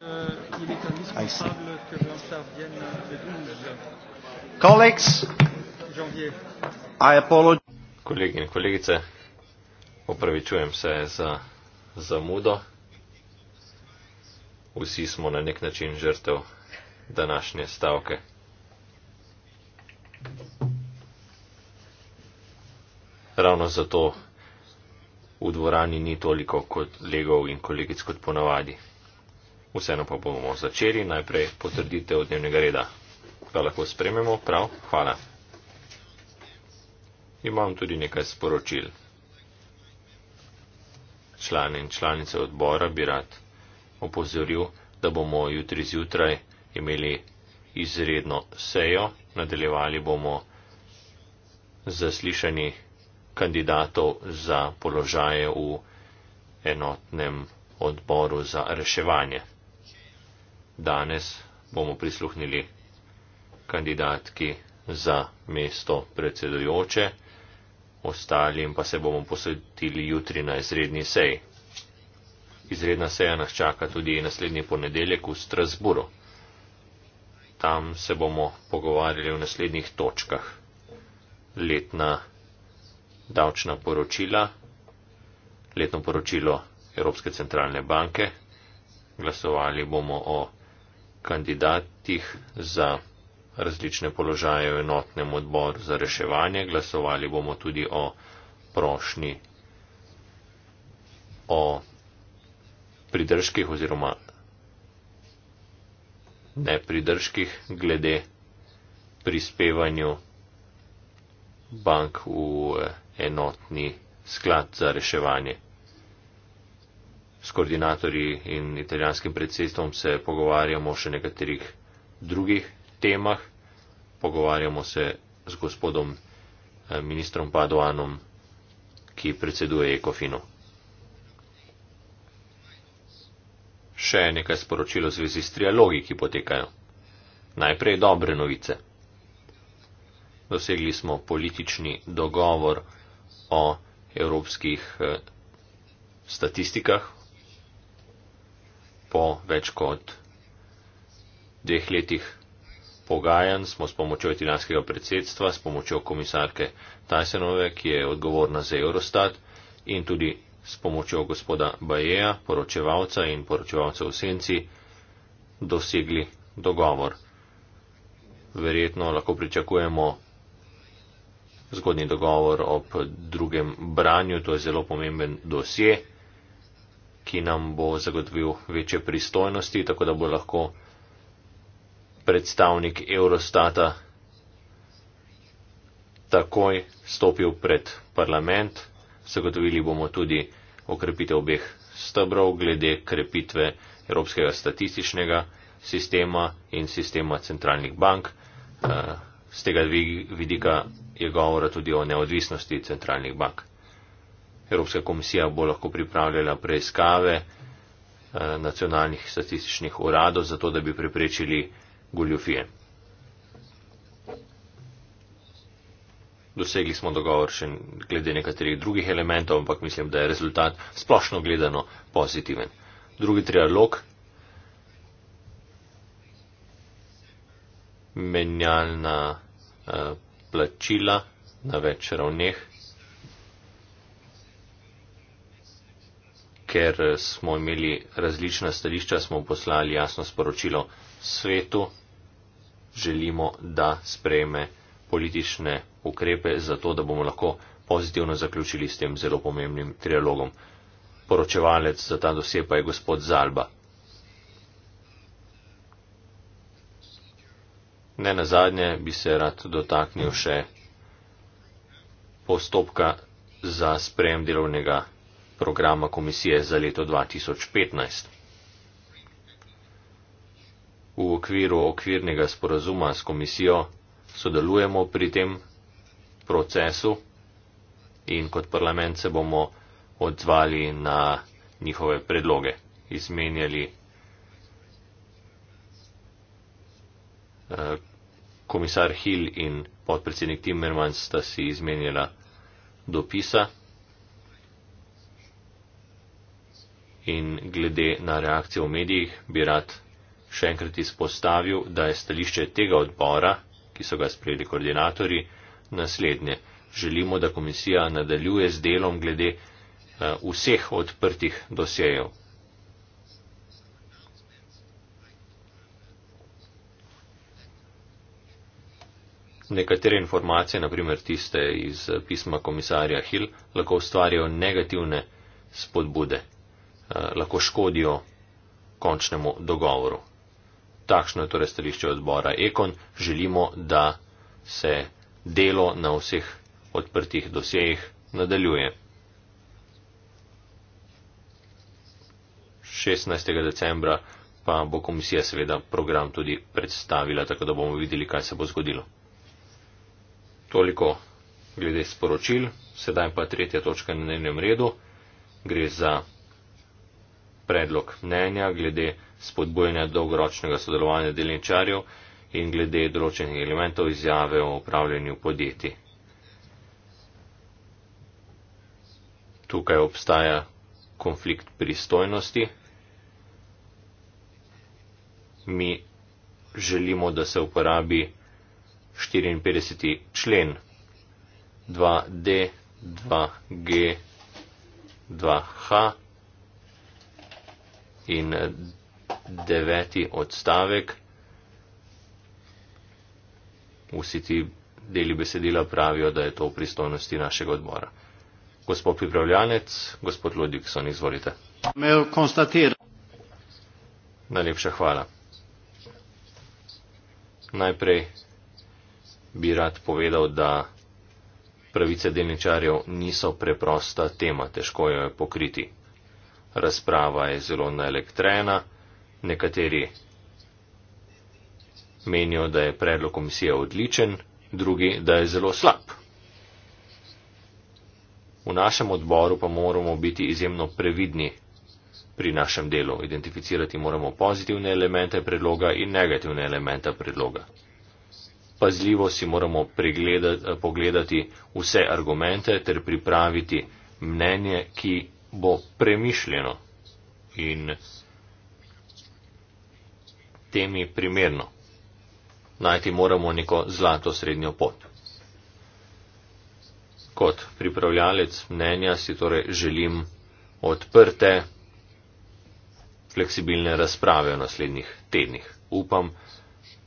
Euh, I see. Colleagues, I Kolegi in kolegice, opravičujem se za zamudo. Vsi smo na nek način žrtev današnje stavke. Ravno zato v dvorani ni toliko kolegov in kolegic kot ponavadi vseeno pa bomo začeli najprej potrditev dnevnega reda. Da lahko sprememo, prav, hvala. Imam tudi nekaj sporočil. Člane in članice odbora bi rad opozoril, da bomo jutri zjutraj imeli izredno sejo, nadaljevali bomo zaslišanji kandidatov za položaje v enotnem odboru za reševanje. Danes bomo prisluhnili kandidatki za mesto predsedujoče, ostalim pa se bomo posvetili jutri na izredni seji. Izredna seja nas čaka tudi naslednji ponedeljek v Strasburu. Tam se bomo pogovarjali o naslednjih točkah. Letna davčna poročila, letno poročilo Evropske centralne banke, glasovali bomo o kandidatih za različne položaje v enotnem odboru za reševanje. Glasovali bomo tudi o prošnji o pridržkih oziroma ne pridržkih glede prispevanju bank v enotni sklad za reševanje s koordinatorji in italijanskim predsedstvom se pogovarjamo o še nekaterih drugih temah. Pogovarjamo se z gospodom eh, ministrom Paduanom, ki predseduje Ekofinu. Še nekaj sporočilo v zvezi s trialogi, ki potekajo. Najprej dobre novice. Dosegli smo politični dogovor o evropskih eh, statistikah po več kot dveh letih pogajanj smo s pomočjo italijanskega predsedstva, s pomočjo komisarke Tysonove, ki je odgovorna za Eurostat in tudi s pomočjo gospoda Bajeja, poročevalca in poročevalca v senci, dosegli dogovor. Verjetno lahko pričakujemo zgodni dogovor ob drugem branju, to je zelo pomemben dosje ki nam bo zagotovil večje pristojnosti, tako da bo lahko predstavnik Eurostata takoj stopil pred parlament. Zagotovili bomo tudi okrepitev obeh stebrov glede krepitve Evropskega statističnega sistema in sistema centralnih bank. Eh, z tega vidika je govora tudi o neodvisnosti centralnih bank. Evropska komisija bo lahko pripravljala preiskave eh, nacionalnih statističnih uradov, zato da bi preprečili goljofije. Dosegli smo dogovor še glede nekaterih drugih elementov, ampak mislim, da je rezultat splošno gledano pozitiven. Drugi trialog. Menjalna uh, plačila na več ravneh. ker eh, smo imeli različna stališča, smo poslali jasno sporočilo svetu, želimo, da sprejme politične ukrepe, zato da bomo lahko pozitivno zaključili s tem zelo pomembnim trialogom. Poročevalec za ta dosje pa je gospod Zalba. Ne na zadnje bi se rad dotaknil še postopka za sprejem delovnega programa komisije za leto 2015. V okviru okvirnega sporazuma s komisijo sodelujemo pri tem procesu in kot parlament se bomo odzvali na njihove predloge, izmenjali eh, komisar Hill in podpredsednik Timmermans sta si izmenjala dopisa. in glede na reakcijo v medijih bi rad še enkrat izpostavil, da je stališče tega odbora, ki so ga sprejeli koordinatori, naslednje. Želimo, da komisija nadaljuje z delom glede uh, vseh odprtih dosejev. Nekatere informacije, naprimer tiste iz eh, pisma komisarja Hill, lahko ustvarjajo negativne spodbude. Eh, lahko škodijo končnemu dogovoru. Takšno je torej stališče odbora Ekon. Želimo, da se delo na vseh odprtih dosejih nadaljuje. 16. decembra pa bo komisija seveda program tudi predstavila, tako da bomo videli, kaj se bo zgodilo. Toliko glede sporočil, sedaj pa tretja točka na dnevnem redu. Gre za predlog mnenja glede spodbojanja dolgoročnega sodelovanja delničarjev in glede določenih elementov izjave o upravljanju podjetij. Tukaj obstaja konflikt pristojnosti. Mi želimo, da se uporabi 54. člen 2D, 2G, 2H in eh, deveti odstavek. Vsi ti deli besedila pravijo, da je to v pristojnosti našega odbora. Gospod pripravljanec, gospod Ludikson, izvolite. Najlepša hvala. Najprej bi rad povedal, da pravice delničarjev niso preprosta tema, težko jo je pokriti razprava je zelo naelektrena. Nekateri menijo, da je predlog komisije odličen, drugi, da je zelo slab. V našem odboru pa moramo biti izjemno previdni pri našem delu. Identificirati moramo pozitivne elemente predloga in negativne elemente predloga. Pazljivo si moramo pregledati, pogledati vse argumente ter pripraviti mnenje, ki bo premišljeno in temi primerno. Najti moramo neko zlato srednjo pot. Kot pripravljalec mnenja si torej želim odprte, fleksibilne razprave v naslednjih tednih. Upam,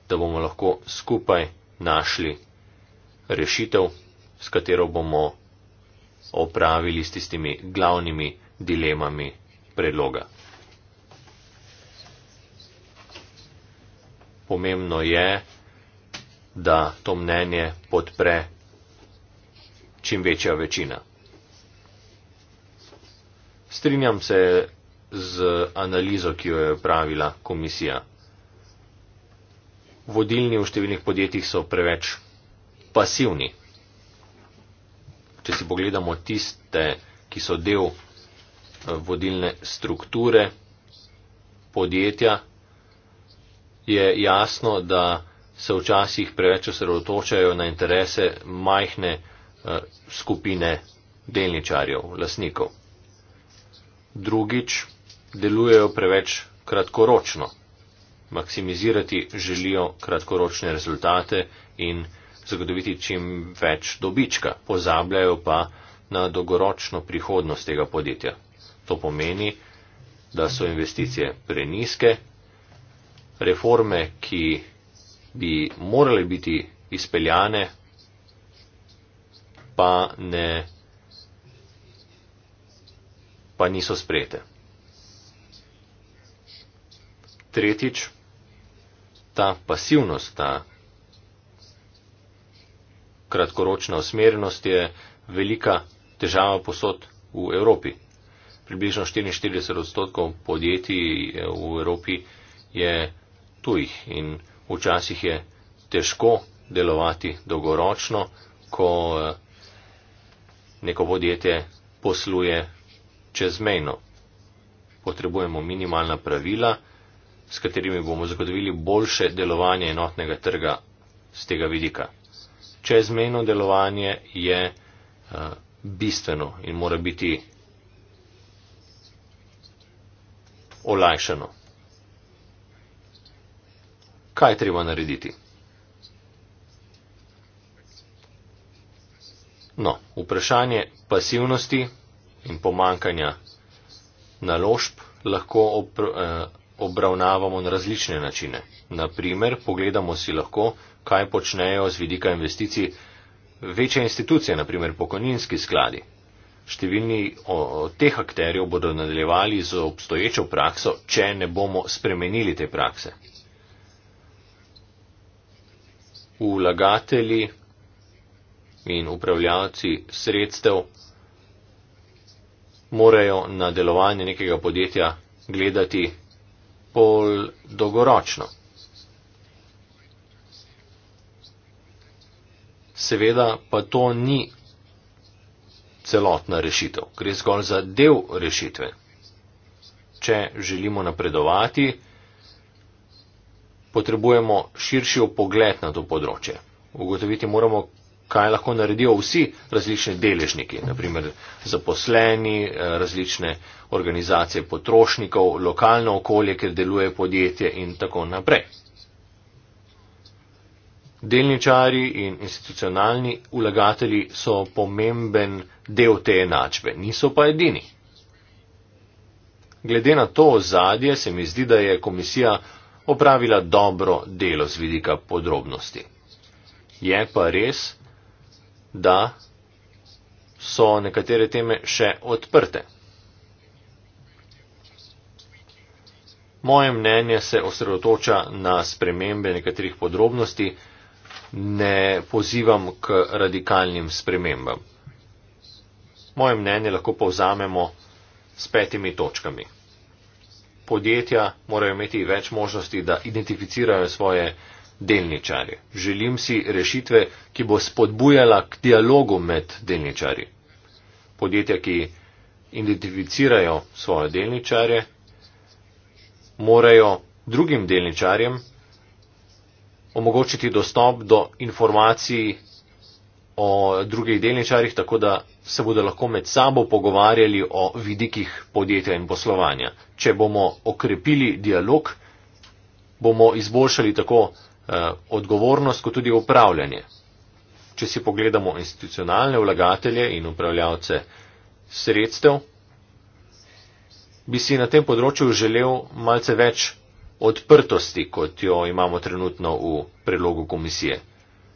da bomo lahko skupaj našli rešitev, s katero bomo opravili s tistimi glavnimi dilemami predloga. Pomembno je, da to mnenje podpre čim večja večina. Strinjam se z analizo, ki jo je pravila komisija. Vodilni v številnih podjetjih so preveč pasivni če si pogledamo tiste, ki so del eh, vodilne strukture podjetja, je jasno, da se včasih preveč osredotočajo na interese majhne eh, skupine delničarjev, lasnikov. Drugič, delujejo preveč kratkoročno. Maksimizirati želijo kratkoročne rezultate in zagotoviti čim več dobička, pozabljajo pa na dolgoročno prihodnost tega podjetja. To pomeni, da so investicije preniske, reforme, ki bi morale biti izpeljane, pa, ne, pa niso sprejete. Tretjič, ta pasivnost, ta kratkoročna usmerjenost je velika težava posod v Evropi. Približno 44 odstotkov podjetij eh, v Evropi je tujih in včasih je težko delovati dolgoročno, ko eh, neko podjetje posluje čezmejno. Potrebujemo minimalna pravila, s katerimi bomo zagotovili boljše delovanje enotnega trga z tega vidika čezmejno delovanje je eh, bistveno in mora biti olajšano. Kaj je treba narediti? No, vprašanje pasivnosti in pomankanja naložb lahko eh, obravnavamo na različne načine. Naprimer, pogledamo si lahko, kaj počnejo z vidika investicij večje institucije, naprimer pokojninski skladi. Številni od teh akterjev bodo nadaljevali z obstoječo prakso, če ne bomo spremenili te prakse. Ulagatelji in upravljavci sredstev morajo na delovanje nekega podjetja gledati pol dolgoročno. seveda pa to ni celotna rešitev, gre zgolj za del rešitve. Če želimo napredovati, potrebujemo širši pogled na to področje. Ugotoviti moramo, kaj lahko naredijo vsi različni deležniki, naprimer zaposleni, različne organizacije potrošnikov, lokalno okolje, kjer deluje podjetje in tako naprej delničari in institucionalni ulagatelji so pomemben del te enačbe, niso pa edini. Glede na to ozadje se mi zdi, da je komisija opravila dobro delo z vidika podrobnosti. Je pa res, da so nekatere teme še odprte. Moje mnenje se osredotoča na spremembe nekaterih podrobnosti, ne pozivam k radikalnim spremembam. Moje mnenje lahko povzamemo s petimi točkami. Podjetja morajo imeti več možnosti, da identificirajo svoje delničarje. Želim si rešitve, ki bo spodbujala k dialogu med delničarji. Podjetja, ki identificirajo svoje delničarje, morajo drugim delničarjem omogočiti dostop do informacij o drugih delničarjih, tako da se bodo lahko med sabo pogovarjali o vidikih podjetja in poslovanja. Če bomo okrepili dialog, bomo izboljšali tako eh, odgovornost, kot tudi upravljanje. Če si pogledamo institucionalne vlagatelje in upravljavce sredstev, bi si na tem področju želel malce več odprtosti, kot jo imamo trenutno v predlogu komisije.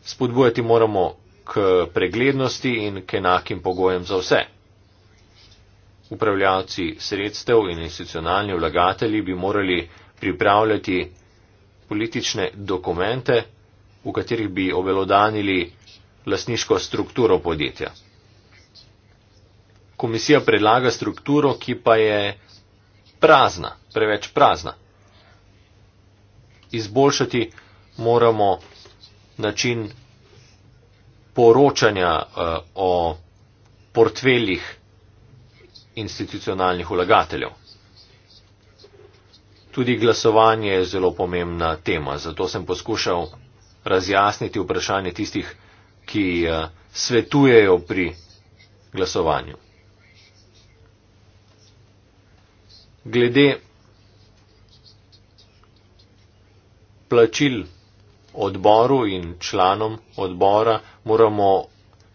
Spodbujati moramo k preglednosti in k enakim pogojem za vse. Upravljavci sredstev in institucionalni vlagateli bi morali pripravljati politične dokumente, v katerih bi obelodanili lasniško strukturo podjetja. Komisija predlaga strukturo, ki pa je prazna, preveč prazna izboljšati, moramo način poročanja uh, o portfeljih institucionalnih ulagateljev. Tudi glasovanje je zelo pomembna tema, zato sem poskušal razjasniti vprašanje tistih, ki uh, svetujejo pri glasovanju. Glede plačil odboru in članom odbora moramo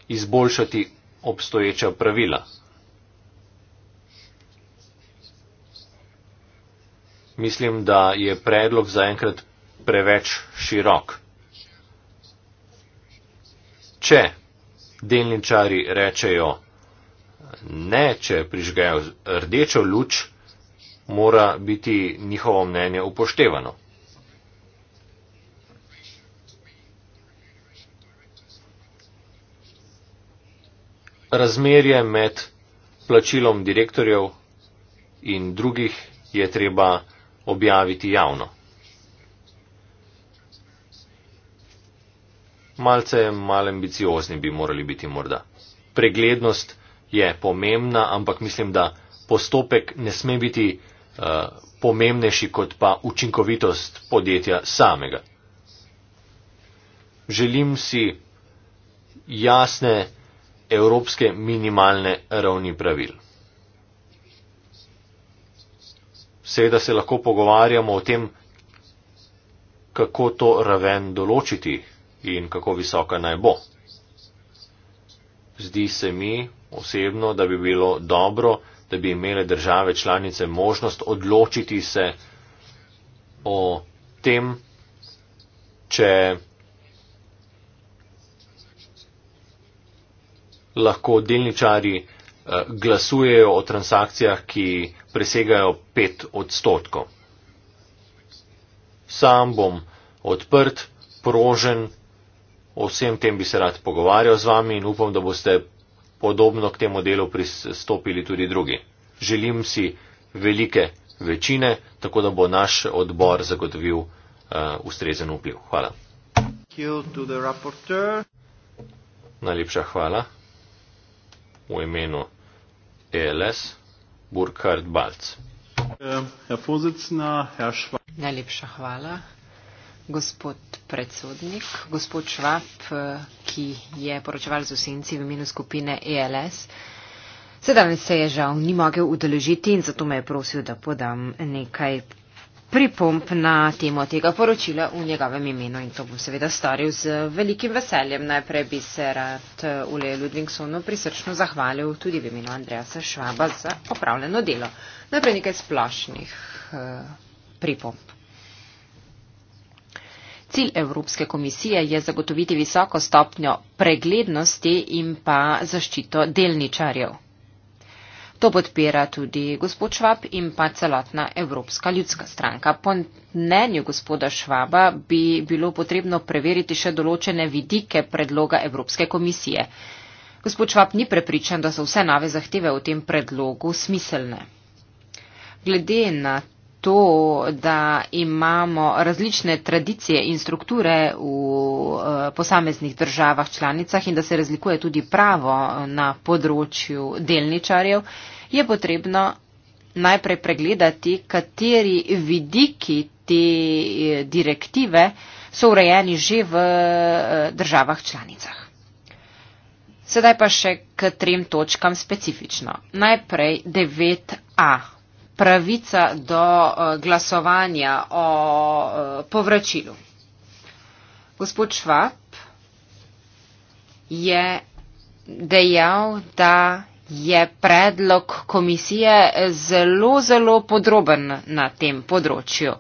izboljšati obstoječa pravila. Mislim, da je predlog zaenkrat preveč širok. Če delničari rečejo ne, če prižgajo rdečo luč, mora biti njihovo mnenje upoštevano. razmerje med plačilom direktorjev in drugih je treba objaviti javno. Malce mal ambiciozni bi morali biti morda. Preglednost je pomembna, ampak mislim, da postopek ne sme biti uh, pomembnejši kot pa učinkovitost podjetja samega. Želim si jasne evropske minimalne ravni pravil. Seveda se lahko pogovarjamo o tem, kako to raven določiti in kako visoka naj bo. Zdi se mi osebno, da bi bilo dobro, da bi imele države članice možnost odločiti se o tem, če lahko delničari eh, glasujejo o transakcijah, ki presegajo pet odstotkov. Sam bom odprt, prožen, o vsem tem bi se rad pogovarjal z vami in upam, da boste podobno k temu delu pristopili tudi drugi. Želim si velike večine, tako da bo naš odbor zagotovil uh, ustrezen vpliv. Hvala. Najlepša hvala v imenu ELS Burkhard Balc. Najlepša hvala, gospod predsodnik, gospod Švab, ki je poročeval z osenci v imenu skupine ELS. Sedaj se je žal ni mogel udeležiti in zato me je prosil, da podam nekaj pripomp na temo tega poročila v njegovem imenu in to bom seveda storil z velikim veseljem. Najprej bi se rad Uleju Ludvingsonu prisrčno zahvalil tudi v imenu Andreasa Švaba za opravljeno delo. Najprej nekaj splošnih eh, pripomp. Cilj Evropske komisije je zagotoviti visoko stopnjo preglednosti in pa zaščito delničarjev. To podpira tudi gospod Švab in pa celotna Evropska ljudska stranka. Po mnenju gospoda Švaba bi bilo potrebno preveriti še določene vidike predloga Evropske komisije. Gospod Švab ni prepričan, da so vse nove zahteve v tem predlogu smiselne. Glede na to, da imamo različne tradicije in strukture v eh, posameznih državah članicah in da se razlikuje tudi pravo na področju delničarjev, je potrebno najprej pregledati, kateri vidiki te eh, direktive so urejeni že v eh, državah članicah. Sedaj pa še k trem točkam specifično. Najprej 9a pravica do eh, glasovanja o eh, povračilu. Gospod Švab je dejal, da je predlog komisije zelo, zelo podroben na tem področju.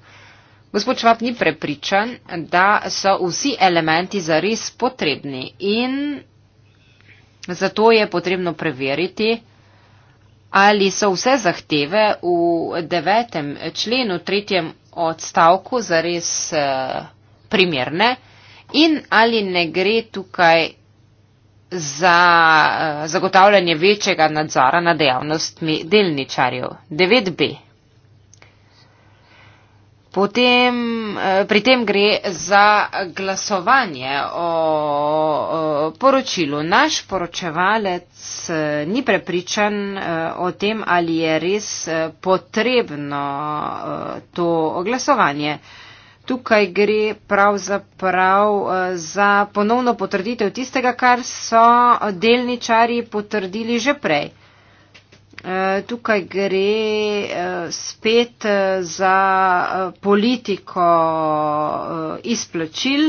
Gospod Švab ni prepričan, da so vsi elementi zares potrebni in zato je potrebno preveriti, ali so vse zahteve v devetem členu, tretjem odstavku zares eh, primerne in ali ne gre tukaj za eh, zagotavljanje večjega nadzora nad dejavnostmi delničarjev. 9b. Potem, eh, pri tem gre za glasovanje o poročilu. Naš poročevalec eh, ni prepričan eh, o tem, ali je res potrebno to glasovanje. Tukaj gre pravzaprav za ponovno potrditev tistega, kar so delničari potrdili že prej. Eh, tukaj gre eh, spet eh, za politiko izplačil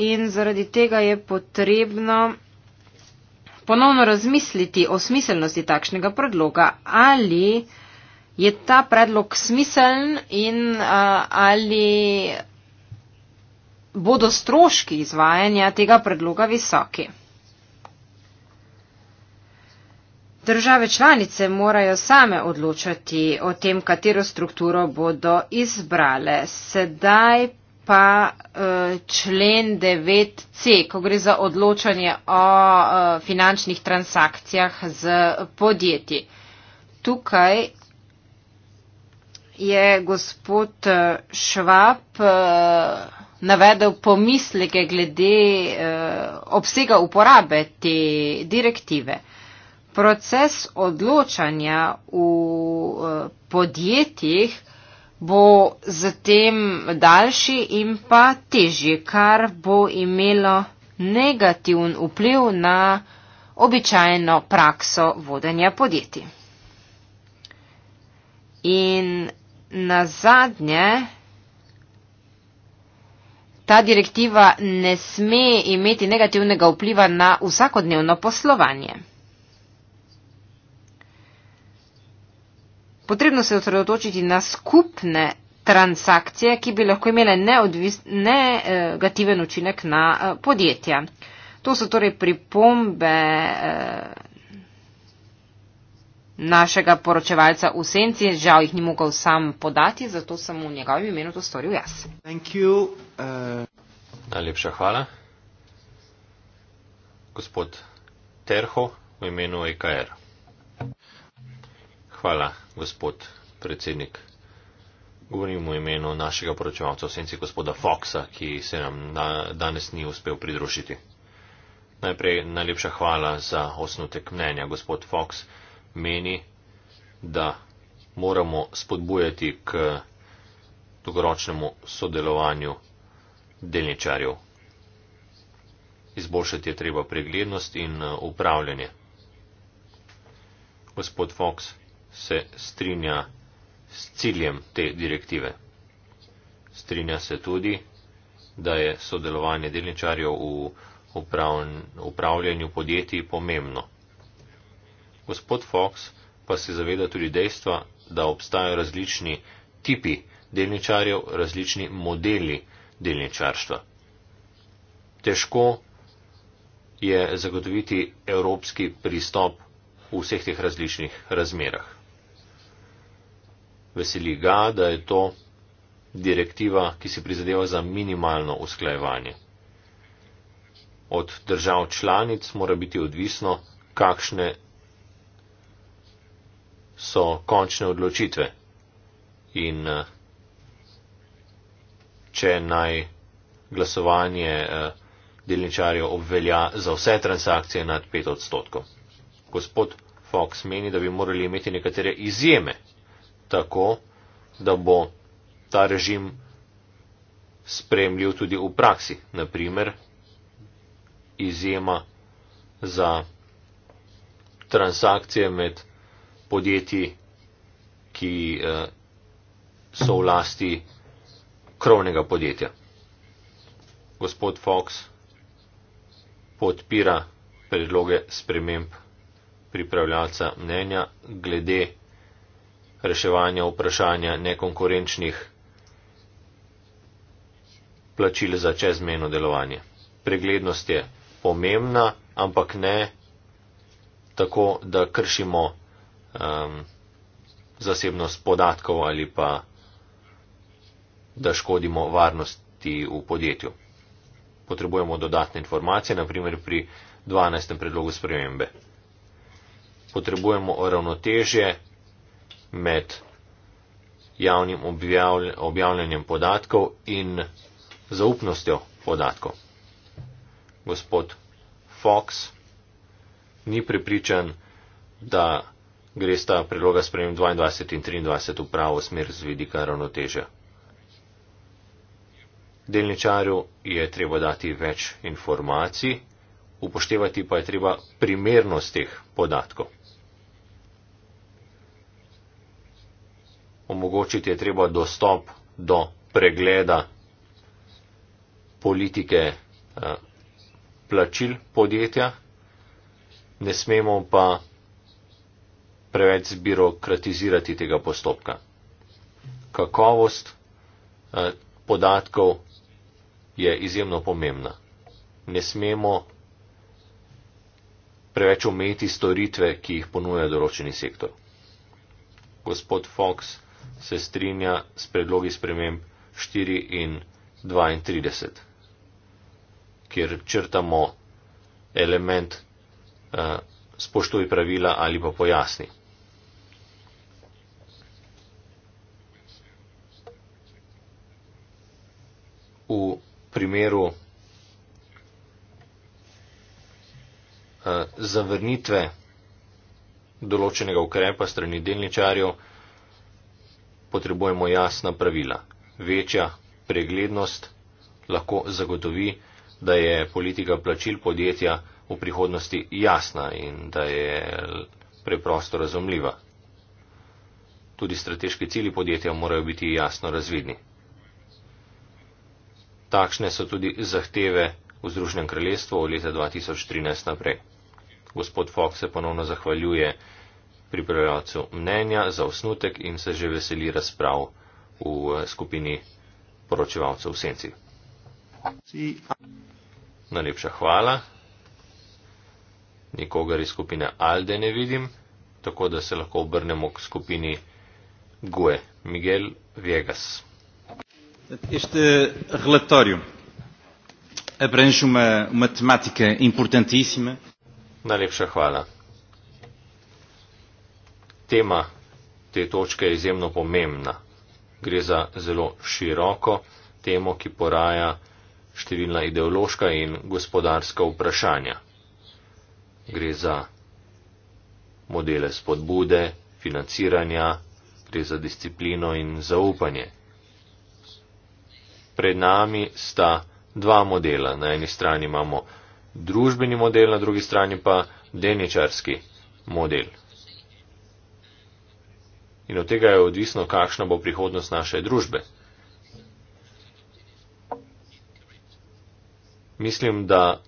in zaradi tega je potrebno ponovno razmisliti o smiselnosti takšnega predloga, ali je ta predlog smiseln in ali bodo stroški izvajanja tega predloga visoki. Države članice morajo same odločati o tem, katero strukturo bodo izbrale. Sedaj pa eh, člen 9c, ko gre za odločanje o eh, finančnih transakcijah z podjetji. Tukaj je gospod eh, Švab navedel pomisleke glede obsega uporabe te direktive proces odločanja v eh, podjetjih bo zatem daljši in pa težji, kar bo imelo negativen vpliv na običajno prakso vodenja podjetij. In na zadnje, ta direktiva ne sme imeti negativnega vpliva na vsakodnevno poslovanje. Potrebno se osredotočiti na skupne transakcije, ki bi lahko imele neodvis, negativen učinek na eh, podjetja. To so torej pripombe eh, našega poročevalca v senci. Žal jih ni mogel sam podati, zato sem v njegovem imenu to storil jaz. Eh. Najlepša hvala. Gospod Terho v imenu EKR. Hvala gospod predsednik. Govorim v imenu našega poročevalca v senci gospoda Foxa, ki se nam na, danes ni uspel pridružiti. Najprej najlepša hvala za osnutek mnenja. Gospod Fox meni, da moramo spodbujati k dolgoročnemu sodelovanju delničarjev. Izboljšati je treba preglednost in uh, upravljanje. Gospod Fox, se strinja s ciljem te direktive. Strinja se tudi, da je sodelovanje delničarjev v upravljanju podjetij pomembno. Gospod Fox pa se zaveda tudi dejstva, da obstajajo različni tipi delničarjev, različni modeli delničarstva. Težko je zagotoviti evropski pristop v vseh teh različnih razmerah veseli ga, da je to direktiva, ki se prizadeva za minimalno usklajevanje. Od držav članic mora biti odvisno, kakšne so končne odločitve in eh, če naj glasovanje eh, delničarjev obvelja za vse transakcije nad 5 odstotkov. Gospod Fox meni, da bi morali imeti nekatere izjeme tako, da bo ta režim spremljiv tudi v praksi. Naprimer, izjema za transakcije med podjetji, ki eh, so v lasti krovnega podjetja. Gospod Fox podpira predloge sprememb pripravljalca mnenja glede reševanja vprašanja nekonkurenčnih plačil za čezmeno delovanje. Preglednost je pomembna, ampak ne tako, da kršimo um, zasebnost podatkov ali pa da škodimo varnosti v podjetju. Potrebujemo dodatne informacije, naprimer pri 12. predlogu spremembe. Potrebujemo ravnotežje med javnim objavljanjem podatkov in zaupnostjo podatkov. Gospod Fox ni pripričan, da gre sta priloga sprejem 22 in 23 v pravo smer z vidika ravnoteže. Delničarju je treba dati več informacij, upoštevati pa je treba primernost teh podatkov. omogočiti je treba dostop do pregleda politike eh, plačil podjetja, ne smemo pa preveč zbirokratizirati tega postopka. Kakovost eh, podatkov je izjemno pomembna. Ne smemo preveč umeti storitve, ki jih ponuja določeni sektor. Gospod Fox se strinja s predlogi sprememb 4 in 32, kjer črtamo element eh, spoštuj pravila ali pa pojasni. V primeru eh, zavrnitve določenega ukrepa strani delničarjev, potrebujemo jasna pravila. Večja preglednost lahko zagotovi, da je politika plačil podjetja v prihodnosti jasna in da je preprosto razumljiva. Tudi strateški cili podjetja morajo biti jasno razvidni. Takšne so tudi zahteve v Združenem kraljestvu od leta 2013 naprej. Gospod Fox se ponovno zahvaljuje pripravljalcu mnenja za osnutek in se že veseli razprav v eh, skupini poročevalcev v senci. Najlepša hvala. Nikogar iz skupine Alde ne vidim, tako da se lahko obrnemo k skupini Gue. Miguel Viegas. Este relatório abrange uma, uma temática importantíssima. Najlepša hvala tema te točke je izjemno pomembna. Gre za zelo široko temo, ki poraja številna ideološka in gospodarska vprašanja. Gre za modele spodbude, financiranja, gre za disciplino in zaupanje. Pred nami sta dva modela. Na eni strani imamo družbeni model, na drugi strani pa deničarski model in od tega je odvisno, kakšna bo prihodnost naše družbe. Mislim, da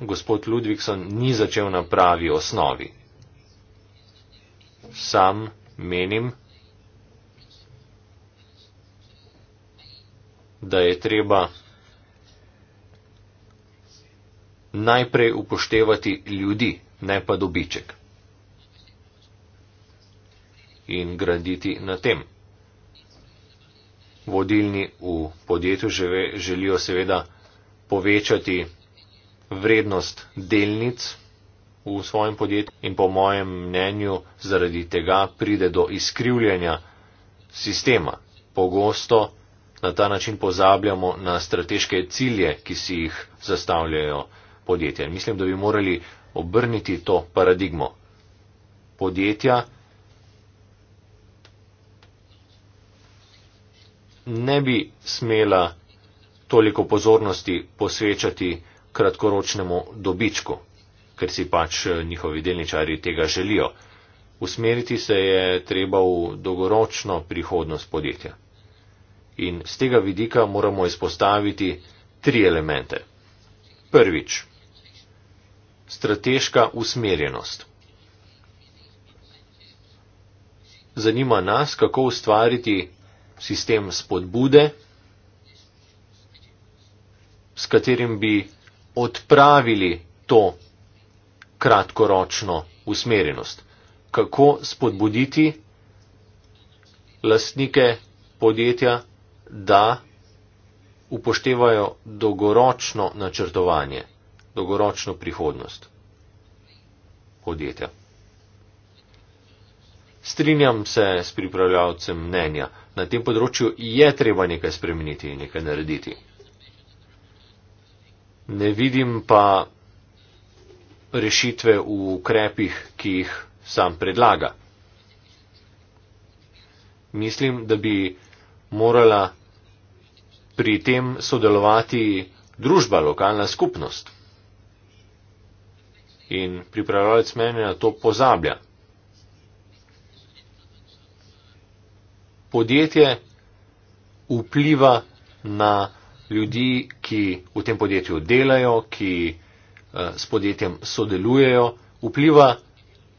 gospod Ludvikson ni začel na pravi osnovi. Sam menim, da je treba najprej upoštevati ljudi, ne pa dobiček in graditi na tem. Vodilni v podjetju žive, želijo seveda povečati vrednost delnic v svojem podjetju in po mojem mnenju zaradi tega pride do izkrivljanja sistema. Pogosto na ta način pozabljamo na strateške cilje, ki si jih zastavljajo podjetja. Mislim, da bi morali obrniti to paradigmo. Podjetja ne bi smela toliko pozornosti posvečati kratkoročnemu dobičku, ker si pač eh, njihovi delničari tega želijo. Usmeriti se je treba v dolgoročno prihodnost podjetja. In z tega vidika moramo izpostaviti tri elemente. Prvič. Strateška usmerjenost. Zanima nas, kako ustvariti sistem spodbude, s katerim bi odpravili to kratkoročno usmerjenost. Kako spodbuditi lastnike podjetja, da upoštevajo dolgoročno načrtovanje, dolgoročno prihodnost podjetja. Strinjam se s pripravljavcem mnenja, na tem področju je treba nekaj spremeniti in nekaj narediti. Ne vidim pa rešitve v ukrepih, ki jih sam predlaga. Mislim, da bi morala pri tem sodelovati družba, lokalna skupnost. In pripravljalec mene na to pozablja. podjetje vpliva na ljudi, ki v tem podjetju delajo, ki eh, s podjetjem sodelujejo, vpliva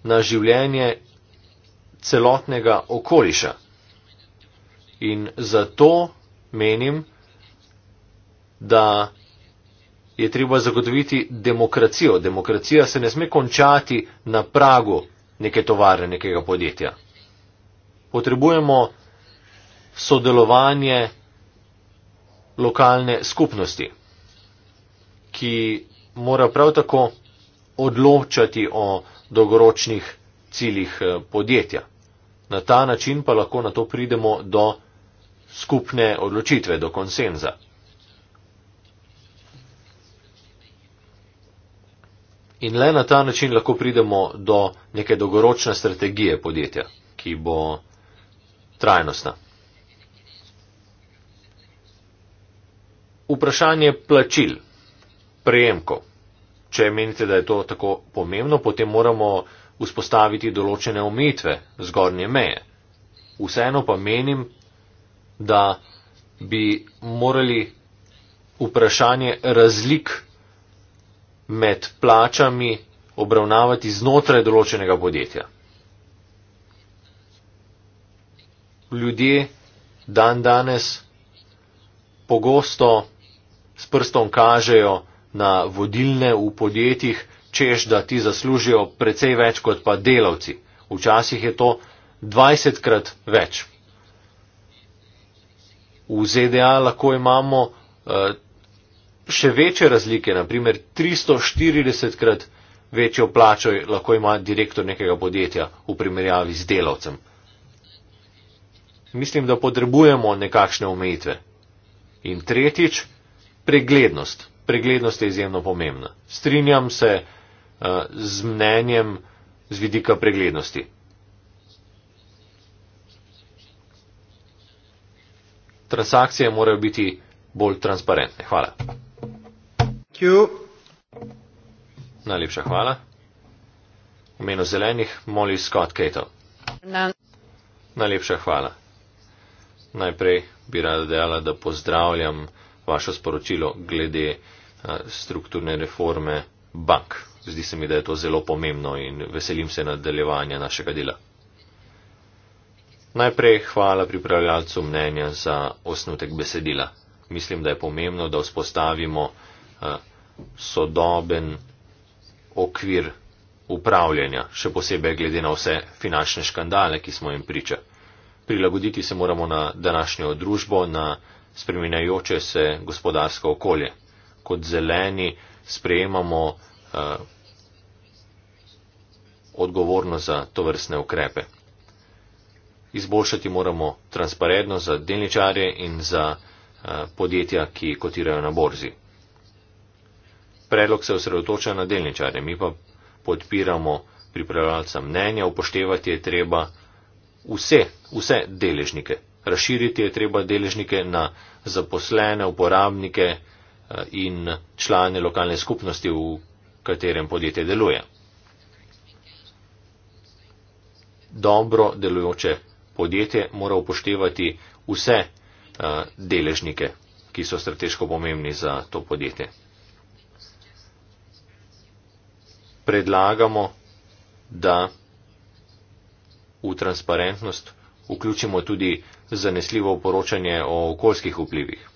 na življenje celotnega okoliša. In zato menim, da je treba zagotoviti demokracijo. Demokracija se ne sme končati na pragu neke tovare, nekega podjetja. Potrebujemo sodelovanje lokalne skupnosti, ki mora prav tako odločati o dolgoročnih ciljih eh, podjetja. Na ta način pa lahko na to pridemo do skupne odločitve, do konsenza. In le na ta način lahko pridemo do neke dolgoročne strategije podjetja, ki bo trajnostna. Vprašanje plačil, prejemkov. Če menite, da je to tako pomembno, potem moramo vzpostaviti določene omejitve zgornje meje. Vseeno pa menim, da bi morali vprašanje razlik med plačami obravnavati znotraj določenega podjetja. Ljudje dan danes pogosto s prstom kažejo na vodilne v podjetjih, čež da ti zaslužijo precej več kot pa delavci. Včasih je to 20 krat več. V ZDA lahko imamo eh, še večje razlike, naprimer 340 krat večjo plačo lahko ima direktor nekega podjetja v primerjavi z delavcem. Mislim, da potrebujemo nekakšne omejitve. In tretjič, preglednost. Preglednost je izjemno pomembna. Strinjam se eh, z mnenjem z vidika preglednosti. Transakcije morajo biti bolj transparentne. Hvala. Q. Najlepša hvala. V imenu zelenih, Molly Scott Cato. Na. Najlepša hvala. Najprej bi rada dejala, da pozdravljam vaše sporočilo glede eh, strukturne reforme bank. Zdi se mi, da je to zelo pomembno in veselim se nadaljevanja našega dela. Najprej hvala pripravljalcu mnenja za osnutek besedila. Mislim, da je pomembno, da vzpostavimo eh, sodoben okvir upravljanja, še posebej glede na vse finančne škandale, ki smo jim priča. Prilagoditi se moramo na današnjo družbo, na spreminjajoče se gospodarsko okolje. Kot zeleni sprejemamo eh, odgovornost za to vrstne ukrepe. Izboljšati moramo transparentnost za delničarje in za eh, podjetja, ki kotirajo na borzi. Predlog se osredotoča na delničarje, mi pa podpiramo pripravljalca mnenja, upoštevati je treba vse, vse deležnike. Razširiti je treba deležnike na zaposlene, uporabnike eh, in člane lokalne skupnosti, v katerem podjetje deluje. Dobro delujoče podjetje mora upoštevati vse eh, deležnike, ki so strateško pomembni za to podjetje. Predlagamo, da v transparentnost vključimo tudi zanesljivo poročanje o okoljskih vplivih.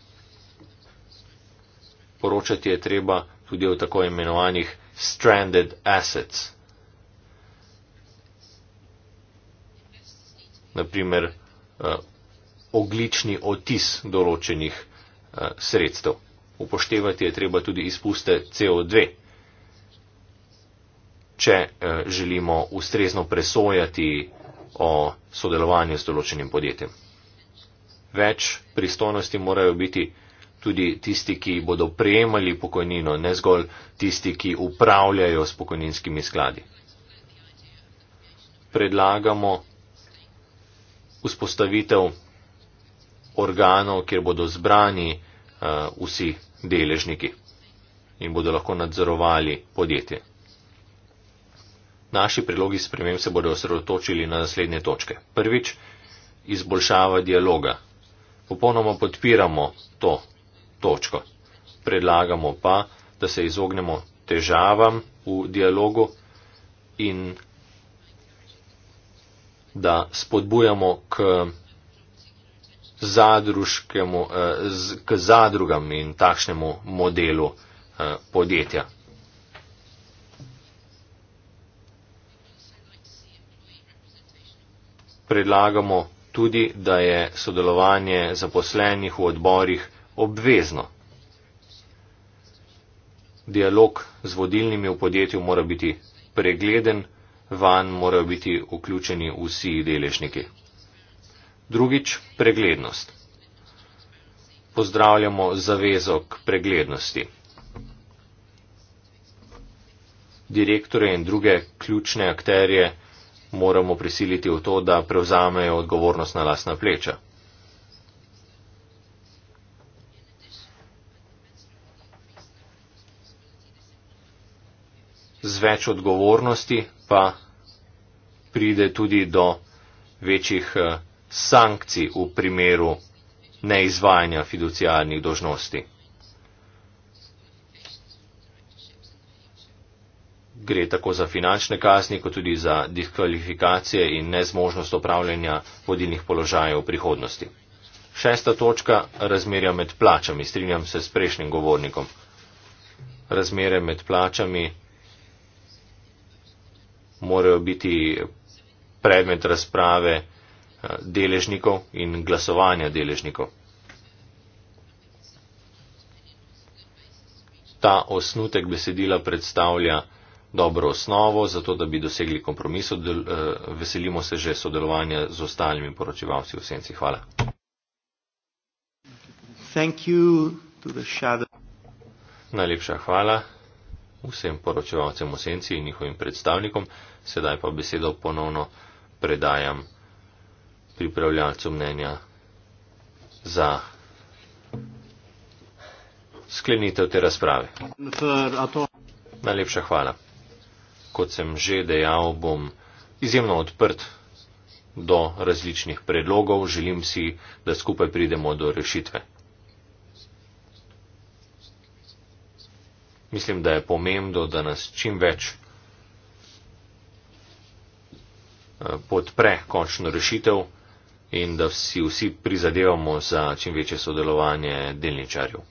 Poročati je treba tudi o tako imenovanih stranded assets. Naprimer, eh, oglični otis določenih eh, sredstev. Upoštevati je treba tudi izpuste CO2, če eh, želimo ustrezno presojati o sodelovanju s določenim podjetjem več pristojnosti morajo biti tudi tisti, ki bodo prejemali pokojnino, ne zgolj tisti, ki upravljajo s pokojninskimi skladi. Predlagamo vzpostavitev organov, kjer bodo zbrani uh, vsi deležniki in bodo lahko nadzorovali podjetje. Naši predlogi sprememb se bodo osredotočili na naslednje točke. Prvič, izboljšava dialoga Popolnoma podpiramo to točko. Predlagamo pa, da se izognemo težavam v dialogu in da spodbujamo k, eh, k zadrugam in takšnemu modelu eh, podjetja. Predlagamo tudi, da je sodelovanje zaposlenih v odborih obvezno. Dialog z vodilnimi v podjetju mora biti pregleden, van morajo biti vključeni vsi deležniki. Drugič, preglednost. Pozdravljamo zavezo k preglednosti. Direktore in druge ključne akterje moramo prisiliti v to, da prevzamejo odgovornost na lasna pleča. Z več odgovornosti pa pride tudi do večjih eh, sankcij v primeru neizvajanja fiduciarnih dožnosti. gre tako za finančne kazni, kot tudi za diskvalifikacije in nezmožnost opravljanja vodilnih položajev v prihodnosti. Šesta točka - razmerja med plačami. Strinjam se s prejšnjim govornikom. Razmere med plačami morajo biti predmet razprave eh, deležnikov in glasovanja deležnikov. Ta osnutek besedila predstavlja dobro osnovo, zato da bi dosegli kompromis. Del, uh, eh, veselimo se že sodelovanja z ostalimi poročevalci v senci. Hvala. Najlepša hvala vsem poročevalcem v senci in njihovim predstavnikom. Sedaj pa besedo ponovno predajam pripravljalcu mnenja za. Sklenitev te razprave. Najlepša hvala kot sem že dejal, bom izjemno odprt do različnih predlogov, želim si, da skupaj pridemo do rešitve. Mislim, da je pomembno, da nas čim več eh, podpre končno rešitev in da si vsi prizadevamo za čim večje sodelovanje delničarjev.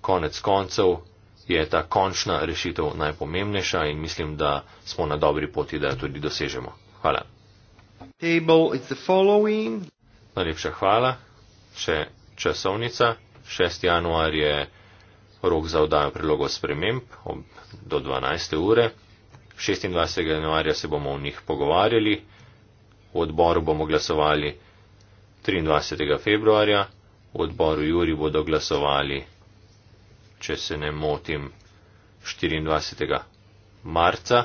Konec koncev je ta končna rešitev najpomembnejša in mislim, da smo na dobri poti, da jo tudi dosežemo. Hvala. Najlepša hvala. Še časovnica. 6. januar je rok za odajo prilogo sprememb do 12. ure. 26. januarja se bomo o njih pogovarjali, v odboru bomo glasovali 23. februarja, v odboru Juri bodo glasovali če se ne motim, 24. marca.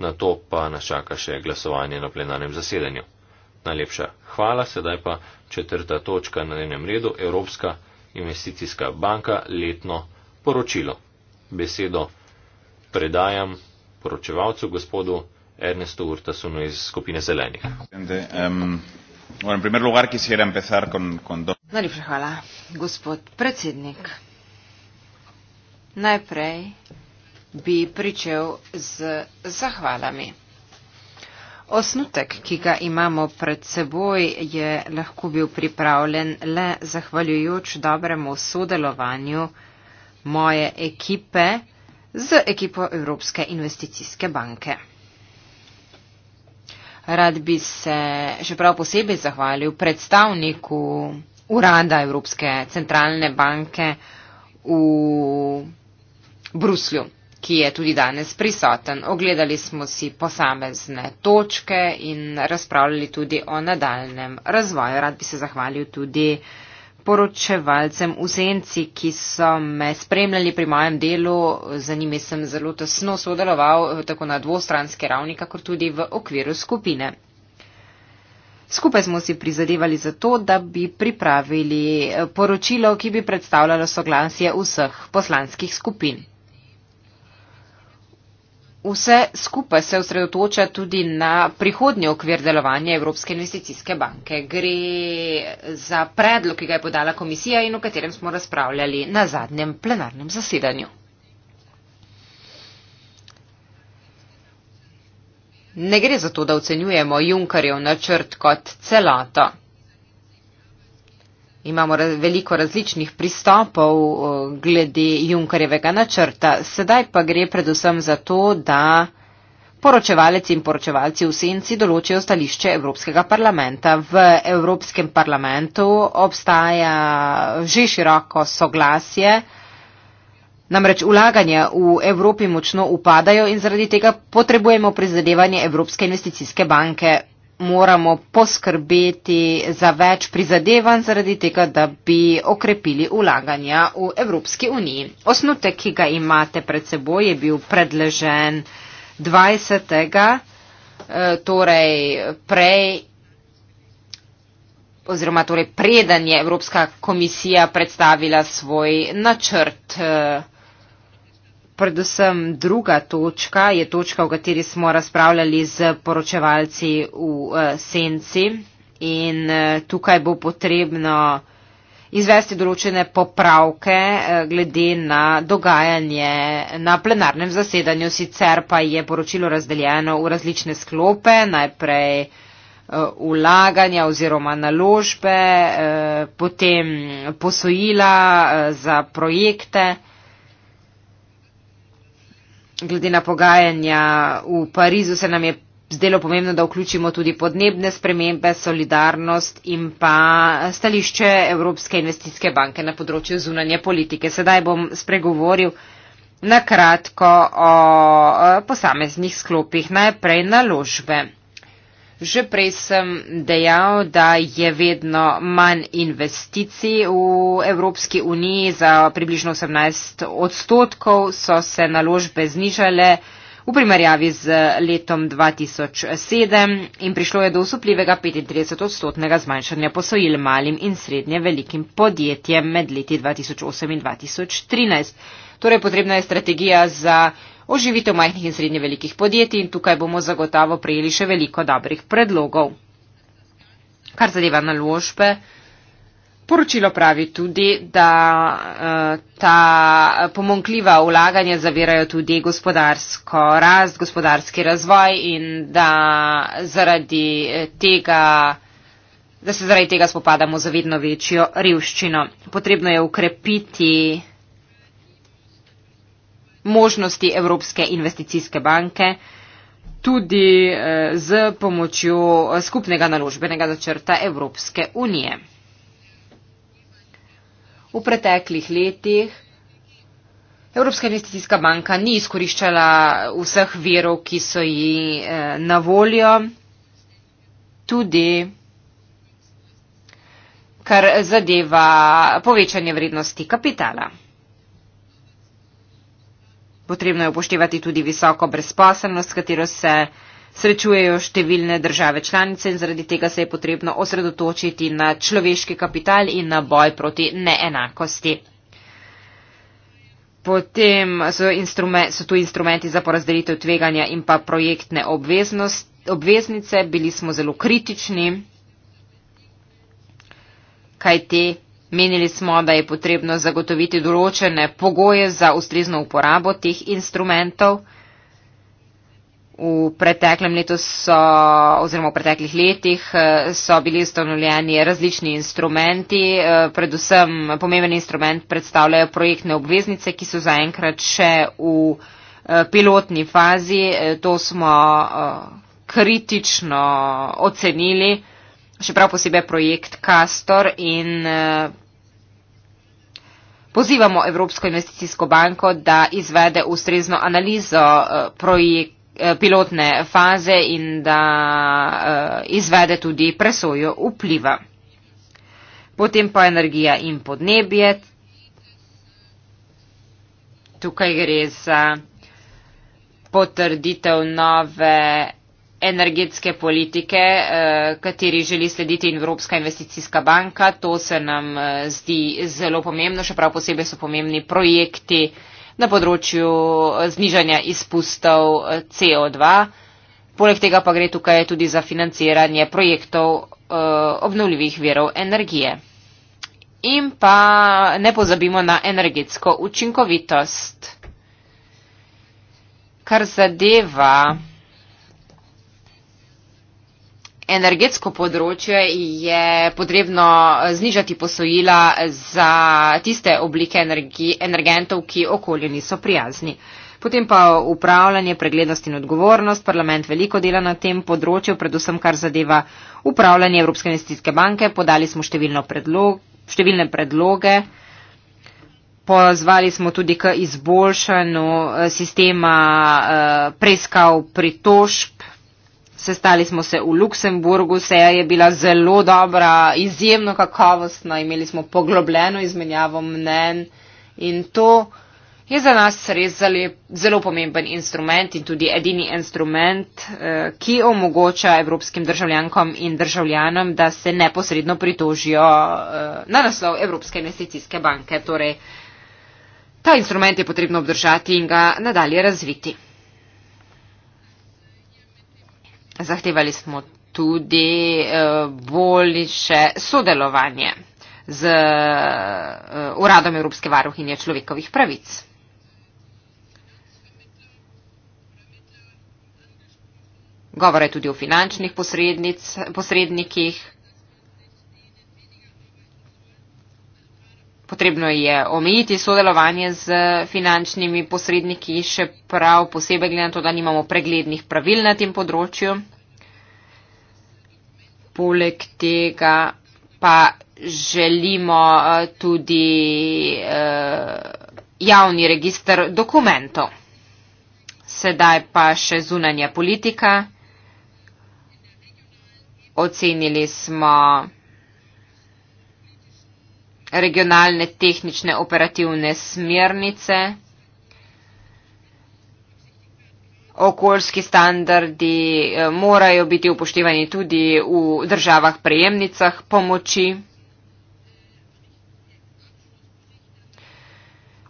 Na to pa nas čaka še glasovanje na plenarnem zasedanju. Najlepša hvala, sedaj pa četrta točka na enem redu, Evropska investicijska banka letno poročilo. Besedo predajam poročevalcu gospodu Ernestu Urtasunu iz skupine Zelenih. Um, bueno, Najlepša hvala, gospod predsednik. Najprej bi pričel z zahvalami. Osnutek, ki ga imamo pred seboj, je lahko bil pripravljen le zahvaljujoč dobremu sodelovanju moje ekipe z ekipo Evropske investicijske banke. Rad bi se še prav posebej zahvalil predstavniku urada Evropske centralne banke v Bruslju, ki je tudi danes prisoten. Ogledali smo si posamezne točke in razpravljali tudi o nadaljem razvoju. Rad bi se zahvalil tudi poročevalcem v senci, ki so me spremljali pri mojem delu. Za njimi sem zelo tesno sodeloval tako na dvostranski ravni, kakor tudi v okviru skupine. Skupaj smo si prizadevali za to, da bi pripravili eh, poročilo, ki bi predstavljalo soglasje vseh poslanskih skupin. Vse skupaj se osredotoča tudi na prihodnji okvir delovanja Evropske investicijske banke. Gre za predlog, ki ga je podala komisija in o katerem smo razpravljali na zadnjem plenarnem zasedanju. ne gre za to, da ocenjujemo Junkarjev načrt kot celato. Imamo raz, veliko različnih pristopov eh, glede Junkarjevega načrta. Sedaj pa gre predvsem za to, da poročevalec in poročevalci v senci določijo stališče Evropskega parlamenta. V Evropskem parlamentu obstaja že široko soglasje, Namreč vlaganja v Evropi močno upadajo in zaradi tega potrebujemo prizadevanje Evropske investicijske banke. Moramo poskrbeti za več prizadevanj zaradi tega, da bi okrepili vlaganja v Evropski uniji. Osnutek, ki ga imate pred seboj, je bil predležen 20. Eh, torej prej oziroma torej preden je Evropska komisija predstavila svoj načrt. Eh, predvsem druga točka, je točka, o kateri smo razpravljali z poročevalci v eh, senci. In eh, tukaj bo potrebno izvesti določene popravke eh, glede na dogajanje na plenarnem zasedanju. Sicer pa je poročilo razdeljeno v različne sklope, najprej vlaganja oziroma naložbe, potem posojila za projekte glede na pogajanja v Parizu se nam je zdelo pomembno, da vključimo tudi podnebne spremembe, solidarnost in pa stališče Evropske investicijske banke na področju zunanje politike. Sedaj bom spregovoril na kratko o posameznih sklopih. Najprej naložbe. Že prej sem dejal, da je vedno manj investicij v Evropski uniji za približno 18 odstotkov, so se naložbe znižale v primerjavi z letom 2007 in prišlo je do usupljivega 35 odstotnega zmanjšanja posojil malim in srednje velikim podjetjem med leti 2008 in 2013. Torej potrebna je strategija za oživitev majhnih in srednje velikih podjetij in tukaj bomo zagotavo prijeli še veliko dobrih predlogov. Kar zadeva naložbe, poročilo pravi tudi, da eh, ta pomankljiva vlaganja zavirajo tudi gospodarsko rast, gospodarski razvoj in da zaradi eh, tega da se zaradi tega spopadamo z vedno večjo revščino. Potrebno je ukrepiti možnosti Evropske investicijske banke, tudi eh, z pomočjo eh, skupnega naložbenega načrta Evropske unije. V preteklih letih Evropska investicijska banka ni izkoriščala vseh verov, ki so ji eh, na voljo, tudi kar zadeva povečanje vrednosti kapitala. Potrebno je upoštevati tudi visoko brezposelnost, s katero se srečujejo številne države članice in zaradi tega se je potrebno osredotočiti na človeški kapital in na boj proti neenakosti. Potem so, so tu instrumenti za porazdelitev tveganja in pa projektne obveznice. Bili smo zelo kritični, kaj te Menili smo, da je potrebno zagotoviti določene pogoje za ustrezno uporabo teh instrumentov. V preteklem letu so, oziroma v preteklih letih eh, so bili ustanovljeni različni instrumenti, eh, predvsem pomemben instrument predstavljajo projektne obveznice, ki so zaenkrat še v eh, pilotni fazi. To smo kritično ocenili, še prav posebej projekt Castor in Pozivamo Evropsko investicijsko banko, da izvede ustrezno analizo eh, projekta eh, pilotne faze in da eh, izvede tudi presojo vpliva. Potem pa energija in podnebje. Tukaj gre za potrditev nove energije energetske politike, eh, kateri želi slediti Evropska investicijska banka. To se nam eh, zdi zelo pomembno, še prav posebej so pomembni projekti na področju eh, znižanja izpustov CO2. Poleg tega pa gre tukaj tudi za financiranje projektov obnovljivih virov energije. In pa ne pozabimo na energetsko učinkovitost. Kar zadeva energetsko področje je potrebno znižati posojila za tiste oblike energentov, ki okolju niso prijazni. Potem pa upravljanje, preglednost in odgovornost. Parlament veliko dela na tem področju, predvsem kar zadeva upravljanje Evropske investicijske banke. Podali smo predlog, številne predloge. Pozvali smo tudi k izboljšanju eh, sistema eh, preiskav pritožb Sestali smo se v Luksemburgu, seja je bila zelo dobra, izjemno kakovostna, imeli smo poglobljeno izmenjavo mnen in to je za nas res zelo pomemben instrument in tudi edini instrument, eh, ki omogoča evropskim državljankom in državljanom, da se neposredno pritožijo eh, na naslov Evropske investicijske banke. Torej, ta instrument je potrebno obdržati in ga nadalje razviti. Zahtevali smo tudi eh, boljše sodelovanje z eh, Uradom Evropske varuhinje človekovih pravic. Govore tudi o finančnih posrednikih. Potrebno je omejiti sodelovanje z finančnimi posredniki, še prav posebej glede na to, da nimamo preglednih pravil na tem področju. Poleg tega pa želimo eh, tudi eh, javni registr dokumentov. Sedaj pa še zunanja politika. Ocenili smo regionalne tehnične operativne smernice, okoljski standardi eh, morajo biti upoštevani tudi v državah prejemnicah pomoči.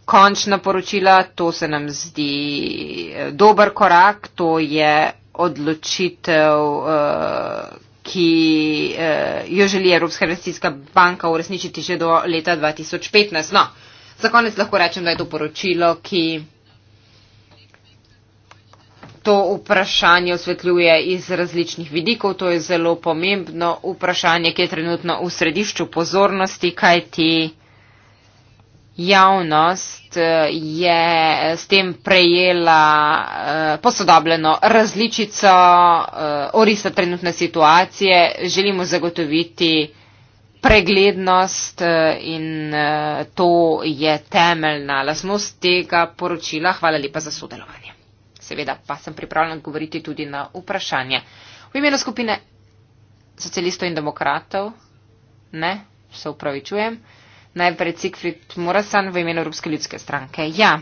Končna poročila, to se nam zdi eh, dober korak, to je odločitev. Uh, ki eh, jo želi Evropska investicijska banka uresničiti že do leta 2015. No, za konec lahko rečem, da je to poročilo, ki to vprašanje osvetljuje iz različnih vidikov. To je zelo pomembno vprašanje, ki je trenutno v središču pozornosti, kajti javnost eh, je s tem prejela eh, posodobljeno različico eh, orisa trenutne situacije. Želimo zagotoviti preglednost in to je temeljna lasnost tega poročila. Hvala lepa za sodelovanje. Seveda pa sem pripravljen odgovoriti tudi na vprašanje. V imenu skupine socialistov in demokratov, ne, se upravičujem. Najprej Cikfrit Morasan v imenu Evropske ljudske stranke. Ja,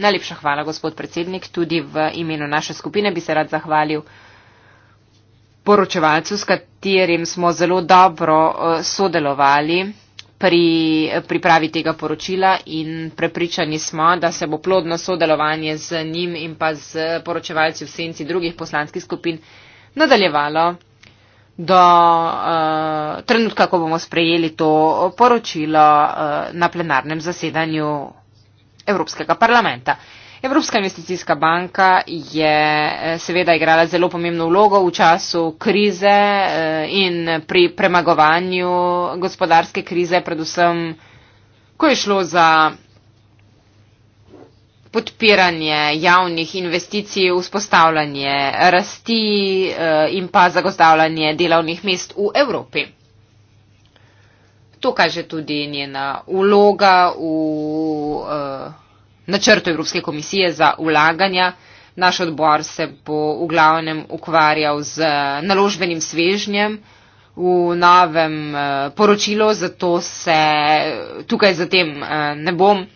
najlepša hvala, gospod predsednik, tudi v imenu naše skupine bi se rad zahvalil poročevalcu, s katerim smo zelo dobro eh, sodelovali pri eh, pripravi tega poročila in prepričani smo, da se bo plodno sodelovanje z njim in pa z poročevalci v senci drugih poslanskih skupin nadaljevalo do uh, trenutka, ko bomo sprejeli to poročilo uh, na plenarnem zasedanju Evropskega parlamenta. Evropska investicijska banka je eh, seveda igrala zelo pomembno vlogo v času krize in pri premagovanju gospodarske krize, predvsem, ko je šlo za podpiranje javnih investicij, vzpostavljanje rasti eh, in pa zagozdavljanje delovnih mest v Evropi. To kaže tudi njena vloga v eh, načrtu Evropske komisije za ulaganja. Naš odbor se bo v glavnem ukvarjal z naložbenim svežnjem v novem eh, poročilu, zato se tukaj zatem ne bom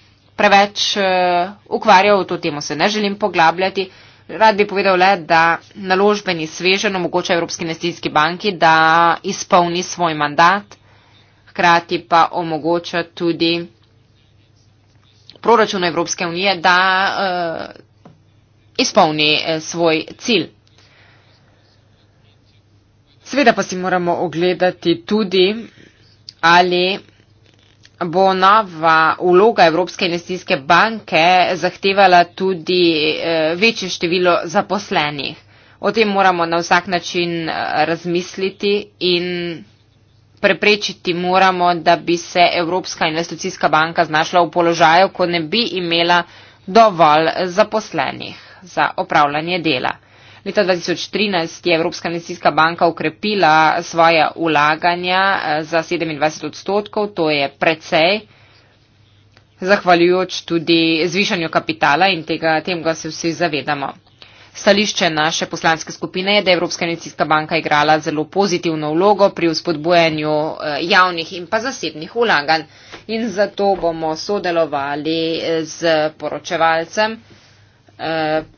preveč eh, ukvarjal, v to temo se ne želim poglabljati. Rad bi povedal le, da naložbeni svežen omogoča Evropski investicijski banki, da izpolni svoj mandat, hkrati pa omogoča tudi proračunu Evropske unije, da uh, izpolni eh, svoj cilj. Seveda pa si moramo ogledati tudi, ali bo nova vloga Evropske investicijske banke zahtevala tudi eh, večje število zaposlenih. O tem moramo na vsak način eh, razmisliti in preprečiti moramo, da bi se Evropska investicijska banka znašla v položaju, ko ne bi imela dovolj zaposlenih za opravljanje dela. Leta 2013 je Evropska investicijska banka ukrepila svoje ulaganja eh, za 27 odstotkov, to je precej, zahvaljujoč tudi zvišanju kapitala in tega, tem ga se vsi zavedamo. Stališče naše poslanske skupine je, da je Evropska investicijska banka igrala zelo pozitivno vlogo pri vzpodbujanju eh, javnih in pa zasebnih ulaganj in zato bomo sodelovali z eh, poročevalcem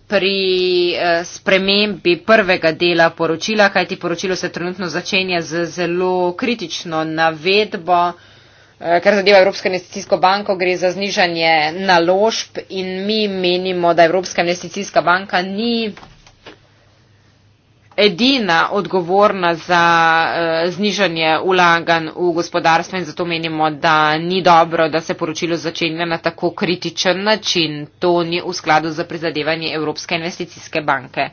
pri eh, spremembi prvega dela poročila, kajti poročilo se trenutno začenja z zelo kritično navedbo, eh, kar zadeva Evropsko investicijsko banko, gre za znižanje naložb in mi menimo, da Evropska investicijska banka ni edina odgovorna za eh, znižanje ulagan v gospodarstvo in zato menimo, da ni dobro, da se poročilo začenja na tako kritičen način. To ni v skladu za prizadevanje Evropske investicijske banke.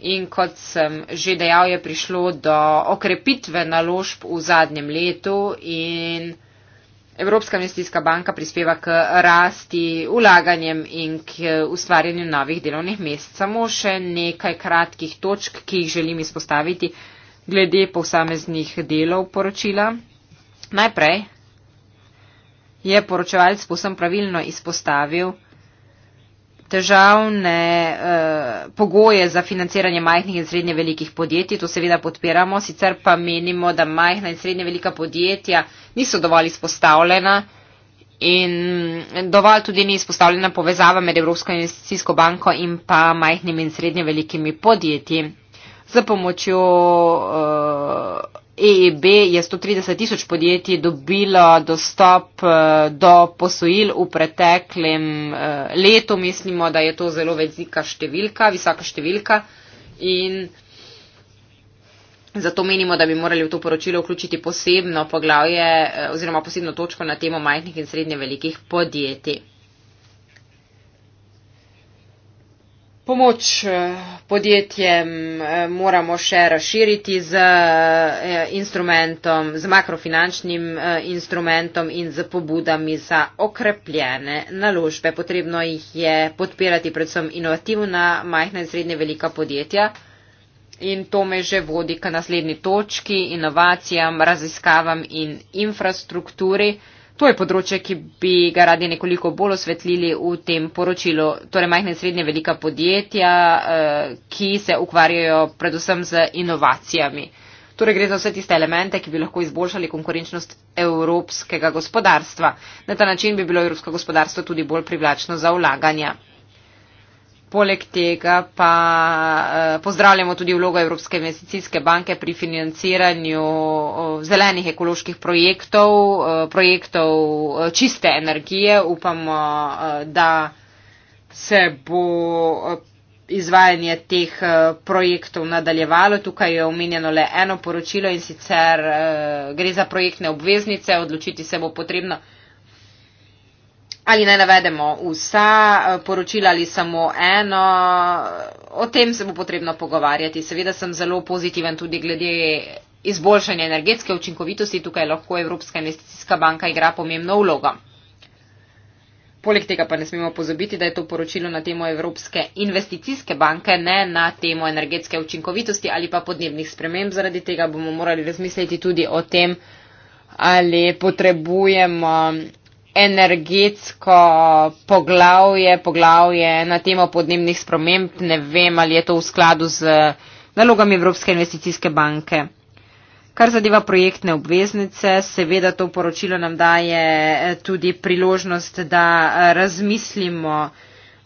In kot sem že dejal, je prišlo do okrepitve naložb v zadnjem letu in Evropska investicijska banka prispeva k rasti ulaganjem in k eh, ustvarjanju novih delovnih mest. Samo še nekaj kratkih točk, ki jih želim izpostaviti glede posameznih delov poročila. Najprej je poročevalc posem pravilno izpostavil, težavne uh, pogoje za financiranje majhnih in srednje velikih podjetij. To seveda podpiramo, sicer pa menimo, da majhna in srednje velika podjetja niso dovolj izpostavljena in dovolj tudi ni izpostavljena povezava med Evropsko investicijsko banko in pa majhnimi in srednje velikimi podjetji. Z pomočjo EEB eh, e je 130 tisoč podjetij dobilo dostop eh, do posojil v preteklem eh, letu. Mislimo, da je to zelo velika številka, visoka številka. In zato menimo, da bi morali v to poročilo vključiti posebno poglavje oziroma posebno točko na temo majhnih in srednje velikih podjetij. pomoč eh, podjetjem eh, moramo še razširiti z eh, instrumentom, z makrofinančnim instrumentom in z pobudami za okrepljene naložbe. Potrebno jih je podpirati predvsem inovativna, majhna in srednje velika podjetja. In to me že vodi k naslednji točki, inovacijam, raziskavam in infrastrukturi. To je področje, ki bi ga radi nekoliko bolj osvetlili v tem poročilu. Torej, majhne in srednje velika podjetja, eh, ki se ukvarjajo predvsem z inovacijami. Torej, gre za vse tiste elemente, ki bi lahko izboljšali konkurenčnost evropskega gospodarstva. Na ta način bi bilo evropsko gospodarstvo tudi bolj privlačno za vlaganja. Poleg tega pa eh, pozdravljamo tudi vlogo Evropske investicijske banke pri financiranju eh, zelenih ekoloških projektov, eh, projektov čiste energije. Upamo, da se bo izvajanje teh projektov nadaljevalo. Tukaj je omenjeno le eno poročilo in sicer gre za projektne obveznice, odločiti se bo potrebno ali naj navedemo vsa eh, poročila ali samo eno, eh, o tem se bo potrebno pogovarjati. Seveda sem zelo pozitiven tudi glede izboljšanja energetske učinkovitosti, tukaj lahko Evropska investicijska banka igra pomembno vlogo. Poleg tega pa ne smemo pozabiti, da je to poročilo na temo Evropske investicijske banke, ne na temo energetske učinkovitosti ali pa podnebnih sprememb. Zaradi tega bomo morali razmisliti tudi o tem, ali potrebujemo energetsko poglavje, poglavje na temo podnebnih sprememb. Ne vem, ali je to v skladu z nalogami Evropske investicijske banke. Kar zadeva projektne obveznice, seveda to poročilo nam daje eh, tudi priložnost, da razmislimo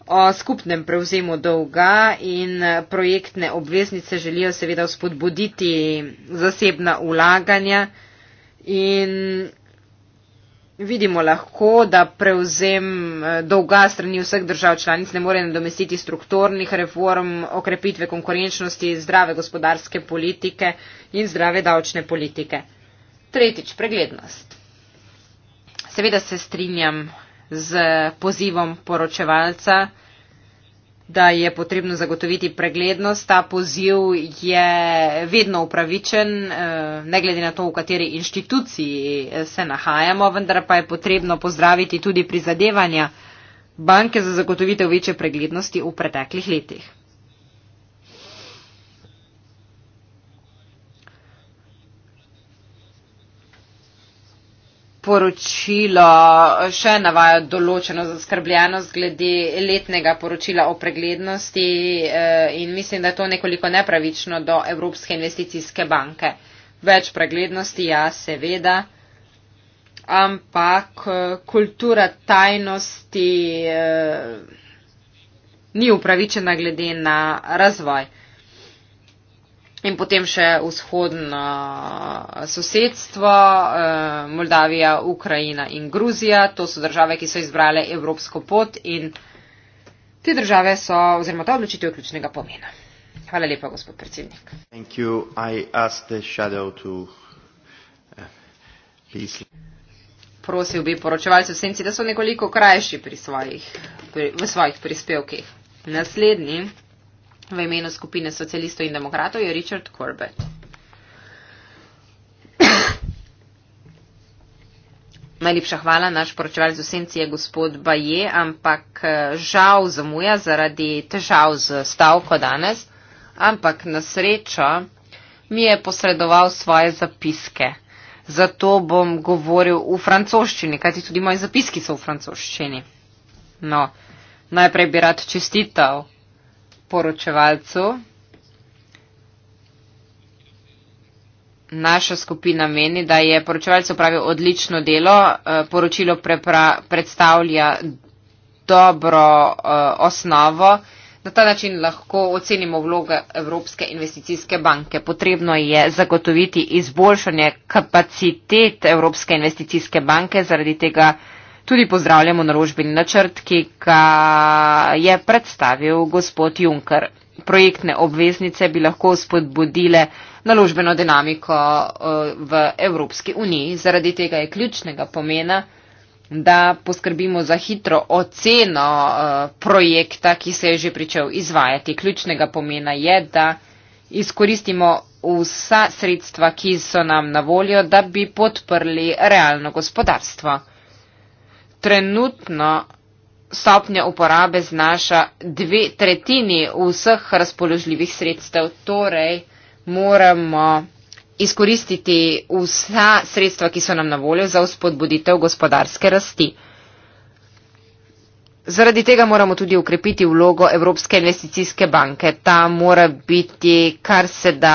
o skupnem prevzemu dolga in eh, projektne obveznice želijo seveda spodbuditi zasebna ulaganja in Vidimo lahko, da prevzem eh, dolga strani vseh držav članic ne more nadomestiti strukturnih reform, okrepitve konkurenčnosti, zdrave gospodarske politike in zdrave davčne politike. Tretjič, preglednost. Seveda se strinjam z pozivom poročevalca, da je potrebno zagotoviti preglednost. Ta poziv je vedno upravičen, eh, ne glede na to, v kateri inštituciji eh, se nahajamo, vendar pa je potrebno pozdraviti tudi prizadevanja banke za zagotovitev večje preglednosti v preteklih letih. poročilo še navaja določeno zaskrbljenost glede letnega poročila o preglednosti eh, in mislim, da je to nekoliko nepravično do Evropske investicijske banke. Več preglednosti, ja, seveda, ampak eh, kultura tajnosti eh, ni upravičena glede na razvoj. In potem še vzhodno eh, sosedstvo, eh, Moldavija, Ukrajina in Gruzija. To so države, ki so izbrale evropsko pot in te države so, oziroma ta odločitev je ključnega pomena. Hvala lepa, gospod predsednik. Eh, Prosil bi poročevalce v senci, da so nekoliko krajši pri svojih, pri, v svojih prispevkih. Naslednji. V imenu skupine socialistov in demokratov je Richard Corbett. Najlepša hvala, naš poročevalec v senci je gospod Baje, ampak eh, žal zamuja zaradi težav z stavko danes, ampak na srečo mi je posredoval svoje zapiske. Zato bom govoril v francoščini, kajti tudi moji zapiski so v francoščini. No, najprej bi rad čestital poročevalcu. Naša skupina meni, da je poročevalec upravil odlično delo, eh, poročilo prepra, predstavlja dobro eh, osnovo. Na ta način lahko ocenimo vloge Evropske investicijske banke. Potrebno je zagotoviti izboljšanje kapacitet Evropske investicijske banke, zaradi tega Tudi pozdravljamo naložbeni načrt, ki ga je predstavil gospod Juncker. Projektne obveznice bi lahko spodbudile naložbeno dinamiko eh, v Evropski uniji. Zaradi tega je ključnega pomena, da poskrbimo za hitro oceno eh, projekta, ki se je že pričel izvajati. Ključnega pomena je, da izkoristimo vsa sredstva, ki so nam na voljo, da bi podprli realno gospodarstvo trenutno stopnja uporabe znaša dve tretjini vseh razpoložljivih sredstev, torej moramo izkoristiti vsa sredstva, ki so nam na voljo za vzpodbuditev gospodarske rasti. Zaradi tega moramo tudi ukrepiti vlogo Evropske investicijske banke. Ta mora biti kar se da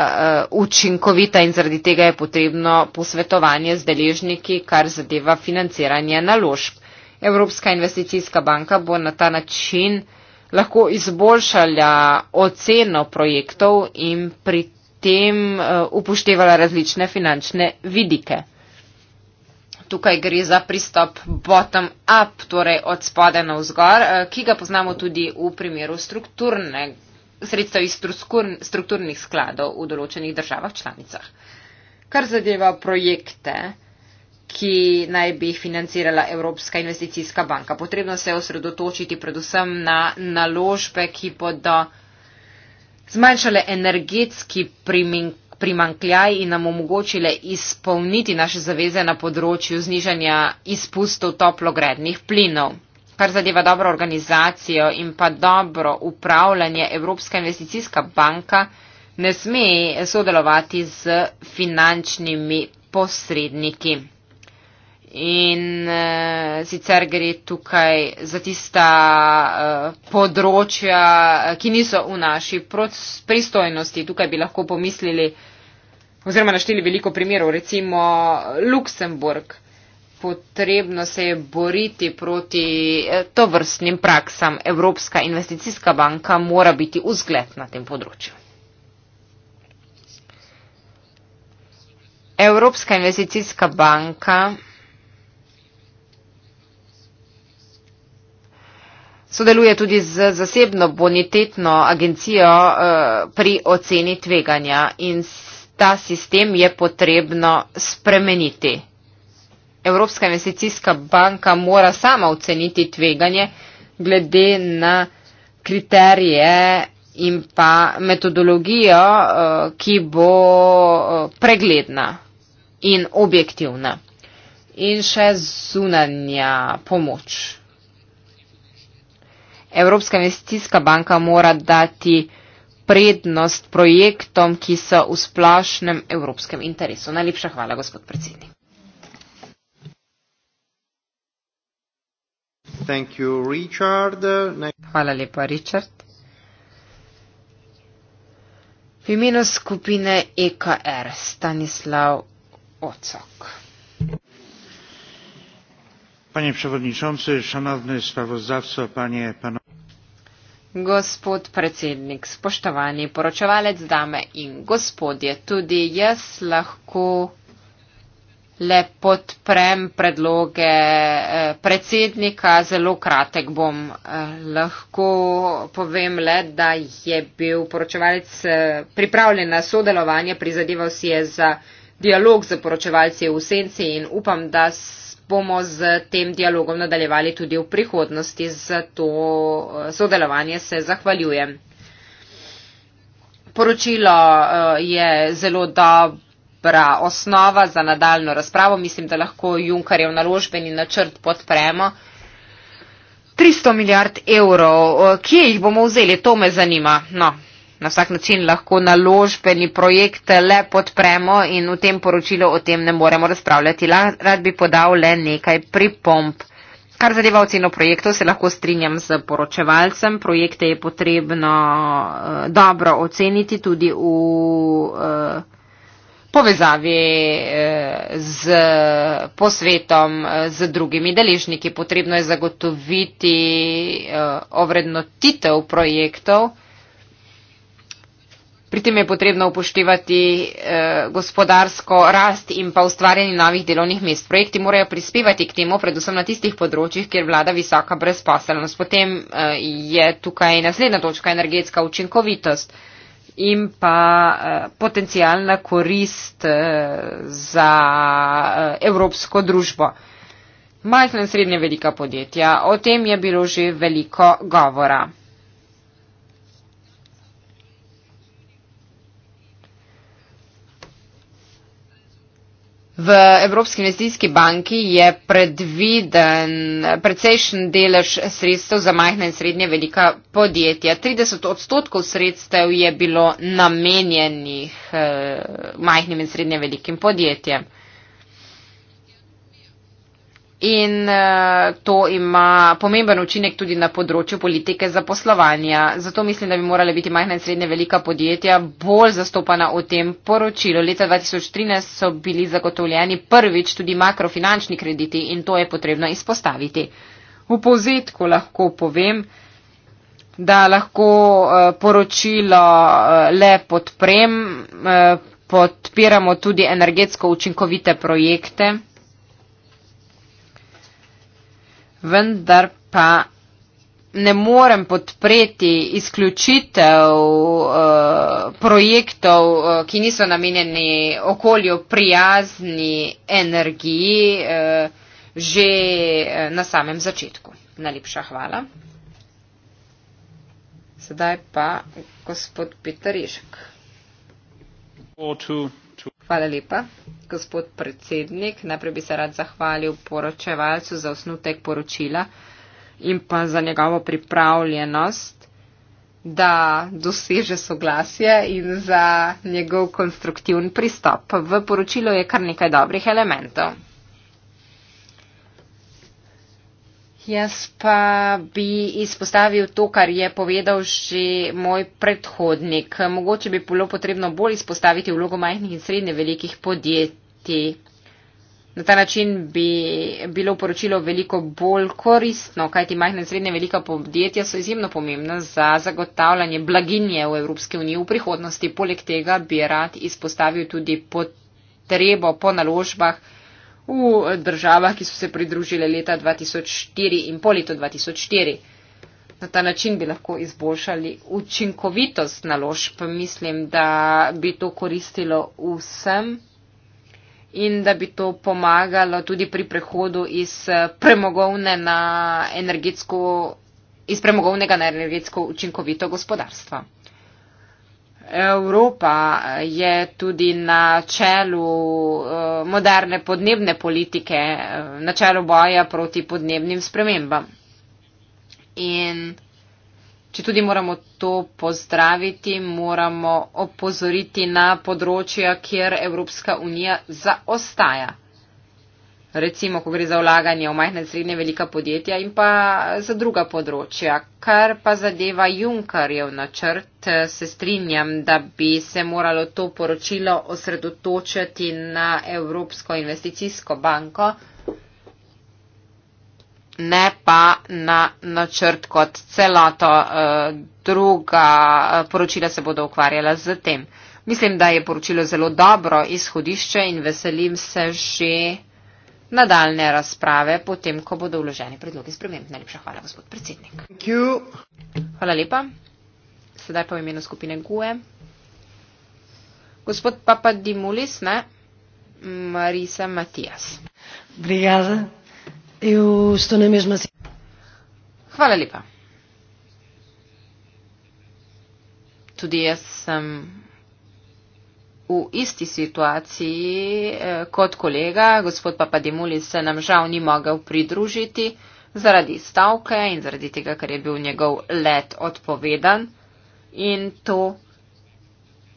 eh, učinkovita in zaradi tega je potrebno posvetovanje z deležniki, kar zadeva financiranje naložb. Evropska investicijska banka bo na ta način lahko izboljšala oceno projektov in pri tem eh, upoštevala različne finančne vidike tukaj gre za pristop bottom-up, torej od spode na vzgor, eh, ki ga poznamo tudi v primeru strukturne, sredstev iz strukturnih skladov v določenih državah članicah. Kar zadeva projekte, ki naj bi jih financirala Evropska investicijska banka. Potrebno se je osredotočiti predvsem na naložbe, ki bodo zmanjšale energetski priminkaj primankljaj in nam omogočile izpolniti naše zaveze na področju znižanja izpustov toplogrednih plinov. Kar zadeva dobro organizacijo in pa dobro upravljanje, Evropska investicijska banka ne sme sodelovati z finančnimi posredniki. In e, sicer gre tukaj za tista e, področja, ki niso v naši pristojnosti. Tukaj bi lahko pomislili, oziroma našteli veliko primerov, recimo Luksemburg. Potrebno se je boriti proti eh, tovrstnim praksam. Evropska investicijska banka mora biti vzgled na tem področju. Evropska investicijska banka sodeluje tudi z zasebno bonitetno agencijo eh, pri oceni tveganja in ta sistem je potrebno spremeniti. Evropska investicijska banka mora sama oceniti tveganje glede na kriterije in pa metodologijo, eh, ki bo eh, pregledna in objektivna. In še zunanja pomoč. Evropska investicijska banka mora dati prednost projektom, ki so v splošnem evropskem interesu. Najlepša hvala, gospod predsednik. You, hvala lepa, Richard. V imenu skupine EKR Stanislav Ocok. Panie przewodniczący, szanowny sprawozdawco, panie, panowie. Gospod predsednik, spoštovani poročevalec dame in gospodje, tudi jaz lahko le podprem predloge eh, predsednika, zelo kratek bom. Eh, lahko povem le, da je bil poročevalec eh, pripravljen na sodelovanje, prizadeval si je za dialog z poročevalci v senci in upam, da bomo z tem dialogom nadaljevali tudi v prihodnosti, zato eh, sodelovanje se zahvaljuje. Poročilo eh, je zelo dobra osnova za nadaljno razpravo. Mislim, da lahko Junkarjev naložbeni načrt podpremo. 300 milijard evrov, eh, kje jih bomo vzeli, to me zanima. No na vsak način lahko naložbeni projekt le podpremo in v tem poročilu o tem ne moremo razpravljati. Rad bi podal le nekaj pripomp. Kar zadeva oceno projektov, se lahko strinjam z poročevalcem. Projekte je potrebno uh, dobro oceniti tudi v uh, povezavi uh, z posvetom, uh, z drugimi deležniki. Potrebno je zagotoviti uh, ovrednotitev projektov. Pri tem je potrebno upoštevati eh, gospodarsko rast in pa ustvarjanje novih delovnih mest. Projekti morajo prispevati k temu, predvsem na tistih področjih, kjer vlada visoka brezposelnost. Potem eh, je tukaj naslednja točka energetska učinkovitost in pa eh, potencijalna korist eh, za eh, evropsko družbo. Majhna in srednja velika podjetja, o tem je bilo že veliko govora. V Evropski investicijski banki je predviden precejšen delež sredstev za majhna in srednje velika podjetja. 30 odstotkov sredstev je bilo namenjenih eh, majhnim in srednje velikim podjetjem in eh, to ima pomemben učinek tudi na področju politike zaposlovanja. Zato mislim, da bi morale biti majhna in srednje velika podjetja bolj zastopana v tem poročilu. Leta 2013 so bili zagotovljeni prvič tudi makrofinančni krediti in to je potrebno izpostaviti. V povzetku lahko povem, da lahko eh, poročilo eh, le podprem, podpiramo tudi energetsko učinkovite projekte. vendar pa ne morem podpreti izključitev uh, projektov, uh, ki niso namenjeni okolju prijazni energiji uh, že na samem začetku. Najlepša hvala. Sedaj pa gospod Peter Ježek. Hvala lepa, gospod predsednik. Najprej bi se rad zahvalil poročevalcu za osnutek poročila in pa za njegovo pripravljenost, da doseže soglasje in za njegov konstruktivn pristop. V poročilu je kar nekaj dobrih elementov. Jaz pa bi izpostavil to, kar je povedal že moj predhodnik. Mogoče bi bilo potrebno bolj izpostaviti vlogo majhnih in srednje velikih podjetij. Na ta način bi bilo poročilo veliko bolj koristno, kajti majhne in srednje velika podjetja so izjemno pomembna za zagotavljanje blaginje v Evropske unije v prihodnosti. Poleg tega bi rad izpostavil tudi potrebo po naložbah v državah, ki so se pridružile leta 2004 in po letu 2004. Na ta način bi lahko izboljšali učinkovitost naložb. Mislim, da bi to koristilo vsem in da bi to pomagalo tudi pri prehodu iz premogovne na energetsko iz premogovnega na energetsko učinkovito gospodarstvo. Evropa je tudi na čelu eh, moderne podnebne politike, eh, na čelu boja proti podnebnim spremembam. In če tudi moramo to pozdraviti, moramo opozoriti na področja, kjer Evropska unija zaostaja recimo, ko gre za vlaganje v majhne, srednje, velika podjetja in pa za druga področja. Kar pa zadeva Junkarjev načrt, se strinjam, da bi se moralo to poročilo osredotočiti na Evropsko investicijsko banko, ne pa na načrt kot celoto. Eh, druga eh, poročila se bodo ukvarjala z tem. Mislim, da je poročilo zelo dobro izhodišče in veselim se že nadaljne razprave, potem, ko bodo vloženi predlogi sprememb. Najlepša hvala, gospod predsednik. Hvala lepa. Sedaj pa v imenu skupine GUE. Gospod Papadimulis, ne? Marisa Matijas. Brigada. Eu estou na mesma Hvala lepa. Tudi jaz sem. Um, v isti situaciji eh, kot kolega, gospod Papademulis se nam žal ni mogel pridružiti zaradi stavke in zaradi tega, ker je bil njegov let odpovedan. In to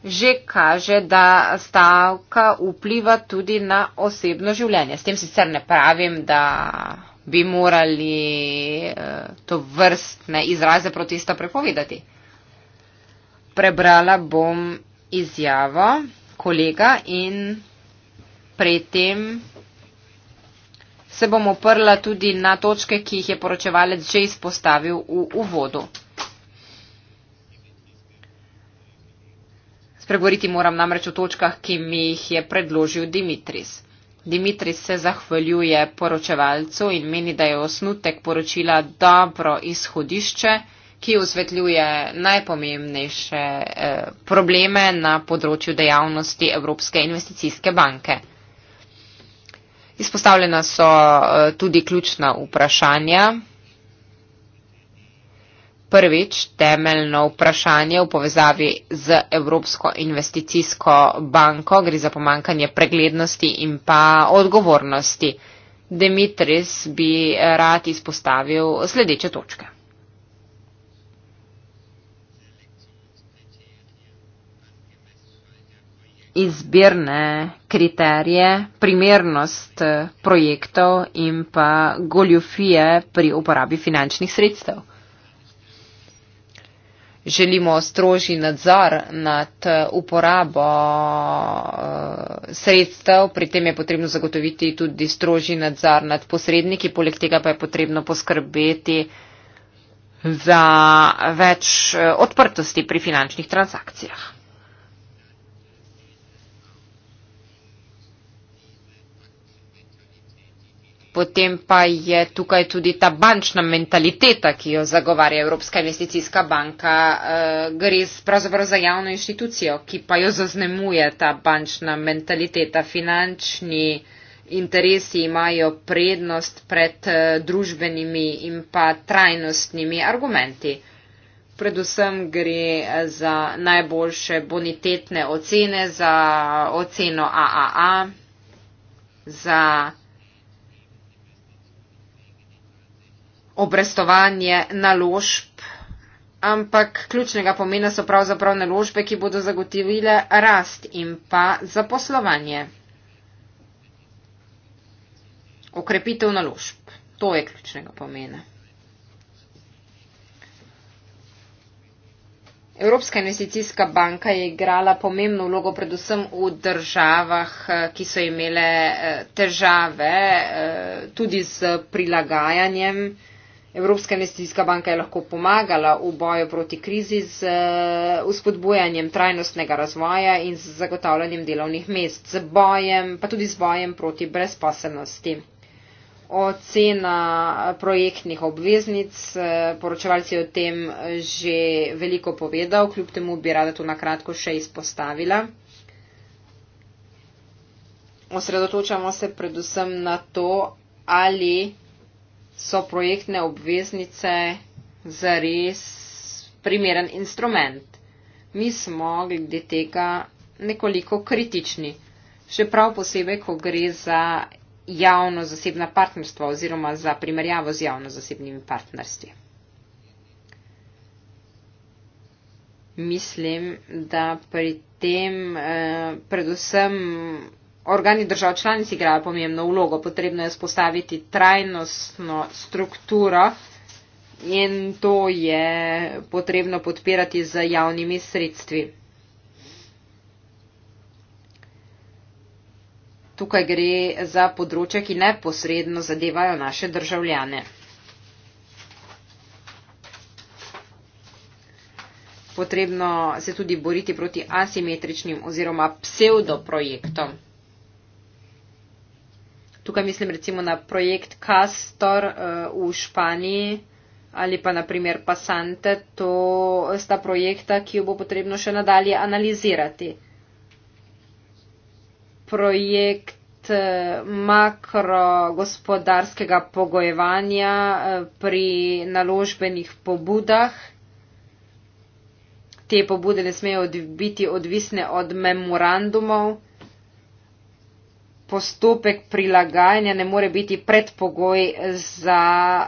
že kaže, da stavka vpliva tudi na osebno življenje. S tem sicer ne pravim, da bi morali eh, to vrstne izraze protesta prepovedati. Prebrala bom izjavo kolega in pri tem se bom oprla tudi na točke, ki jih je poročevalec že izpostavil v uvodu. Spregovoriti moram namreč o točkah, ki mi jih je predložil Dimitris. Dimitris se zahvaljuje poročevalcu in meni, da je osnutek poročila dobro izhodišče ki osvetljuje najpomembnejše eh, probleme na področju dejavnosti Evropske investicijske banke. Izpostavljena so eh, tudi ključna vprašanja. Prvič, temeljno vprašanje v povezavi z Evropsko investicijsko banko gre za pomankanje preglednosti in pa odgovornosti. Dimitris bi rad izpostavil sledeče točke. izbirne kriterije, primernost eh, projektov in pa goljufije pri uporabi finančnih sredstev. Želimo strožji nadzor nad eh, uporabo eh, sredstev, pri tem je potrebno zagotoviti tudi strožji nadzor nad posredniki, poleg tega pa je potrebno poskrbeti za več odprtosti pri finančnih transakcijah. Potem pa je tukaj tudi ta bančna mentaliteta, ki jo zagovarja Evropska investicijska banka, eh, gre pravzaprav za javno inštitucijo, ki pa jo zaznemuje ta bančna mentaliteta. Finančni interesi imajo prednost pred eh, družbenimi in pa trajnostnimi argumenti. Predvsem gre eh, za najboljše bonitetne ocene, za oceno AAA, za. obrestovanje naložb, ampak ključnega pomena so pravzaprav naložbe, ki bodo zagotovile rast in pa zaposlovanje. Okrepitev naložb. To je ključnega pomena. Evropska investicijska banka je igrala pomembno vlogo predvsem v državah, eh, ki so imele eh, težave eh, tudi z prilagajanjem Evropska investicijska banka je lahko pomagala v boju proti krizi z uspodbujanjem eh, trajnostnega razvoja in z zagotavljanjem delovnih mest, z bojem, pa tudi z bojem proti brezposelnosti. Ocena eh, projektnih obveznic, eh, poročevalci o tem že veliko povedal, kljub temu bi rada to nakratko še izpostavila. Osredotočamo se predvsem na to, ali so projektne obveznice zares primeren instrument. Mi smo glede tega nekoliko kritični. Še prav posebej, ko gre za javno-zasebna partnerstva oziroma za primerjavo z javno-zasebnimi partnerstvi. Mislim, da pri tem eh, predvsem organi držav članic igrajo pomembno vlogo. Potrebno je spostaviti trajnostno strukturo in to je potrebno podpirati z javnimi sredstvi. Tukaj gre za področje, ki neposredno zadevajo naše državljane. Potrebno se tudi boriti proti asimetričnim oziroma pseudoprojektom. Tukaj mislim recimo na projekt Castor eh, v Španiji ali pa naprimer Pasante. To sta projekta, ki jo bo potrebno še nadalje analizirati. Projekt eh, makrogospodarskega pogojevanja eh, pri naložbenih pobudah. Te pobude ne smejo od, biti odvisne od memorandumov postopek prilagajanja ne more biti predpogoj za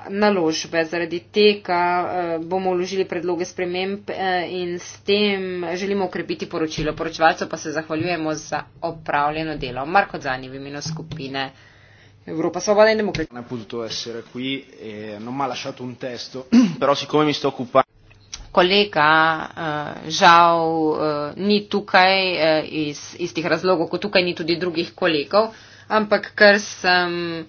naložbe. Zaradi tega eh, bomo vložili predloge sprememb eh, in s tem želimo ukrepiti poročilo. Poročevalcev pa se zahvaljujemo za opravljeno delo. Marko Zani v imenu skupine. Europa Svoboda in Demokracija. Appunto essere qui e non mi ha lasciato un testo, però siccome mi sto occupando kolega eh, žal eh, ni tukaj eh, iz istih razlogov, kot tukaj ni tudi drugih kolegov, ampak ker sem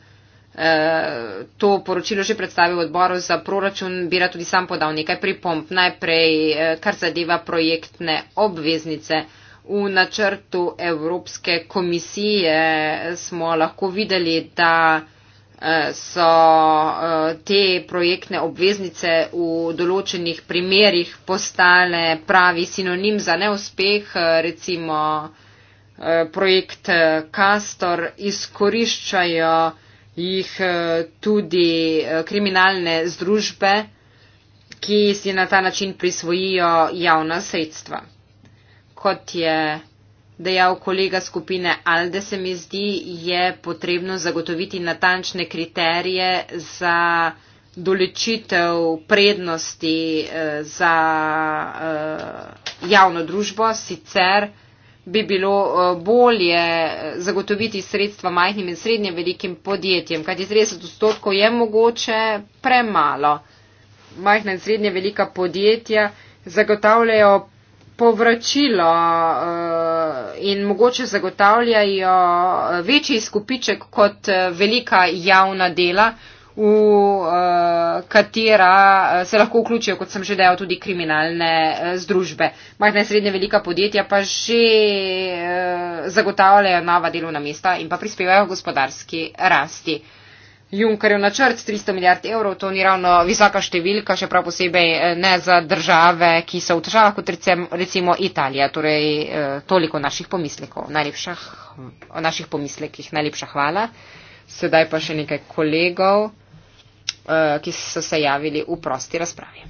to poročilo že predstavil odboru za proračun, bi rad tudi sam podal nekaj pripomp. Najprej, kar zadeva projektne obveznice. V načrtu Evropske komisije smo lahko videli, da so eh, te projektne obveznice v določenih primerjih postale pravi sinonim za neuspeh, eh, recimo eh, projekt Castor, izkoriščajo jih tudi kriminalne združbe, ki si na ta način prisvojijo javna sredstva. Kot je dejal kolega skupine Alde, se mi zdi, je potrebno zagotoviti natančne kriterije za določitev prednosti eh, za eh, javno družbo, sicer bi bilo eh, bolje zagotoviti sredstva majhnim in srednjim velikim podjetjem, kajti 30 odstotkov je mogoče premalo. Majhna in srednje velika podjetja zagotavljajo povračilo eh, in mogoče zagotavljajo eh, večji skupiček kot eh, velika javna dela, v katera se lahko vključijo, kot sem že dejal, tudi kriminalne združbe. Majhne srednje velika podjetja pa že zagotavljajo nova delovna mesta in pa prispevajo gospodarski rasti. Junkerjev načrt 300 milijard evrov, to ni ravno visoka številka, še prav posebej eh, ne za države, ki so v težavah, kot recimo Italija. Torej, eh, toliko naših pomislekov, o naših pomislekih. Najlepša hvala. Sedaj pa še nekaj kolegov, eh, ki so se javili v prosti razpravi.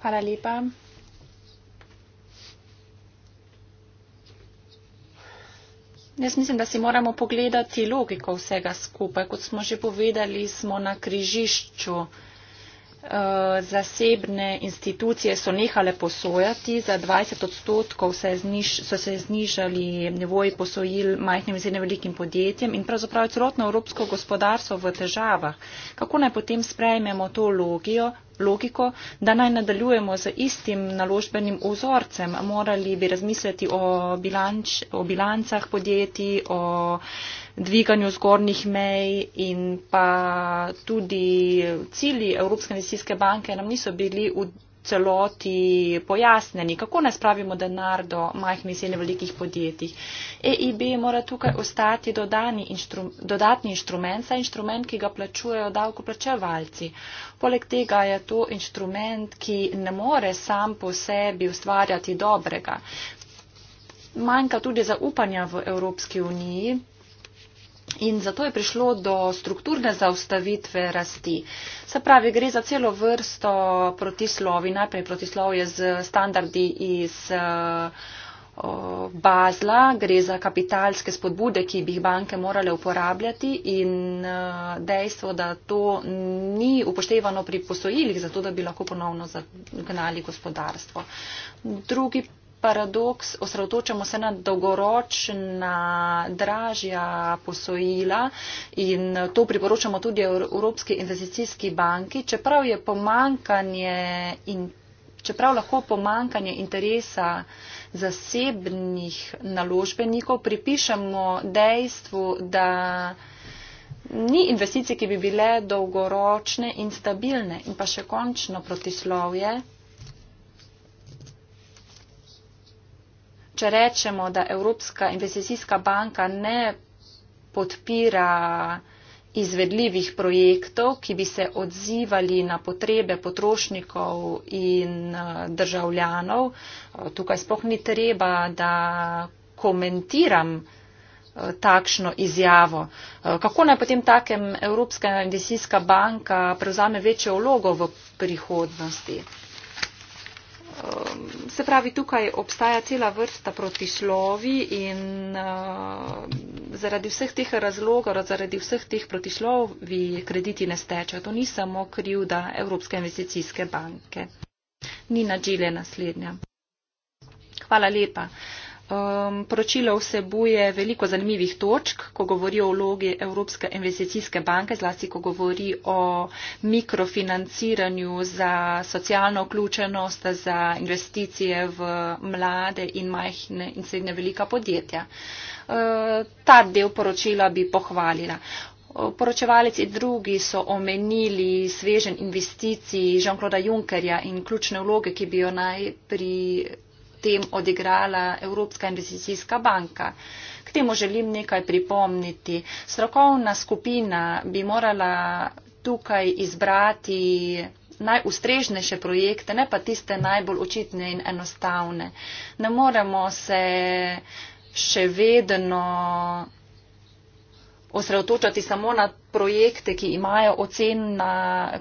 Hvala lepa. Jaz mislim, da si moramo pogledati logiko vsega skupaj. Kot smo že povedali, smo na križišču Eh, zasebne institucije so nehale posojati, za 20 odstotkov se zniž, so se znižali nivoji posojil majhnim in srednjim velikim podjetjem in pravzaprav je celotno evropsko gospodarstvo v težavah. Kako naj potem sprejmemo to logijo, logiko, da naj nadaljujemo z istim naložbenim ozorcem? Morali bi razmisliti o, bilanč, o bilancah podjetij, o dviganju zgornjih mej in pa tudi cilji Evropske investicijske banke nam niso bili v celoti pojasneni, kako naj spravimo denar do majhnih in srednje velikih podjetij. EIB mora tukaj ostati inštru, dodatni inštrument, saj inštrument, ki ga plačujejo davkoplačevalci. Poleg tega je to inštrument, ki ne more sam po sebi ustvarjati dobrega. Manjka tudi zaupanja v Evropski uniji. In zato je prišlo do strukturne zaustavitve rasti. Se pravi, gre za celo vrsto protislovi. Najprej protislovje z standardi iz eh, bazla, gre za kapitalske spodbude, ki bi jih banke morale uporabljati in eh, dejstvo, da to ni upoštevano pri posojilih, zato da bi lahko ponovno zagnali gospodarstvo. Drugi paradoks, osredotočamo se na dolgoročna dražja posojila in to priporočamo tudi Evropski investicijski banki, čeprav je pomankanje in. Čeprav lahko pomankanje interesa zasebnih naložbenikov pripišemo dejstvu, da ni investicij, ki bi bile dolgoročne in stabilne in pa še končno protislovje. če rečemo, da Evropska investicijska banka ne podpira izvedljivih projektov, ki bi se odzivali na potrebe potrošnikov in eh, državljanov. Eh, tukaj spoh ni treba, da komentiram eh, takšno izjavo. Kako naj potem takem Evropska investicijska banka prevzame večjo vlogo v prihodnosti? Ehm, se pravi, tukaj obstaja cela vrsta protislovi in uh, zaradi vseh teh razlogov, zaradi vseh teh protislovi krediti ne stečejo. To ni samo krivda Evropske investicijske banke. Ni nadžile naslednja. Hvala lepa. Uh, Um, poročilo vsebuje veliko zanimivih točk, ko govori o vlogi Evropske investicijske banke, zlasti ko govori o mikrofinanciranju za socialno vključenost, za investicije v mlade in majhne in srednje velika podjetja. Uh, ta del poročila bi pohvalila. Poročevalec in drugi so omenili svežen investicij Jean-Claude Junckerja in ključne vloge, ki bi jo naj pri tem odigrala Evropska investicijska banka. K temu želim nekaj pripomniti. Strokovna skupina bi morala tukaj izbrati najustrežnejše projekte, ne pa tiste najbolj očitne in enostavne. Ne moremo se še vedno osredotočati samo na projekte, ki imajo, ocena,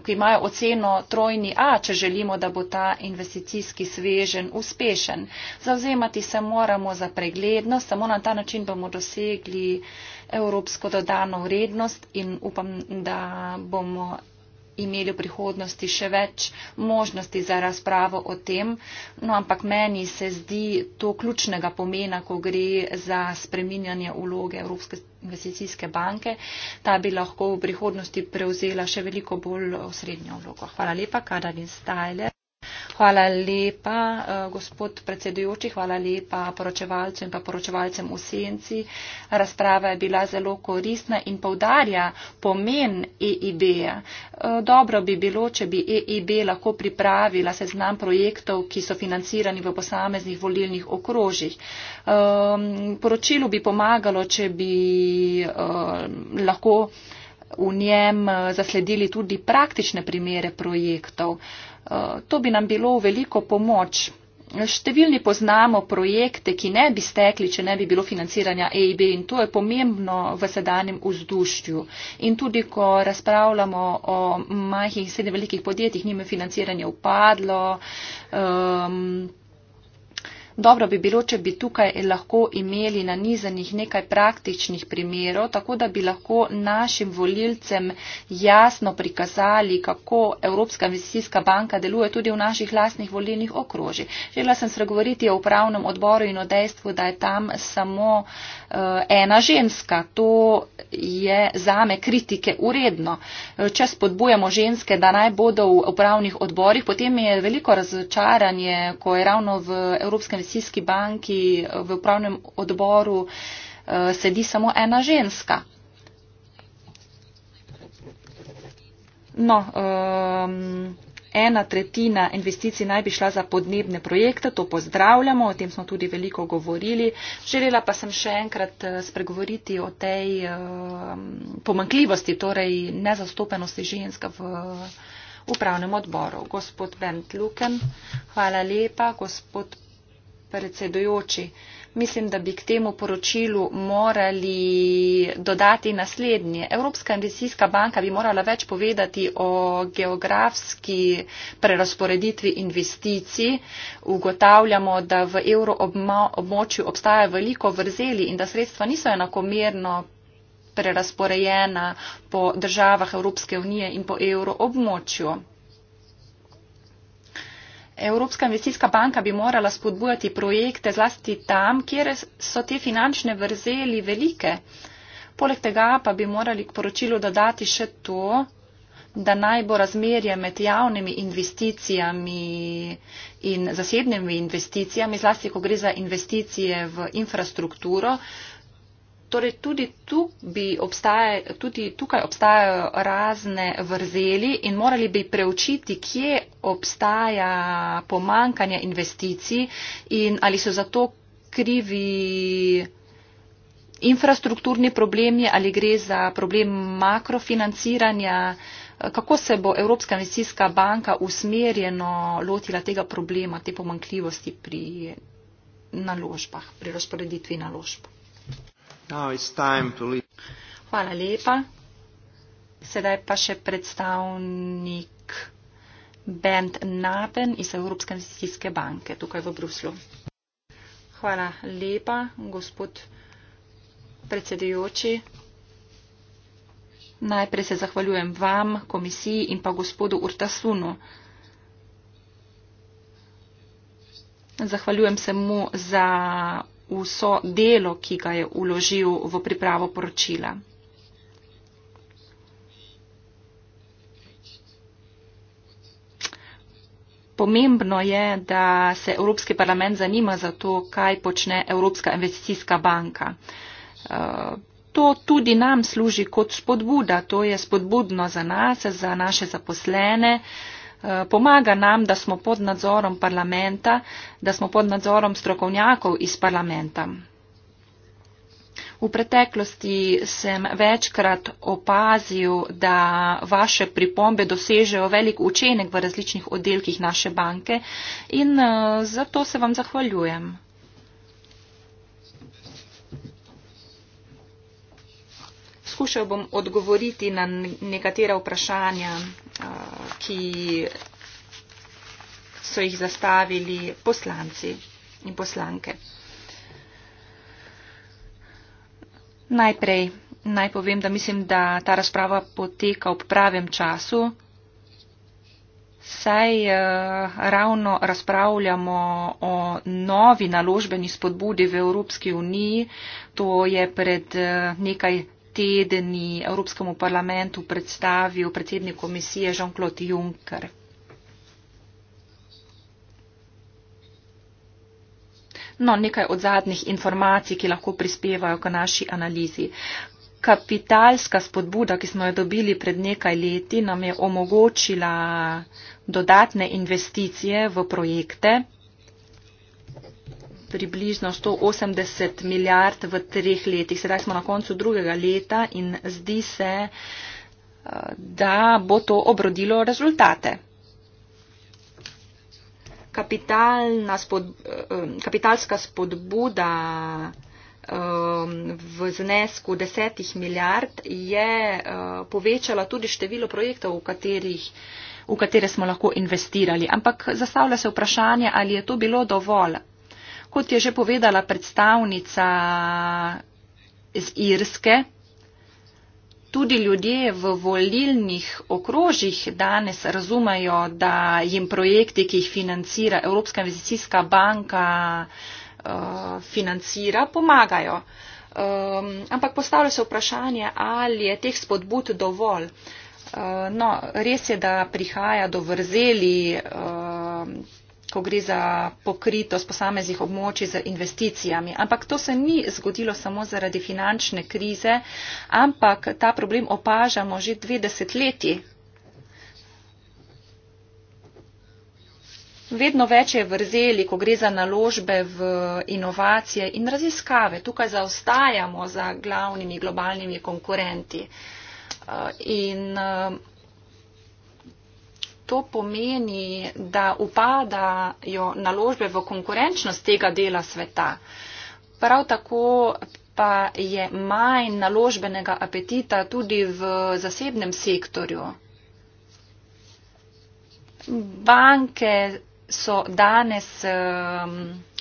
ki imajo oceno trojni A, če želimo, da bo ta investicijski svežen uspešen. Zavzemati se moramo za preglednost, samo na ta način bomo dosegli evropsko dodano vrednost in upam, da bomo imeli v prihodnosti še več možnosti za razpravo o tem. No, ampak meni se zdi to ključnega pomena, ko gre za spreminjanje uloge Evropske investicijske banke. Ta bi lahko v prihodnosti prevzela še veliko bolj osrednjo vlogo. Hvala lepa, Kadarin Stajler. Hvala lepa, eh, gospod predsedujoči, hvala lepa poročevalcu in pa poročevalcem v senci. Razprava je bila zelo koristna in povdarja pomen EIB-ja. Eh, dobro bi bilo, če bi EIB lahko pripravila seznam projektov, ki so financirani v posameznih volilnih okrožjih. Eh, poročilu bi pomagalo, če bi lahko v njem zasledili tudi praktične primere projektov. Eh, to bi nam bilo veliko pomoč. Številni poznamo projekte, ki ne bi stekli, če ne bi bilo financiranja EIB in to je pomembno v sedanjem vzduštju. In tudi, ko razpravljamo o majhnih in srednje velikih podjetjih, njim je financiranje upadlo. Um, Dobro bi bilo, če bi tukaj lahko imeli nanizanih nekaj praktičnih primerov, tako da bi lahko našim volilcem jasno prikazali, kako Evropska investicijska banka deluje tudi v naših lasnih volilnih okrožjih. Želela sem spregovoriti o upravnem odboru in o dejstvu, da je tam samo eh, ena ženska. To je zame kritike uredno. Če spodbujamo ženske, da naj bodo v upravnih odborih, potem je veliko razočaranje, ko je ravno v Evropskem investicijski banki v upravnem odboru eh, sedi samo ena ženska. No, um, ena tretjina investicij naj bi šla za podnebne projekte, to pozdravljamo, o tem smo tudi veliko govorili. Želela pa sem še enkrat eh, spregovoriti o tej um, pomankljivosti, torej nezastopenosti ženska v upravnem odboru. Gospod Bent Luken, hvala lepa. Gospod predsedujoči. Mislim, da bi k temu poročilu morali dodati naslednje. Evropska investicijska banka bi morala več povedati o geografski prerasporeditvi investicij. Ugotavljamo, da v evroobmočju obstaja veliko vrzeli in da sredstva niso enakomerno prerasporejena po državah Evropske unije in po evroobmočju. Evropska investicijska banka bi morala spodbujati projekte zlasti tam, kjer so te finančne vrzeli velike. Poleg tega pa bi morali k poročilu dodati še to, da naj bo razmerje med javnimi investicijami in zasebnimi investicijami, zlasti ko gre za investicije v infrastrukturo, Torej, tudi, tu bi obstaja, tudi tukaj obstajajo razne vrzeli in morali bi preučiti, kje obstaja pomankanje investicij in ali so za to krivi infrastrukturni problemi ali gre za problem makrofinanciranja. Kako se bo Evropska investicijska banka usmerjeno lotila tega problema, te pomankljivosti pri naložbah, pri razporeditvi naložb? Hvala lepa. Sedaj pa še predstavnik Bent Napen iz Evropske investicijske banke tukaj v Bruslu. Hvala lepa, gospod predsedujoči. Najprej se zahvaljujem vam, komisiji in pa gospodu Urtasunu. Zahvaljujem se mu za vso delo, ki ga je uložil v pripravo poročila. Pomembno je, da se Evropski parlament zanima za to, kaj počne Evropska investicijska banka. Eh, to tudi nam služi kot spodbuda, to je spodbudno za nas, za naše zaposlene, Eh, pomaga nam, da smo pod nadzorom parlamenta, da smo pod nadzorom strokovnjakov iz parlamenta. V preteklosti sem večkrat opazil, da vaše pripombe dosežejo velik učenek v različnih oddelkih naše banke in eh, zato se vam zahvaljujem. poskušal bom odgovoriti na nekatera vprašanja, ki so jih zastavili poslanci in poslanke. Najprej naj povem, da mislim, da ta razprava poteka ob pravem času, saj ravno razpravljamo o novi naložbeni spodbudi v Evropski uniji. To je pred nekaj tedni Evropskemu parlamentu predstavil predsednik komisije Jean-Claude Juncker. No, nekaj od zadnjih informacij, ki lahko prispevajo k naši analizi. Kapitalska spodbuda, ki smo jo dobili pred nekaj leti, nam je omogočila dodatne investicije v projekte približno 180 milijard v treh letih. Sedaj smo na koncu drugega leta in zdi se, eh, da bo to obrodilo rezultate. Kapitalna spod, eh, kapitalska spodbuda eh, v znesku desetih milijard je povečala tudi število projektov, v, katerih, v katere smo lahko investirali. Ampak zastavlja se vprašanje, ali je to bilo dovolj kot je že povedala predstavnica iz Irske, tudi ljudje v volilnih okrožjih danes razumejo, da jim projekti, ki jih financira Evropska investicijska banka, eh, financira, pomagajo. Um, ampak postavlja se vprašanje, ali je teh spodbud dovolj. Uh, no, res je, da prihaja do vrzeli. Uh, ko gre za pokritost posameznih območij z investicijami. Ampak to se ni zgodilo samo zaradi finančne krize, ampak ta problem opažamo že dve desetletji. Vedno več je vrzeli, ko gre za naložbe v inovacije in raziskave. Tukaj zaostajamo za glavnimi globalnimi konkurenti. Uh, in uh, to pomeni, da upadajo naložbe v konkurenčnost tega dela sveta. Prav tako pa je manj naložbenega apetita tudi v zasebnem sektorju. Banke so danes um,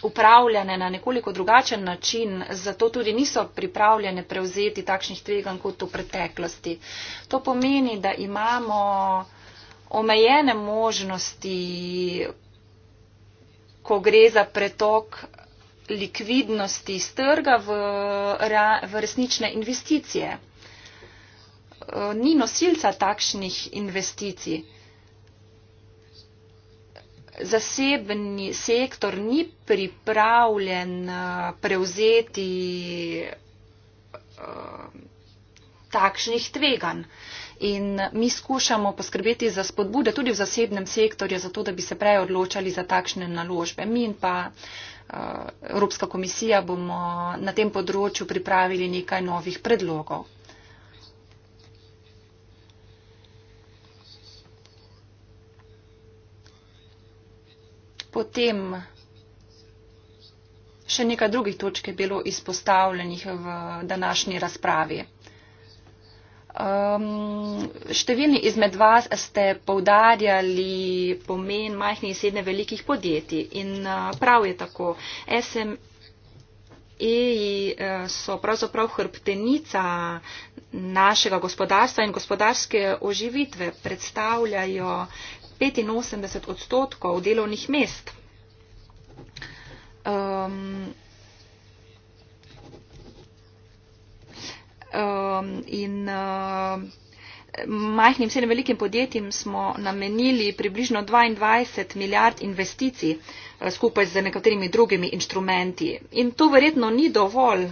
upravljene na nekoliko drugačen način, zato tudi niso pripravljene prevzeti takšnih tvegan kot v preteklosti. To pomeni, da imamo uh, omejene možnosti, ko gre za pretok likvidnosti iz trga v, v resnične investicije. Eh, ni nosilca takšnih investicij. Zasebni sektor ni pripravljen eh, prevzeti eh, takšnih tveganj in mi skušamo poskrbeti za spodbude tudi v zasebnem sektorju, zato da bi se prej odločali za takšne naložbe. Mi in pa eh, Evropska komisija bomo na tem področju pripravili nekaj novih predlogov. Potem še nekaj drugih točk je bilo izpostavljenih v današnji razpravi. Um, številni izmed vas ste povdarjali pomen majhnih in srednje velikih podjetij in uh, prav je tako. SME eh, so pravzaprav hrbtenica našega gospodarstva in gospodarske oživitve predstavljajo 85 odstotkov delovnih mest. Um, um, in uh, Majhnim srednjim velikim podjetjem smo namenili približno 22 milijard investicij uh, skupaj z nekaterimi drugimi inštrumenti. In to verjetno ni dovolj.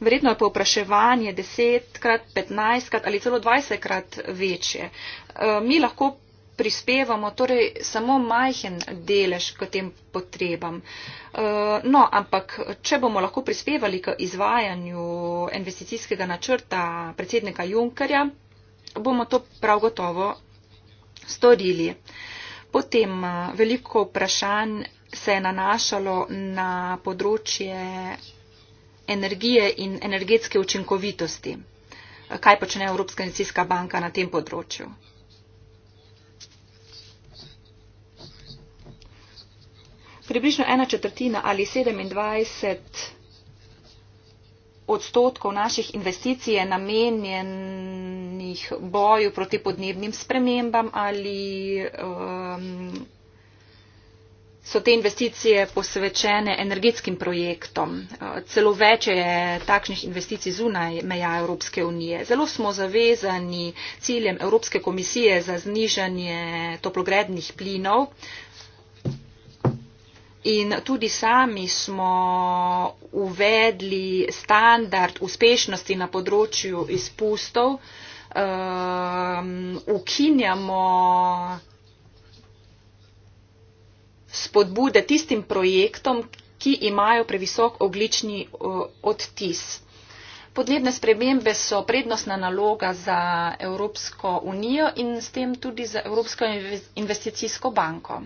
Verjetno je povpraševanje 10 krat, 15 krat ali celo 20 krat večje. Uh, mi lahko prispevamo torej samo majhen delež k tem potrebam. Eh, no, ampak če bomo lahko prispevali k izvajanju investicijskega načrta predsednika Junkerja, bomo to prav gotovo storili. Potem eh, veliko vprašanj se je nanašalo na področje energije in energetske učinkovitosti. Kaj počne Evropska investicijska banka na tem področju? približno ena četrtina ali 27 odstotkov naših investicij je namenjenih boju proti podnebnim spremembam ali um, so te investicije posvečene energetskim projektom. Uh, celo več je takšnih investicij zunaj meja Evropske unije. Zelo smo zavezani ciljem Evropske komisije za znižanje toplogrednih plinov. Uh, In tudi sami smo uvedli standard uspešnosti na področju izpustov. Um, ukinjamo spodbude tistim projektom, ki imajo previsok oglični uh, odtis. Podnebne spremembe so prednostna naloga za Evropsko unijo in s tem tudi za Evropsko investicijsko banko.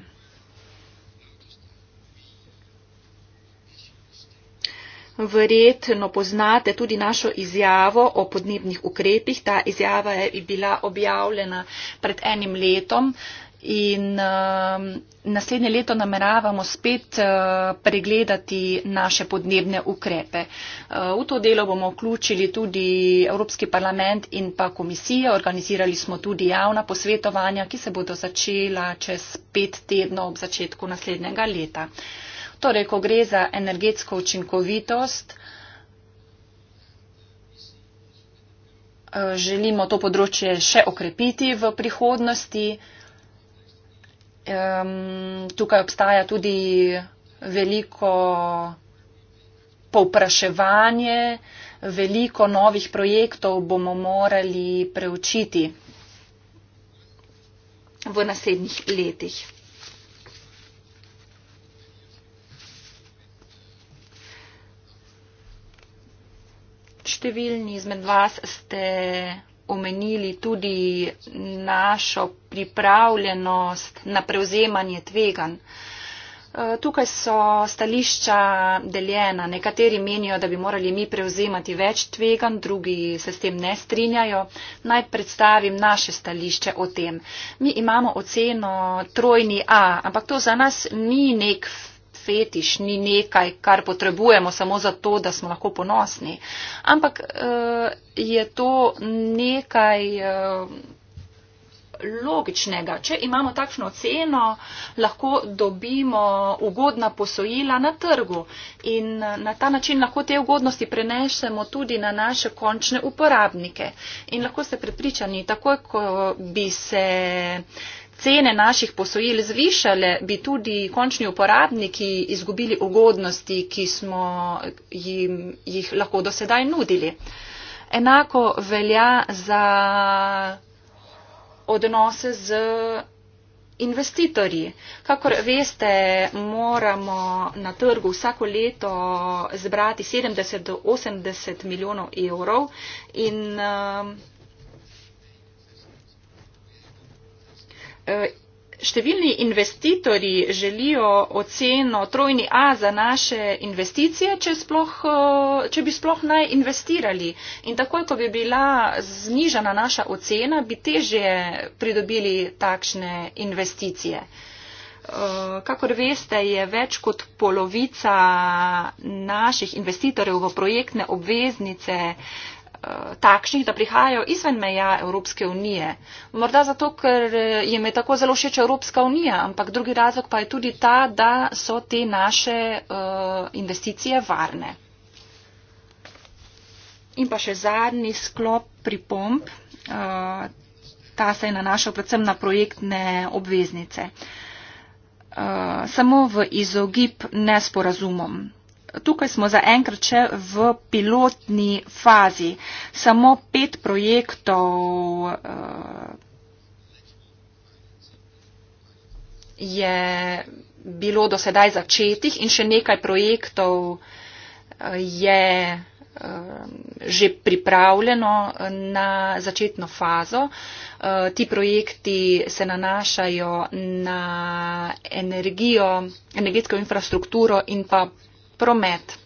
Verjetno poznate tudi našo izjavo o podnebnih ukrepih. Ta izjava je bila objavljena pred enim letom. In uh, naslednje leto nameravamo spet uh, pregledati naše podnebne ukrepe. Uh, v to delo bomo vključili tudi Evropski parlament in pa komisijo. Organizirali smo tudi javna posvetovanja, ki se bodo začela čez pet tednov ob začetku naslednjega leta. Uh, Torej, ko gre za energetsko učinkovitost, eh, želimo to področje še okrepiti v prihodnosti. Tukaj obstaja tudi veliko povpraševanje, veliko novih projektov bomo morali preučiti v naslednjih letih. številni izmed vas ste omenili tudi našo pripravljenost na prevzemanje tvegan. E, tukaj so stališča deljena. Nekateri menijo, da bi morali mi prevzemati več tvegan, drugi se s tem ne strinjajo. Naj predstavim naše stališče o tem. Mi imamo oceno trojni A, ampak to za nas ni nek fetiš, ni nekaj, kar potrebujemo samo zato, da smo lahko ponosni. Ampak eh, je to nekaj eh, logičnega. Če imamo takšno ceno, lahko dobimo ugodna posojila na trgu in eh, na ta način lahko te ugodnosti prenešemo tudi na naše končne uporabnike. In lahko ste prepričani, takoj, ko bi se uh, cene naših posojil zvišale, bi tudi končni uporabniki izgubili ugodnosti, ki smo jim, jih lahko do sedaj nudili. Enako velja za odnose z investitorji. Kakor veste, moramo na trgu vsako leto zbrati 70 do 80 milijonov evrov in uh, Eh, številni investitorji želijo oceno trojni A za naše investicije, če, sploh, eh, če bi sploh naj investirali. In takoj, ko bi bila znižana naša ocena, bi težje pridobili takšne investicije. Eh, kakor veste, je več kot polovica naših investitorjev v projektne obveznice Eh, takšnih, da prihajajo izven meja Evropske unije. Morda zato, ker eh, jim je tako zelo všeč Evropska unija, ampak drugi razlog pa je tudi ta, da so te naše uh, investicije varne. In pa še zadnji sklop pripomp, uh, ta se je nanašal predvsem na projektne obveznice. Uh, samo v izogib nesporazumom tukaj smo zaenkrat še v pilotni fazi. Samo pet projektov uh, je bilo do sedaj začetih in še nekaj projektov uh, je eh, že pripravljeno na začetno fazo. Ti projekti se nanašajo na energijo, energetsko infrastrukturo in pa promet.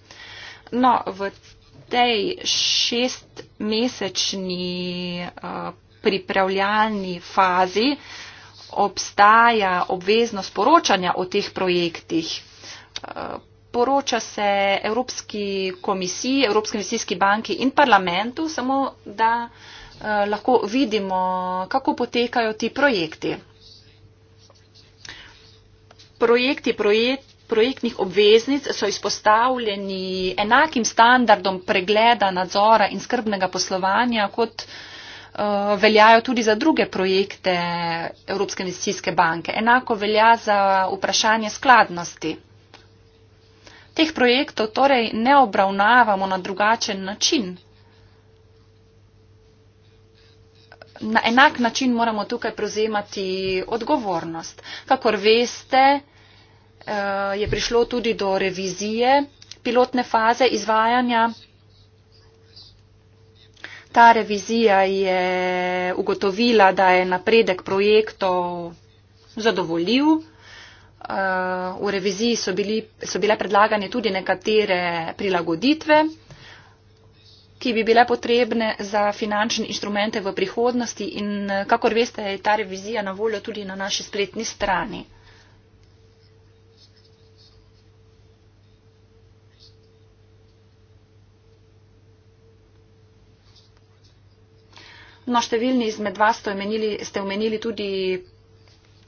No, v tej šestmesečni eh, pripravljalni fazi obstaja obveznost poročanja o teh projektih. Eh, poroča se Evropski komisiji, Evropski investijski banki in parlamentu, samo da eh, lahko vidimo, kako potekajo ti projekti. Projekti, projekti projektnih obveznic so izpostavljeni enakim standardom pregleda, nadzora in skrbnega poslovanja, kot uh, veljajo tudi za druge projekte Evropske investicijske banke. Enako velja za vprašanje skladnosti. Teh projektov torej ne obravnavamo na drugačen način. Na enak način moramo tukaj prevzemati odgovornost. Kakor veste, Eh, je prišlo tudi do revizije pilotne faze izvajanja. Ta revizija je ugotovila, da je napredek projektov zadovoljiv. Eh, v reviziji so, bili, so bile predlagane tudi nekatere prilagoditve, ki bi bile potrebne za finančne inštrumente v prihodnosti in eh, kakor veste, je ta revizija na voljo tudi na naši spletni strani. No, številni izmed vas ste omenili, ste omenili tudi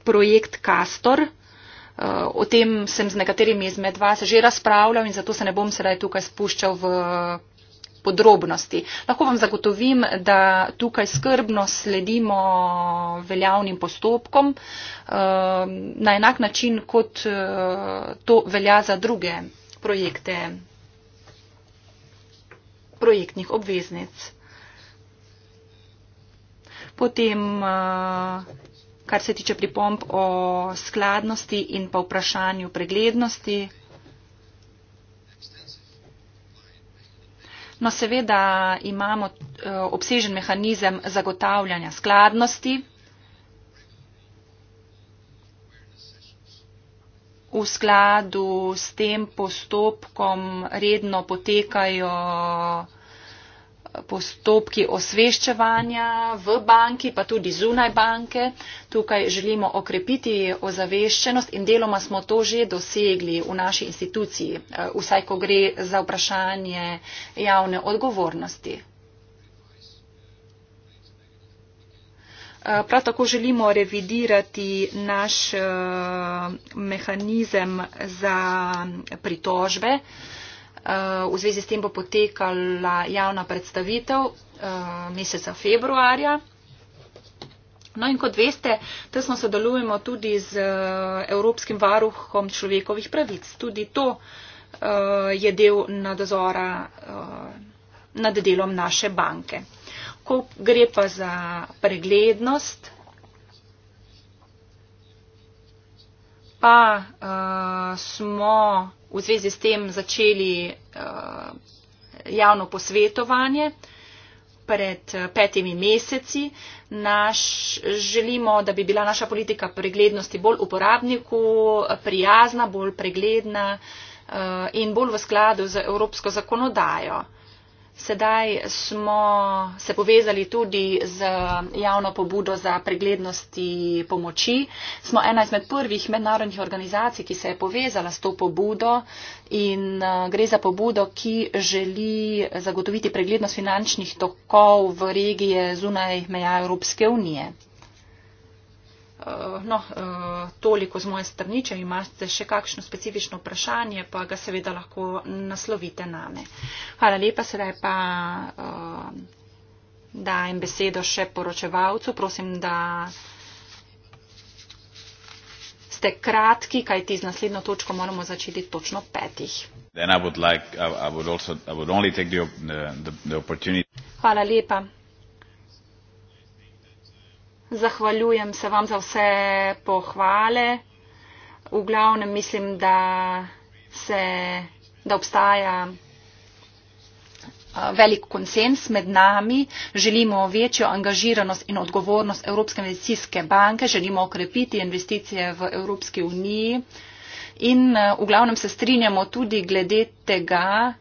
projekt Castor. Eh, o tem sem z nekaterimi izmed vas že razpravljal in zato se ne bom sedaj tukaj spuščal v podrobnosti. Lahko vam zagotovim, da tukaj skrbno sledimo veljavnim postopkom eh, na enak način, kot eh, to velja za druge projekte projektnih obveznic. Potem, eh, kar se tiče pripomp o skladnosti in pa vprašanju preglednosti. No, seveda imamo eh, obsežen mehanizem zagotavljanja skladnosti. V skladu s tem postopkom redno potekajo postopki osveščevanja v banki, pa tudi zunaj banke. Tukaj želimo okrepiti ozaveščenost in deloma smo to že dosegli v naši instituciji, eh, vsaj ko gre za vprašanje javne odgovornosti. Eh, prav tako želimo revidirati naš eh, mehanizem za pritožbe. Eh, v zvezi s tem bo potekala javna predstavitev eh, meseca februarja. No in kot veste, tesno sodelujemo tudi z eh, Evropskim varuhom človekovih pravic. Tudi to je del nadzora nad delom naše banke. Ko gre pa za preglednost pa uh, smo v zvezi s tem začeli uh, javno posvetovanje pred eh, petimi meseci. Naš, želimo, da bi bila naša politika preglednosti bolj uporabniku, prijazna, bolj pregledna uh, in bolj v skladu z evropsko zakonodajo. Uh, Sedaj smo se povezali tudi z javno pobudo za preglednosti pomoči. Smo ena izmed prvih mednarodnih organizacij, ki se je povezala s to pobudo in eh, gre za pobudo, ki želi zagotoviti preglednost finančnih tokov v regije zunaj meja Evropske unije. Eh, no, eh, toliko z moje strani, če imate še kakšno specifično vprašanje, pa ga seveda lahko naslovite na me. Hvala lepa, sedaj pa eh, dajem besedo še poročevalcu. Prosim, da ste kratki, kaj ti z naslednjo točko moramo začeti točno petih. Like, I would also, I would Hvala lepa. Zahvaljujem se vam za vse pohvale. V glavnem mislim, da, se, da obstaja velik konsens med nami. Želimo večjo angažiranost in odgovornost Evropske investicijske banke, želimo okrepiti investicije v Evropski uniji. In v glavnem se strinjamo tudi glede tega,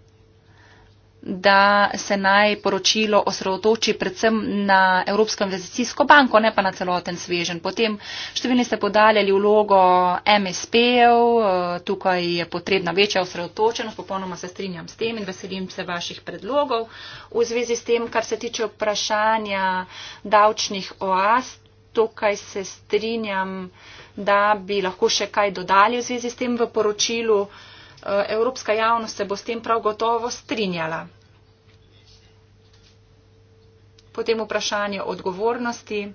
da se naj poročilo osredotoči predvsem na Evropsko investicijsko banko, ne pa na celoten svežen. Potem številni ste podaljali vlogo MSP-ev, eh, tukaj je potrebna večja osredotočenost, popolnoma se strinjam s tem in veselim se vaših predlogov. V zvezi s tem, kar se tiče vprašanja davčnih oaz, tukaj se strinjam, da bi lahko še kaj dodali v zvezi s tem v poročilu. Eh, Evropska javnost se bo s tem prav gotovo strinjala. Potem vprašanje odgovornosti.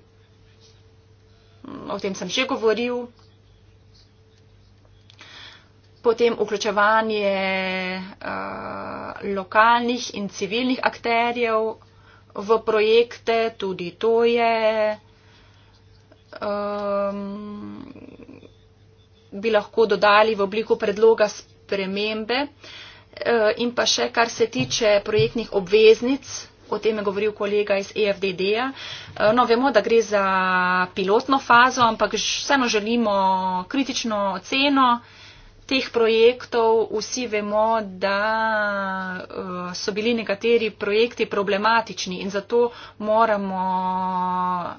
O tem sem že govoril. Potem vključevanje uh, lokalnih in civilnih akterjev v projekte, tudi to je um, bi lahko dodali v obliku predloga spremembe. Uh, in pa še, kar se tiče projektnih obveznic, o tem je govoril kolega iz EFDD-ja. E, no, vemo, da gre za pilotno fazo, ampak vseeno želimo kritično oceno teh projektov. Vsi vemo, da e, so bili nekateri projekti problematični in zato moramo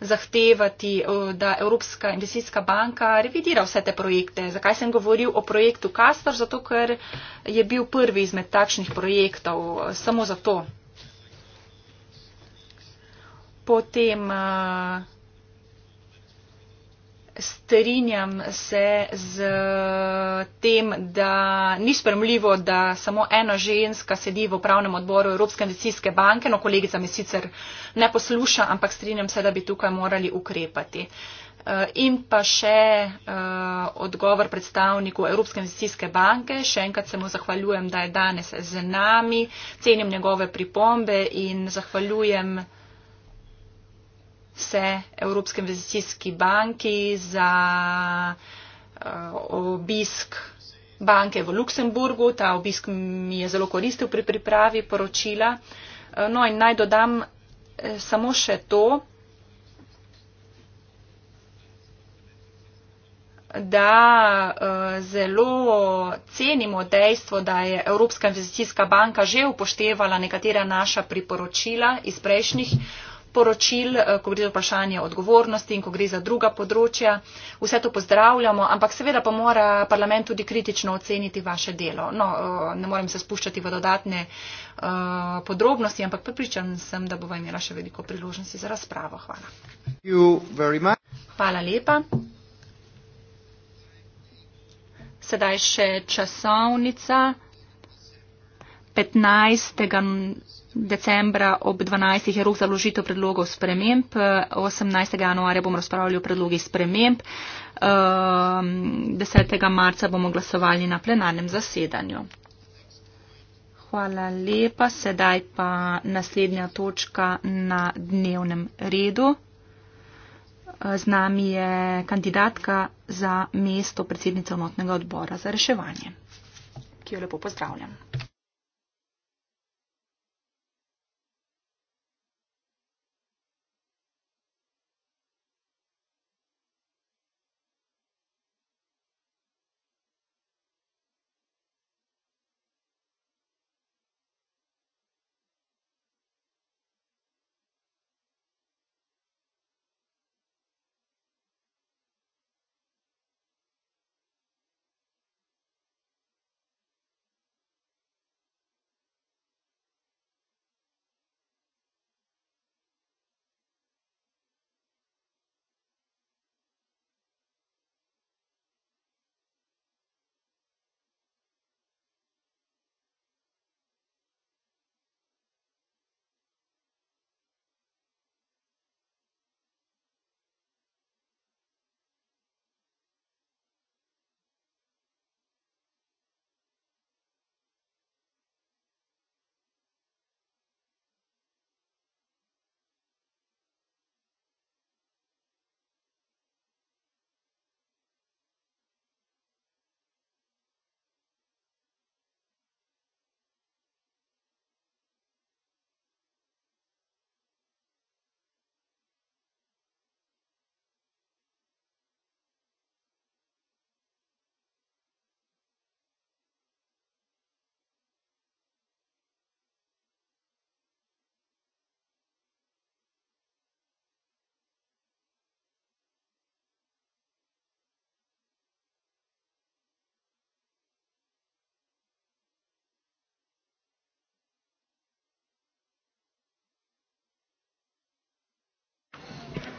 zahtevati, e, da Evropska investicijska banka revidira vse te projekte. Zakaj sem govoril o projektu Kastor? Zato, ker je bil prvi izmed takšnih projektov. Samo zato potem uh, strinjam se z eh, tem, da ni spremljivo, da samo ena ženska sedi v upravnem odboru Evropske investicijske banke, no kolegica me sicer ne posluša, ampak strinjam se, da bi tukaj morali ukrepati. Eh, in pa še uh, odgovor predstavniku Evropske investicijske banke. Še enkrat se mu zahvaljujem, da je danes z nami. Cenim njegove pripombe in zahvaljujem se Evropske investicijski banki za eh, obisk banke v Luksemburgu. Ta obisk mi je zelo koristil pri pripravi poročila. Eh, no in naj dodam eh, samo še to, da zelo cenimo dejstvo, da je Evropska investicijska banka že upoštevala nekatera naša priporočila iz prejšnjih poročil, eh, ko gre za vprašanje odgovornosti in ko gre za druga področja. Vse to pozdravljamo, ampak seveda pa mora parlament tudi kritično oceniti vaše delo. No, eh, ne morem se spuščati v dodatne eh, podrobnosti, ampak pripričan sem, da bova imela še veliko priložnosti za razpravo. Hvala. Hvala lepa. Sedaj še časovnica 15 decembra ob 12. je rok za vložitev predlogov sprememb, 18. januarja bomo razpravljali o predlogih sprememb, 10. Ehm, marca bomo glasovali na plenarnem zasedanju. Hvala lepa, sedaj pa naslednja točka na dnevnem redu. Z nami je kandidatka za mesto predsednice enotnega odbora za reševanje, ki jo lepo pozdravljam.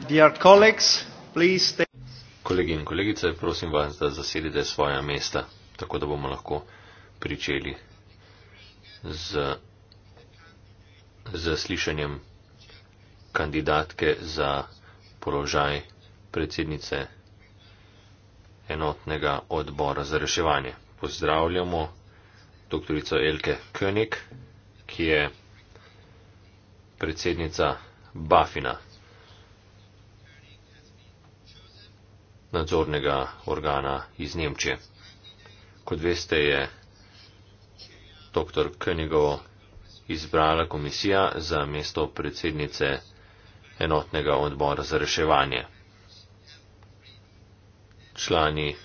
Dear colleagues, please stay. Kolegi in kolegice, prosim vas, da zasedite svoja mesta, tako da bomo lahko pričeli z zaslišanjem kandidatke za položaj predsednice enotnega odbora za reševanje. Pozdravljamo doktorico Elke König, ki je predsednica Bafina. nadzornega organa iz Nemčije. Kot veste, je dr. Königo izbrala komisija za mesto predsednice enotnega odbora za reševanje. Člani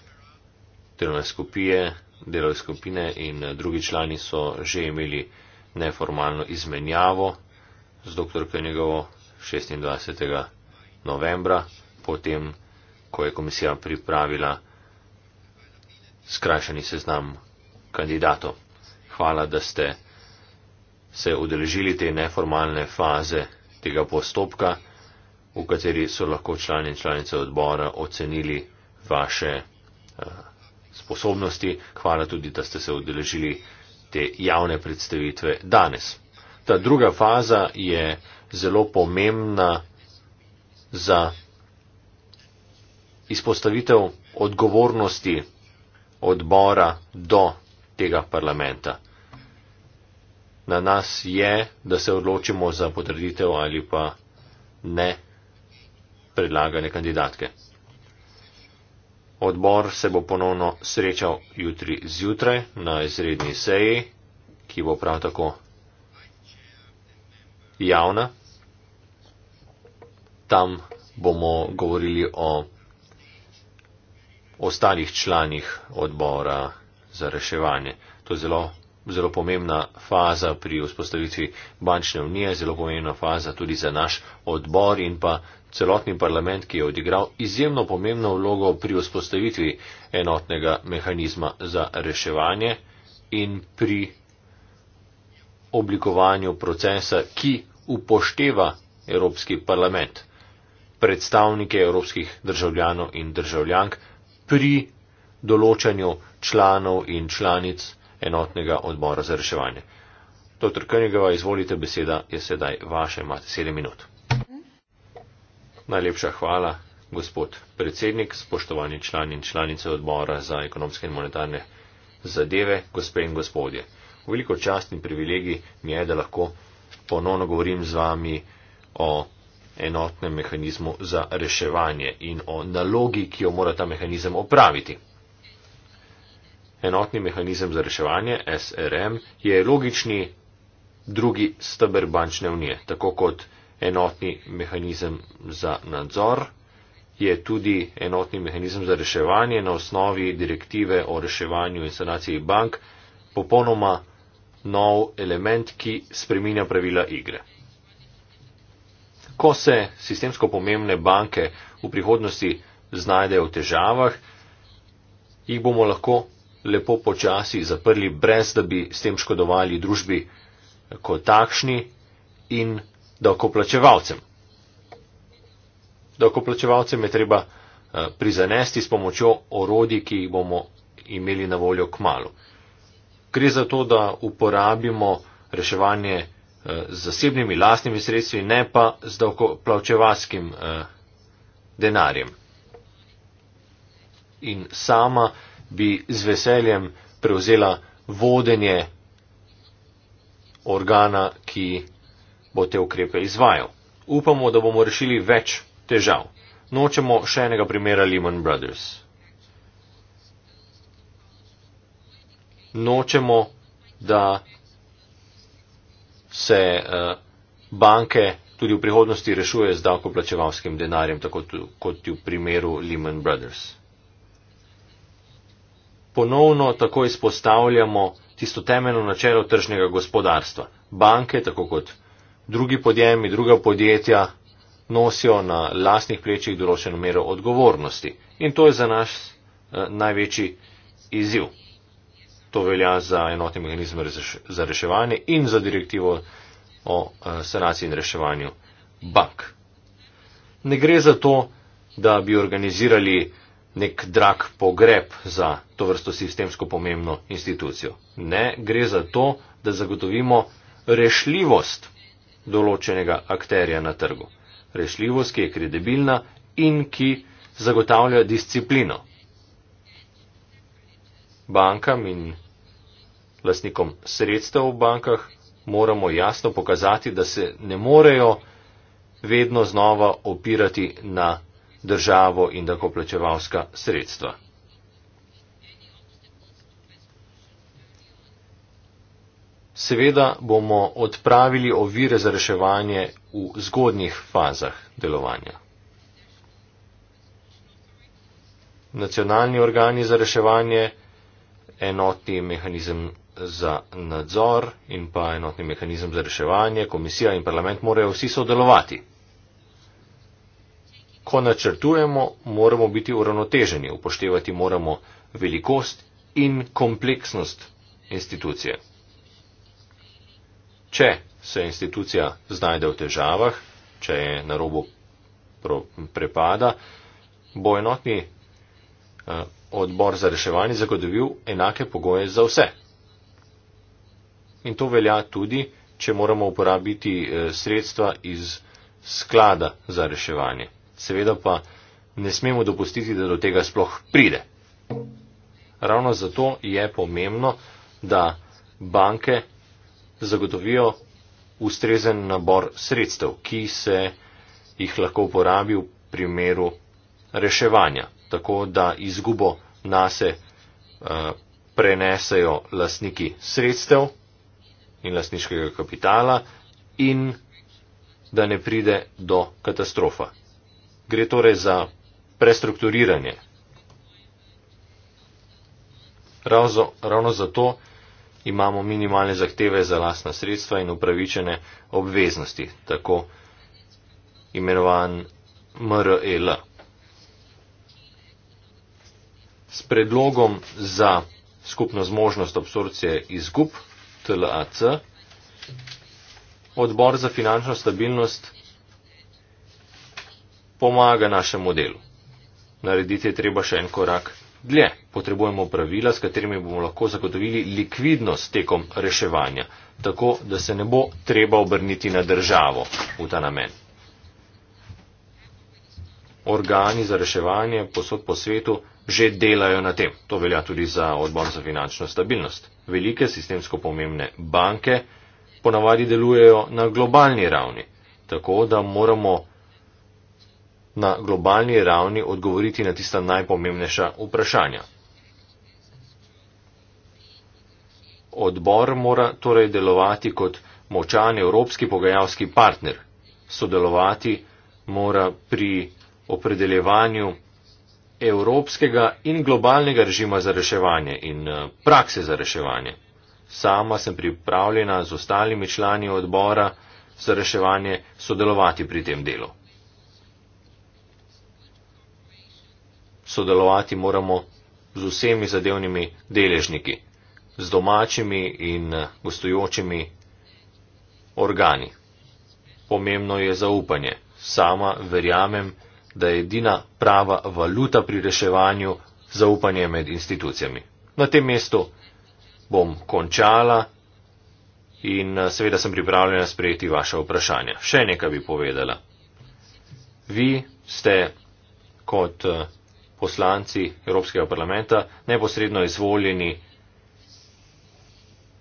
delovne skupine, delovne skupine in drugi člani so že imeli neformalno izmenjavo z dr. Königo 26. novembra, potem ko je komisija pripravila skrajšani seznam kandidatov. Hvala, da ste se udeležili te neformalne faze tega postopka, v kateri so lahko člani in članice odbora ocenili vaše eh, sposobnosti. Hvala tudi, da ste se udeležili te javne predstavitve danes. Ta druga faza je zelo pomembna za izpostavitev odgovornosti odbora do tega parlamenta. Na nas je, da se odločimo za potrditev ali pa ne predlagane kandidatke. Odbor se bo ponovno srečal jutri zjutraj na izredni seji, ki bo prav tako javna. Tam bomo govorili o ostalih članih odbora za reševanje. To je zelo, zelo pomembna faza pri vzpostavitvi bančne unije, zelo pomembna faza tudi za naš odbor in pa celotni parlament, ki je odigral izjemno pomembno vlogo pri vzpostavitvi enotnega mehanizma za reševanje in pri oblikovanju procesa, ki upošteva Evropski parlament, predstavnike evropskih državljanov in državljank, pri določanju članov in članic enotnega odbora za reševanje. Dr. Königeva, izvolite, beseda je sedaj vaša, imate sedem minut. Najlepša hvala, gospod predsednik, spoštovani član in članice odbora za ekonomske in monetarne zadeve, gospe in gospodje. Veliko čast in privilegij mi je, da lahko ponovno govorim z vami o enotnem mehanizmu za reševanje in o nalogi, ki jo mora ta mehanizem opraviti. Enotni mehanizem za reševanje SRM je logični drugi stebr bančne unije, tako kot enotni mehanizem za nadzor je tudi enotni mehanizem za reševanje na osnovi direktive o reševanju in sanaciji bank popolnoma nov element, ki spreminja pravila igre ko se sistemsko pomembne banke v prihodnosti znajdejo v težavah, jih bomo lahko lepo počasi zaprli, brez da bi s tem škodovali družbi kot takšni in dokoplačevalcem. Dokoplačevalcem je treba eh, prizanesti s pomočjo orodij, ki jih bomo imeli na voljo k malu. Gre za to, da uporabimo reševanje z zasebnimi lastnimi sredstvi, ne pa z davkoplačevalskim eh, denarjem. In sama bi z veseljem prevzela vodenje organa, ki bo te ukrepe izvajal. Upamo, da bomo rešili več težav. Nočemo še enega primera Lehman Brothers. Nočemo, da se eh, banke tudi v prihodnosti rešuje z davkoplačevalskim denarjem, tako kot v primeru Lehman Brothers. Ponovno tako izpostavljamo tisto temeljno načelo tržnega gospodarstva. Banke, tako kot drugi podjemi, druga podjetja, nosijo na lasnih plečih določeno mero odgovornosti. In to je za nas eh, največji izziv. To velja za enotni mehanizem za reševanje in za direktivo o eh, sanaciji in reševanju bank. Ne gre za to, da bi organizirali nek drag pogreb za to vrsto sistemsko pomembno institucijo. Ne gre za to, da zagotovimo rešljivost določenega akterja na trgu. Rešljivost, ki je kredibilna in ki zagotavlja disciplino. Bankam in lasnikom sredstev v bankah, moramo jasno pokazati, da se ne morejo vedno znova opirati na državo in tako plačevalska sredstva. Seveda bomo odpravili ovire za reševanje v zgodnjih fazah delovanja. Nacionalni organi za reševanje, enotni mehanizem za nadzor in pa enotni mehanizem za reševanje, komisija in parlament morajo vsi sodelovati. Ko načrtujemo, moramo biti uravnoteženi, upoštevati moramo velikost in kompleksnost institucije. Če se institucija znajde v težavah, če je na robu prepada, bo enotni eh, odbor za reševanje zagotovil enake pogoje za vse in to velja tudi, če moramo uporabiti eh, sredstva iz sklada za reševanje. Seveda pa ne smemo dopustiti, da do tega sploh pride. Ravno zato je pomembno, da banke zagotovijo ustrezen nabor sredstev, ki se jih lahko uporabi v primeru reševanja, tako da izgubo nase uh, prenesejo lasniki sredstev in lasniškega kapitala in da ne pride do katastrofa. Gre torej za prestrukturiranje. Ravzo, ravno zato imamo minimalne zahteve za lasna sredstva in upravičene obveznosti, tako imenovan MRL. E S predlogom za skupno zmožnost absorpcije izgub TLAC, odbor za finančno stabilnost pomaga našemu delu. Narediti je treba še en korak dlje. Potrebujemo pravila, s katerimi bomo lahko zagotovili likvidnost tekom reševanja, tako da se ne bo treba obrniti na državo v ta namen organi za reševanje posod po svetu že delajo na tem. To velja tudi za odbor za finančno stabilnost. Velike sistemsko pomembne banke ponavadi delujejo na globalni ravni, tako da moramo na globalni ravni odgovoriti na tista najpomembnejša vprašanja. Odbor mora torej delovati kot močan evropski pogajalski partner, sodelovati mora pri opredeljevanju evropskega in globalnega režima za reševanje in eh, prakse za reševanje. Sama sem pripravljena z ostalimi člani odbora za reševanje sodelovati pri tem delu. Sodelovati moramo z vsemi zadevnimi deležniki, z domačimi in eh, gostujočimi organi. Pomembno je zaupanje. Sama verjamem, da je edina prava valuta pri reševanju zaupanje med institucijami. Na tem mestu bom končala in eh, seveda sem pripravljena sprejeti vaše vprašanje. Še nekaj bi povedala. Vi ste kot eh, poslanci Evropskega parlamenta neposredno izvoljeni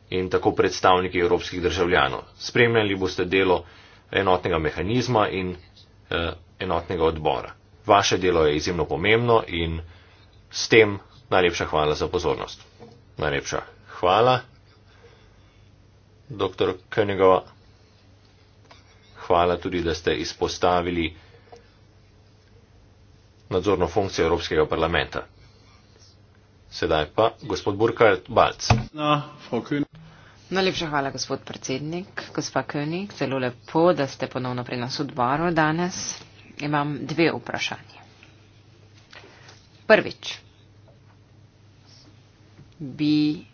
in tako predstavniki evropskih državljanov. Spremljali boste delo enotnega mehanizma in eh, enotnega odbora. Vaše delo je izjemno pomembno in s tem najlepša hvala za pozornost. Najlepša hvala, dr. Königova. Hvala tudi, da ste izpostavili nadzorno funkcijo Evropskega parlamenta. Sedaj pa gospod Burkhard Balc. Na, Najlepša hvala, gospod predsednik, gospa König. Zelo lepo, da ste ponovno pri nas v dvoru danes imam dve vprašanje. Prvič, bi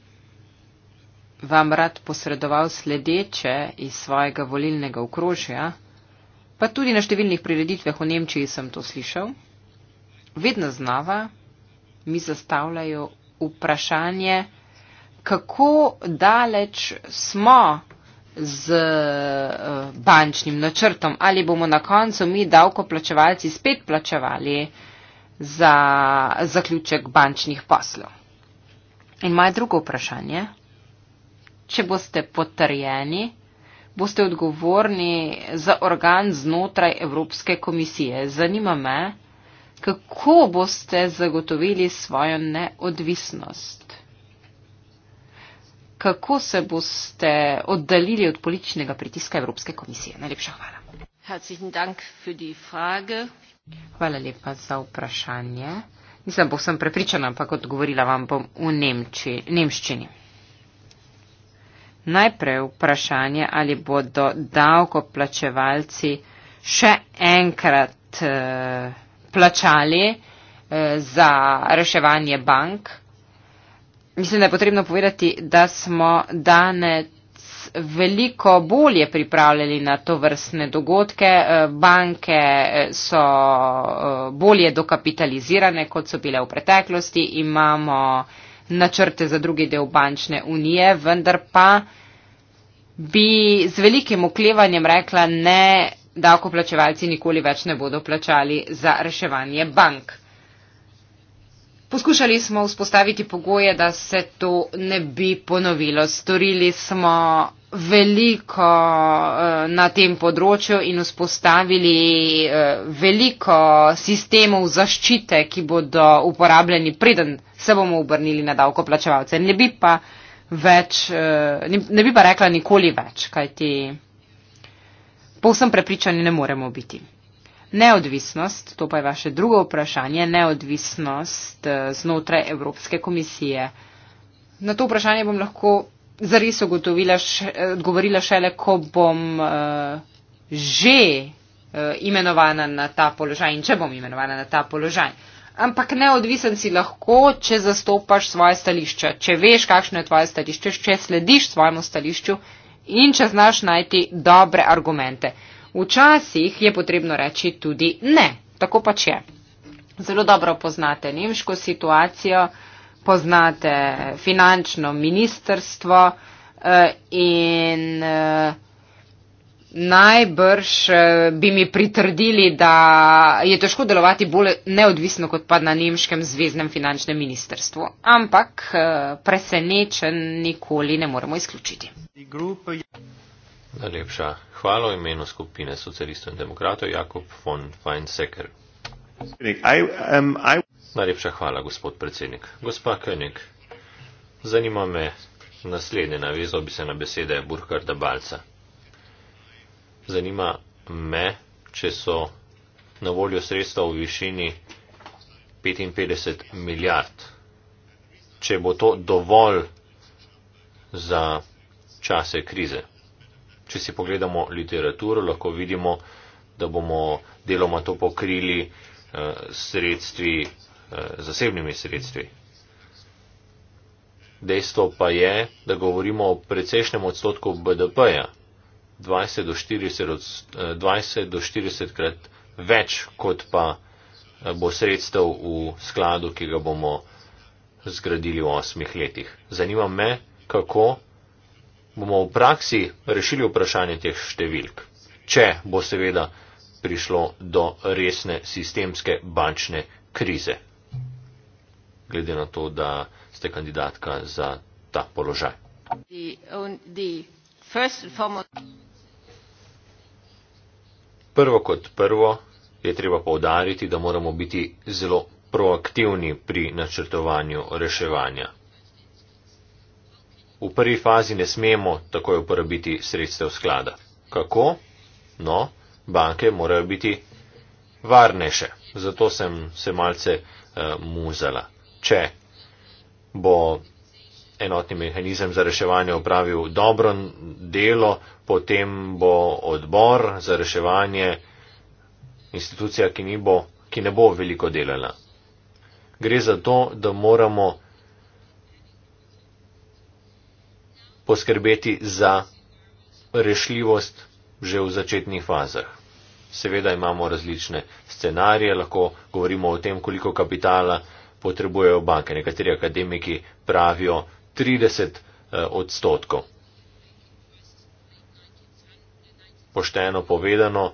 vam rad posredoval sledeče iz svojega volilnega okrožja, pa tudi na številnih prireditvah v Nemčiji sem to slišal, vedno znava mi zastavljajo vprašanje, kako daleč smo z eh, bančnim načrtom. Ali bomo na koncu mi davkoplačevalci spet plačevali za zaključek bančnih poslov? In moje drugo vprašanje. Če boste potrjeni, boste odgovorni za organ znotraj Evropske komisije. Zanima me, kako boste zagotovili svojo neodvisnost kako se boste oddaljili od političnega pritiska Evropske komisije. Najlepša hvala. Hvala lepa za vprašanje. Nisem povsem prepričana, ampak odgovorila vam bom v Nemči, nemščini. Najprej vprašanje, ali bodo davkoplačevalci še enkrat eh, plačali eh, za reševanje bank, Mislim, da je potrebno povedati, da smo danes veliko bolje pripravljali na to vrstne dogodke. Eh, banke eh, so eh, bolje dokapitalizirane, kot so bile v preteklosti. Imamo načrte za drugi del bančne unije, vendar pa bi z velikim oklevanjem rekla ne, davkoplačevalci nikoli več ne bodo plačali za reševanje bank. Poskušali smo vzpostaviti pogoje, da se to ne bi ponovilo. Storili smo veliko eh, na tem področju in vzpostavili eh, veliko sistemov zaščite, ki bodo uporabljeni, preden se bomo obrnili na davkoplačevalce. Ne bi pa več, eh, ne bi pa rekla nikoli več, kajti povsem prepričani ne moremo biti. Neodvisnost, to pa je vaše drugo vprašanje, neodvisnost eh, znotraj Evropske komisije. Na to vprašanje bom lahko zares ogotovila, eh, odgovorila šele, ko bom uh, že uh, imenovana na ta položaj in če bom imenovana na ta položaj. Ampak neodvisen si lahko, če zastopaš svoje stališče, če veš, kakšno je tvoje stališče, če slediš svojemu stališču in če znaš najti dobre argumente. Uh, Včasih je potrebno reči tudi ne, tako pač je. Zelo dobro poznate nemško situacijo, poznate finančno ministrstvo eh, in eh, najbrž eh, bi mi pritrdili, da je težko delovati bolj neodvisno kot pa na nemškem zvezdnem finančnem ministrstvu. Ampak presenečen nikoli ne moremo izključiti. Najlepša hvala v imenu skupine socialistov in demokratov Jakob von Feinsecker. Um, Najlepša hvala, gospod predsednik. Gospa König, zanima me naslednje, navezal bi se na besede Burkarda Balca. Zanima me, če so na voljo sredstva v višini 55 milijard, če bo to dovolj za čase krize če si pogledamo literaturo, lahko vidimo, da bomo deloma to pokrili eh, sredstvi, eh, zasebnimi sredstvi. Dejstvo pa je, da govorimo o precejšnjem odstotku BDP-ja, 20 do 40 eh, krat več, kot pa eh, bo sredstev v skladu, ki ga bomo zgradili v osmih letih. Zanima me, kako bomo v praksi rešili vprašanje teh številk, če bo seveda prišlo do resne sistemske bančne krize. Glede na to, da ste kandidatka za ta položaj. Prvo kot prvo je treba povdariti, da moramo biti zelo proaktivni pri načrtovanju reševanja V prvi fazi ne smemo takoj uporabiti sredstev sklada. Kako? No, banke morajo biti varnejše. Zato sem se malce uh, muzala. Če bo enotni mehanizem za reševanje upravil dobro delo, potem bo odbor za reševanje institucija, ki, bo, ki ne bo veliko delala. Gre za to, da moramo poskrbeti za rešljivost že v začetnih fazah. Seveda imamo različne scenarije, lahko govorimo o tem, koliko kapitala potrebujejo banke. Nekateri akademiki pravijo 30 eh, odstotkov. Pošteno povedano,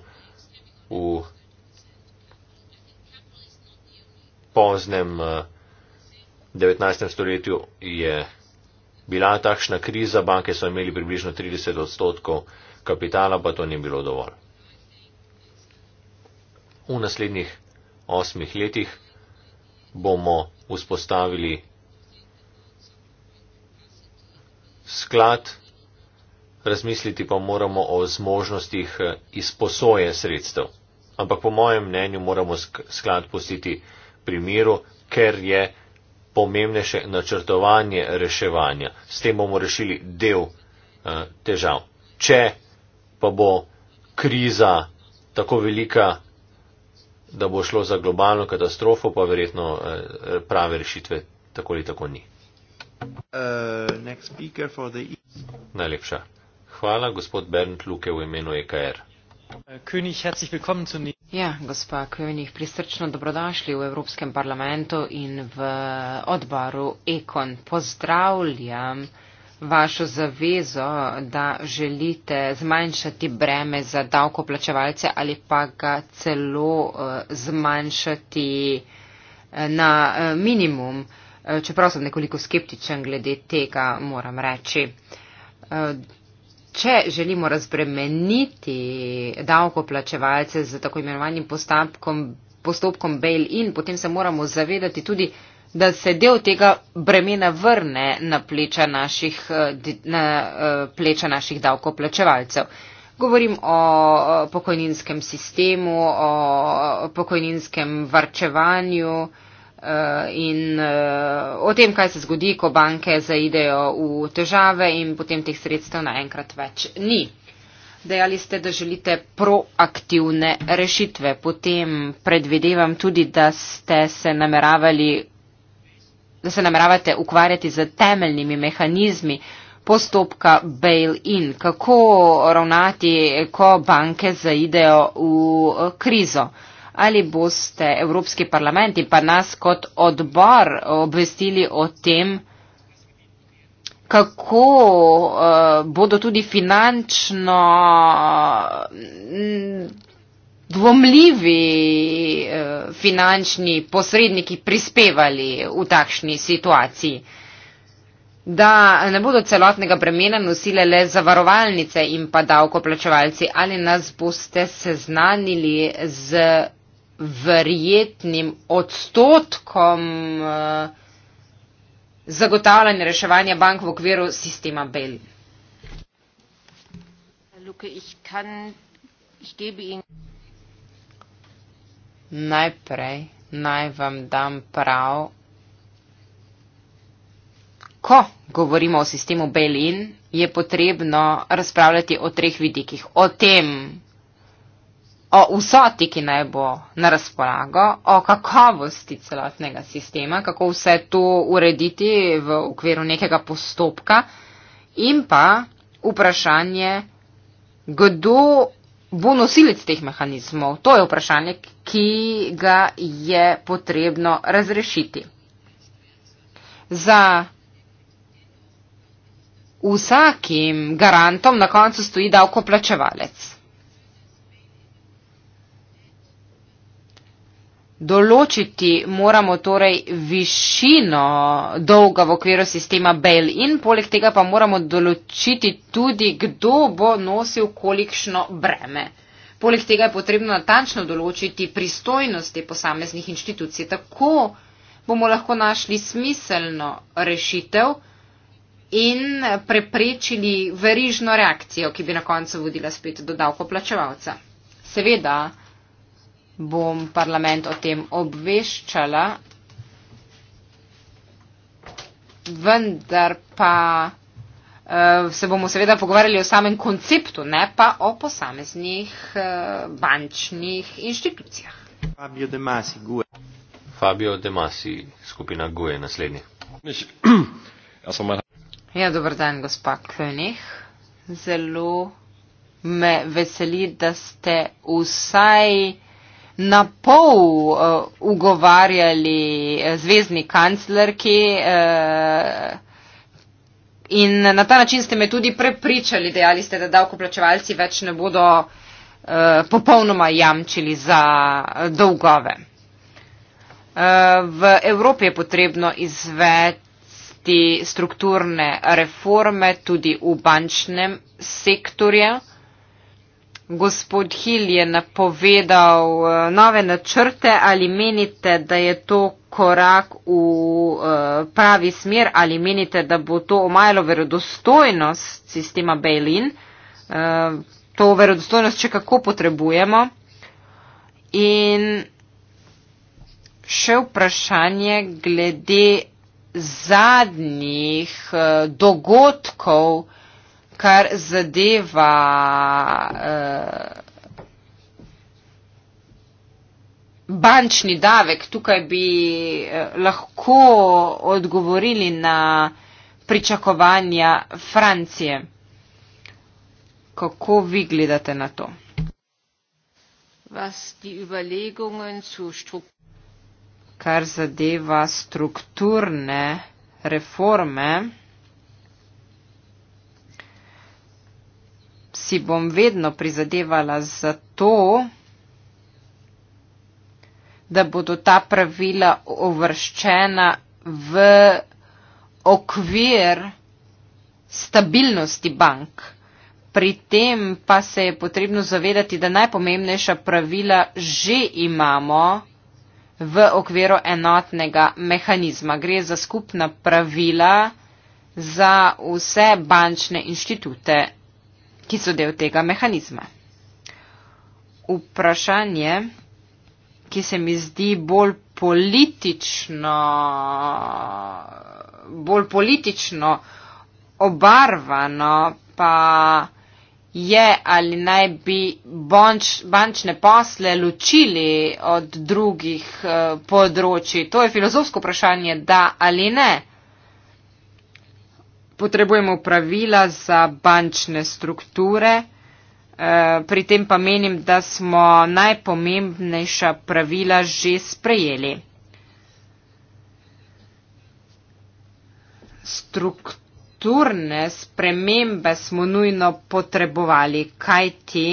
v poznem 19. Eh, stoletju je bila takšna kriza, banke so imeli približno 30 odstotkov kapitala, pa to ni bilo dovolj. V naslednjih osmih letih bomo vzpostavili sklad, razmisliti pa moramo o zmožnostih eh, izposoje sredstev. Ampak po mojem mnenju moramo sklad pustiti pri miru, ker je pomembnejše načrtovanje reševanja. S tem bomo rešili del uh, težav. Če pa bo kriza tako velika, da bo šlo za globalno katastrofo, pa verjetno uh, prave rešitve tako ali tako ni. Uh, e- Najlepša. Hvala, gospod Bernd Luke v imenu EKR. Uh, König, Ja, gospa Kvenih, prisrčno dobrodošli v Evropskem parlamentu in v odboru Ekon. Pozdravljam vašo zavezo, da želite zmanjšati breme za davkoplačevalce ali pa ga celo eh, zmanjšati eh, na eh, minimum, čeprav sem nekoliko skeptičen glede tega, moram reči če želimo razbremeniti davkoplačevalce z tako imenovanim postopkom, postopkom bail-in, potem se moramo zavedati tudi, da se del tega bremena vrne na pleča naših, eh, na eh, pleča naših davkoplačevalcev. Govorim o pokojninskem sistemu, o pokojninskem varčevanju. Eh, in eh, o tem, kaj se zgodi, ko banke zaidejo v težave in potem teh sredstev naenkrat več ni. Dejali ste, da želite proaktivne rešitve. Potem predvidevam tudi, da ste se nameravali da se nameravate ukvarjati z temeljnimi mehanizmi postopka bail-in, kako ravnati, ko banke zaidejo v krizo. Uh, ali boste Evropski parlament in pa nas kot odbor obvestili o tem, kako eh, bodo tudi finančno eh, dvomljivi eh, finančni posredniki prispevali v takšni situaciji da ne bodo celotnega bremena nosile le zavarovalnice in pa davkoplačevalci. Ali nas boste seznanili z verjetnim odstotkom uh, zagotavljanja reševanja bank v okviru sistema BEL. Najprej naj vam dam prav, ko govorimo o sistemu Belin, je potrebno razpravljati o treh vidikih. O tem, o vsoti, ki naj bo na razpolago, o kakovosti celotnega sistema, kako vse to urediti v okviru nekega postopka in pa vprašanje, kdo bo nosilec teh mehanizmov. To je vprašanje, ki ga je potrebno razrešiti. Za vsakim garantom na koncu stoji davkoplačevalec. Določiti moramo torej višino dolga v okviru sistema bail-in, poleg tega pa moramo določiti tudi, kdo bo nosil kolikšno breme. Poleg tega je potrebno natančno določiti pristojnosti posameznih inštitucij. Tako bomo lahko našli smiselno rešitev in preprečili verižno reakcijo, ki bi na koncu vodila spet do davkoplačevalca. Seveda, bom parlament o tem obveščala, vendar pa eh, se bomo seveda pogovarjali o samem konceptu, ne pa o posameznih eh, bančnih inštitucijah. Fabio De Masi, Gue. Fabio De Masi, skupina Gue, naslednji. Ja, dober dan, gospa Klenih. Zelo me veseli, da ste vsaj uh, na pol eh, ugovarjali eh, zvezdni kanclerki eh, in na ta način ste me tudi prepričali, dejali ste, da davkoplačevalci več ne bodo popolnoma jamčili za dolgove. V Evropi je potrebno izvesti strukturne reforme tudi v bančnem sektorju gospod Hill je napovedal eh, nove načrte, ali menite, da je to korak v eh, pravi smer, ali menite, da bo to omajalo verodostojnost sistema Bejlin, eh, to verodostojnost, če kako potrebujemo. In še vprašanje glede zadnjih dogodkov, kar zadeva uh, bančni davek, tukaj bi eh, lahko odgovorili na pričakovanja Francije. Kako vi gledate na to? Kar zadeva strukturne reforme. si bom vedno prizadevala za to, da bodo ta pravila uvrščena v okvir stabilnosti bank. Pri tem pa se je potrebno zavedati, da najpomembnejša pravila že imamo v okviru enotnega mehanizma. Gre za skupna pravila za vse bančne inštitute ki so del tega mehanizma. Vprašanje, ki se mi zdi bolj politično, bolj politično obarvano, pa je ali naj bi bonč, bančne posle ločili od drugih eh, področji. To je filozofsko vprašanje, da ali ne. Eh, potrebujemo pravila za bančne strukture, eh, pri tem pa menim, da smo najpomembnejša pravila že sprejeli. Strukturne spremembe smo nujno potrebovali, kaj ti?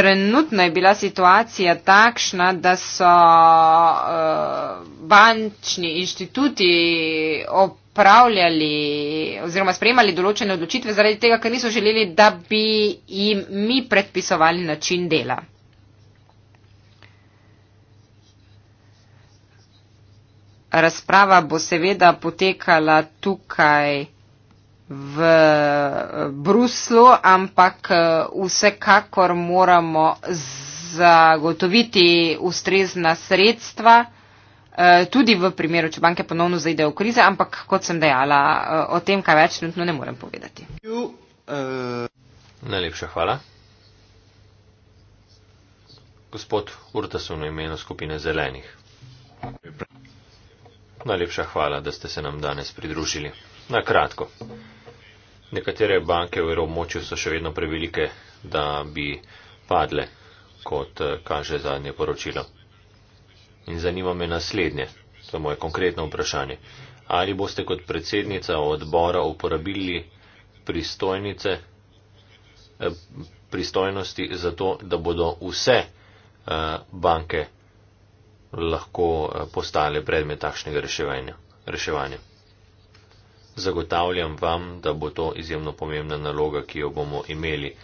trenutno je bila situacija takšna, da so eh, bančni inštituti opravljali oziroma sprejemali določene odločitve zaradi tega, ker niso želeli, da bi jim mi predpisovali način dela. Razprava bo seveda potekala tukaj v eh, Bruslu, ampak eh, vsekakor moramo zagotoviti ustrezna sredstva, eh, tudi v primeru, če banke ponovno zaidejo v krize, ampak kot sem dejala, o tem kaj več trenutno ne morem povedati. Najlepša hvala. Gospod Urtasun v imenu skupine zelenih. Najlepša hvala, da ste se nam danes pridružili. Na kratko. Nekatere banke v evromočju so še vedno prevelike, da bi padle, kot eh, kaže zadnje poročilo. In zanima me naslednje, to je moje konkretno vprašanje. Ali boste kot predsednica odbora uporabili pristojnice, eh, pristojnosti za to, da bodo vse eh, banke lahko postale predmet takšnega reševanja? reševanja. Zagotavljam vam, da bo to izjemno pomembna naloga, ki jo bomo imeli.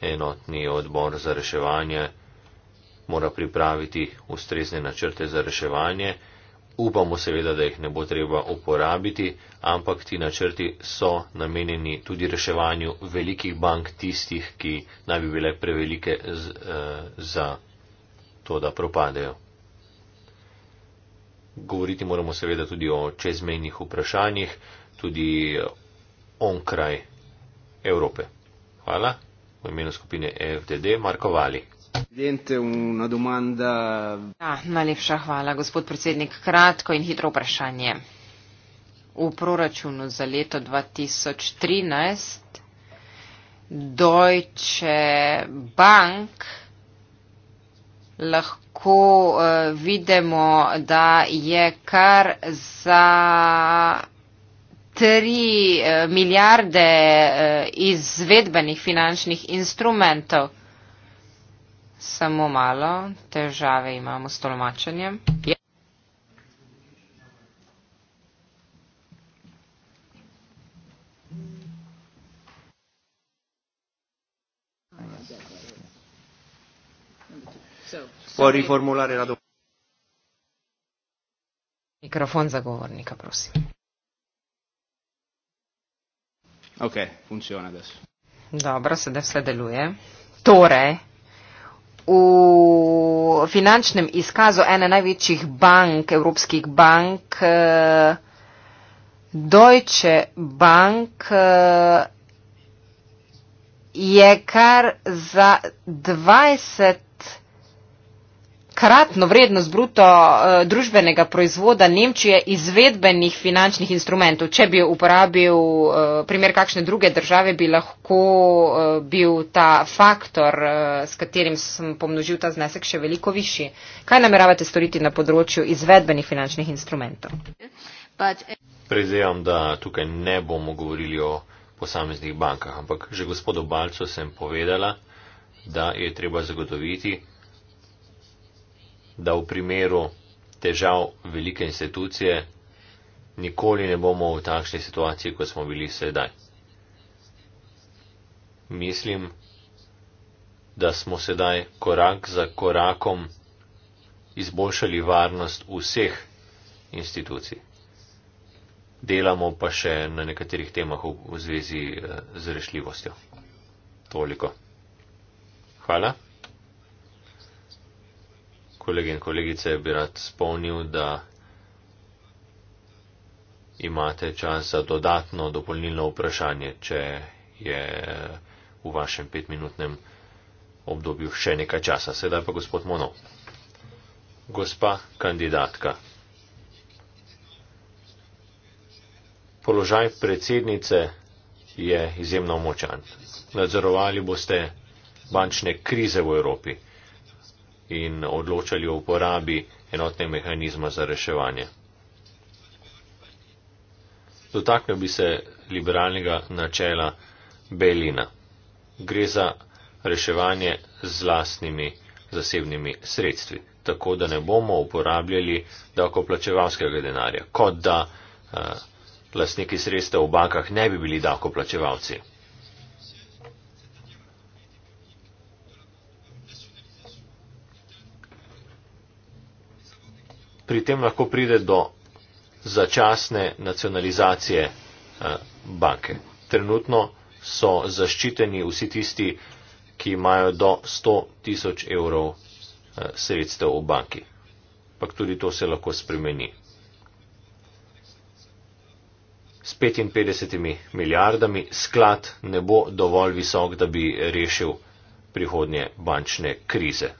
Enotni odbor za reševanje mora pripraviti ustrezne načrte za reševanje. Upamo seveda, da jih ne bo treba uporabiti, ampak ti načrti so namenjeni tudi reševanju velikih bank, tistih, ki naj bi bile prevelike z, eh, za to, da propadejo govoriti moramo seveda tudi o čezmejnih vprašanjih, tudi onkraj Evrope. Hvala. V imenu skupine e FDD Marko Vali. Ja, najlepša hvala, gospod predsednik. Kratko in hitro vprašanje. V proračunu za leto 2013 Deutsche Bank lahko tako uh, eh, vidimo, da je kar za 3 eh, milijarde uh, izvedbenih finančnih instrumentov. Samo malo težave imamo s tolmačenjem. Ja. Può riformulare la domanda. Microfono zagovornika, prosim. Ok, funziona adesso. Dobro, sedaj vse deluje. Torej, v finančnem izkazu ene največjih bank, evropskih bank, eh, Deutsche Bank eh, je kar za 20 kratno vrednost bruto eh, družbenega proizvoda Nemčije izvedbenih finančnih instrumentov. Če bi uporabil eh, primer kakšne druge države, bi lahko eh, bil ta faktor, s katerim sem pomnožil ta znesek, še veliko višji. Kaj nameravate storiti na področju izvedbenih finančnih instrumentov? Prezevam, da tukaj ne bomo govorili o posameznih bankah, ampak že gospodu Balco sem povedala, da je treba zagotoviti da v primeru težav velike institucije nikoli ne bomo v takšni situaciji, kot smo bili sedaj. Mislim, da smo sedaj korak za korakom izboljšali varnost vseh institucij. Delamo pa še na nekaterih temah v zvezi eh, z rešljivostjo. Toliko. Hvala kolegi in kolegice bi rad spomnil, da imate čas za dodatno dopolnilno vprašanje, če je v vašem petminutnem obdobju še nekaj časa. Sedaj pa gospod Mono. Gospa kandidatka. Položaj predsednice je izjemno močan. Nadzorovali boste bančne krize v Evropi in odločali o uporabi enotnega mehanizma za reševanje. Dotaknil bi se liberalnega načela Belina. Gre za reševanje z lastnimi zasebnimi sredstvi, tako da ne bomo uporabljali davkoplačevalskega denarja, kot da uh, lastniki sredstev v bankah ne bi bili davkoplačevalci. pri tem lahko pride do začasne nacionalizacije eh, banke. Trenutno so zaščiteni vsi tisti, ki imajo do 100 tisoč evrov eh, sredstev v banki. Pak tudi to se lahko spremeni. S 55 milijardami sklad ne bo dovolj visok, da bi rešil prihodnje bančne krize.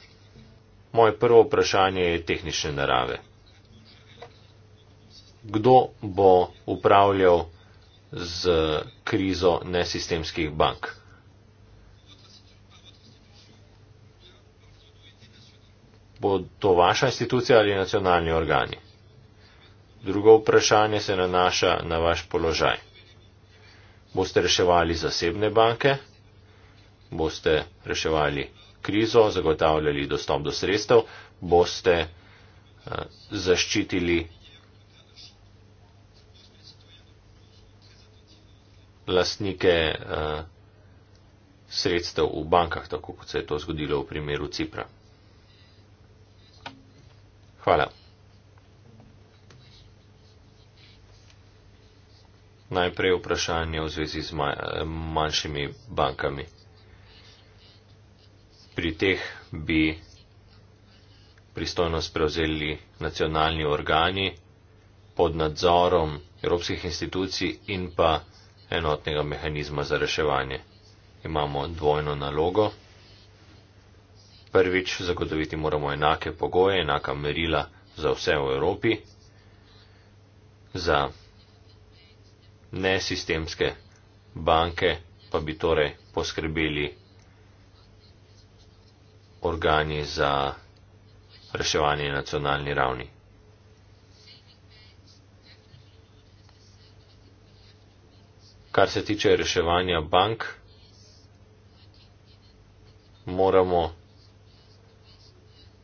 Moje prvo vprašanje je tehnične narave kdo bo upravljal z krizo nesistemskih bank. Bo to vaša institucija ali nacionalni organi? Drugo vprašanje se nanaša na vaš položaj. Boste reševali zasebne banke? Boste reševali krizo, zagotavljali dostop do sredstev? Boste eh, zaščitili lastnike uh, sredstev v bankah, tako kot se je to zgodilo v primeru Cipra. Hvala. Najprej vprašanje v zvezi z manjšimi bankami. Pri teh bi pristojnost prevzeli nacionalni organi pod nadzorom evropskih institucij in pa enotnega mehanizma za reševanje. Imamo dvojno nalogo. Prvič, zagotoviti moramo enake pogoje, enaka merila za vse v Evropi, za nesistemske banke pa bi torej poskrbeli organi za reševanje nacionalni ravni. kar se tiče reševanja bank, moramo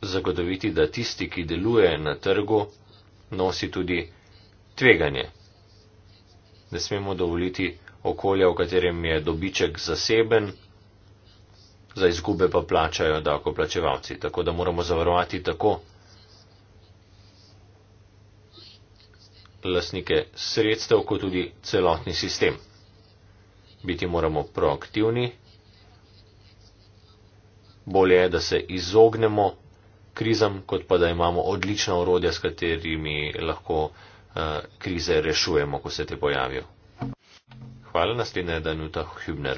zagotoviti, da tisti, ki deluje na trgu, nosi tudi tveganje. Ne smemo dovoliti okolja, v katerem je dobiček zaseben, za izgube pa plačajo davkoplačevalci. Tako da moramo zavarovati tako lasnike sredstev, kot tudi celotni sistem biti moramo proaktivni, bolje je, da se izognemo krizam, kot pa da imamo odlična orodja, s katerimi lahko uh, krize rešujemo, ko se te pojavijo. Hvala, naslednja je Danuta Hübner.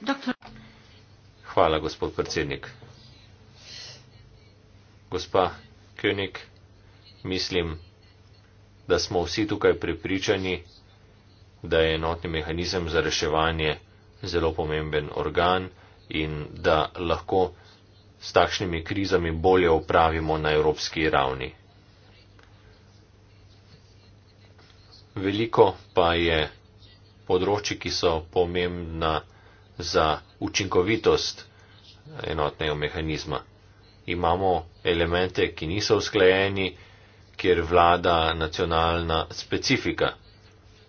Doktor. Hvala, gospod predsednik. Gospa König, mislim, da smo vsi tukaj prepričani, da je enotni mehanizem za reševanje zelo pomemben organ in da lahko s takšnimi krizami bolje upravimo na evropski ravni. Veliko pa je področji, ki so pomembna za učinkovitost enotnega mehanizma. Imamo elemente, ki niso usklajeni, kjer vlada nacionalna specifika.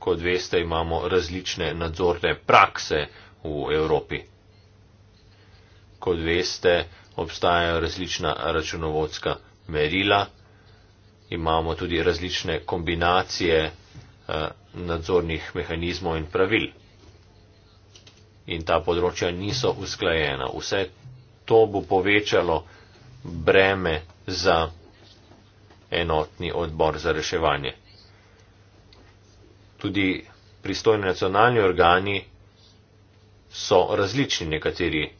Kot veste, imamo različne nadzorne prakse v Evropi. Kot veste, obstajajo različna računovodska merila, imamo tudi različne kombinacije eh, nadzornih mehanizmov in pravil. In ta področja niso usklajena. Vse to bo povečalo breme za enotni odbor za reševanje tudi pristojni nacionalni organi so različni, nekateri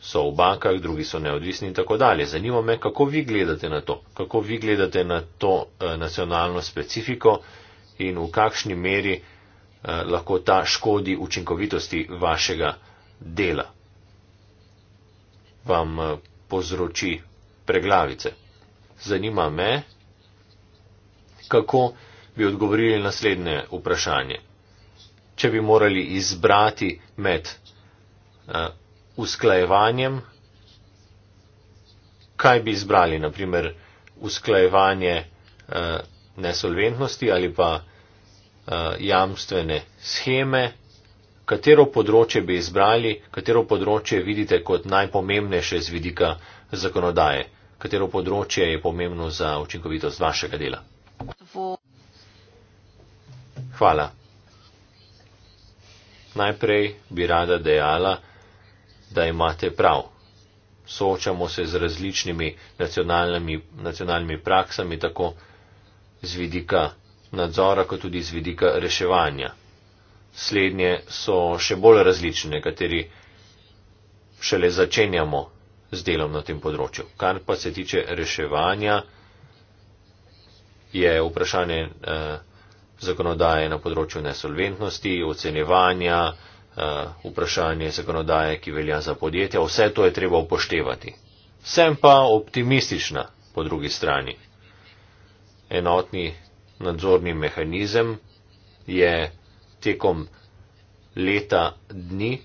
so v bankah, drugi so neodvisni in tako dalje. Zanima me, kako vi gledate na to, kako vi gledate na to eh, nacionalno specifiko in v kakšni meri eh, lahko ta škodi učinkovitosti vašega dela vam eh, povzroči preglavice. Zanima me, kako bi odgovorili naslednje vprašanje. Če bi morali izbrati med uh, usklajevanjem, kaj bi izbrali, naprimer usklajevanje uh, nesolventnosti ali pa uh, jamstvene scheme, katero področje bi izbrali, katero področje vidite kot najpomembnejše z vidika zakonodaje, katero področje je pomembno za učinkovitost vašega dela. Vo Hvala. Najprej bi rada dejala, da imate prav. Soočamo se z različnimi nacionalnimi, nacionalnimi praksami, tako z vidika nadzora, kot tudi z vidika reševanja. Slednje so še bolj različne, kateri šele začenjamo z delom na tem področju. Kar pa se tiče reševanja, je vprašanje. Eh, zakonodaje na področju nesolventnosti, ocenevanja, eh, vprašanje zakonodaje, ki velja za podjetja. Vse to je treba upoštevati. Sem pa optimistična po drugi strani. Enotni nadzorni mehanizem je tekom leta dni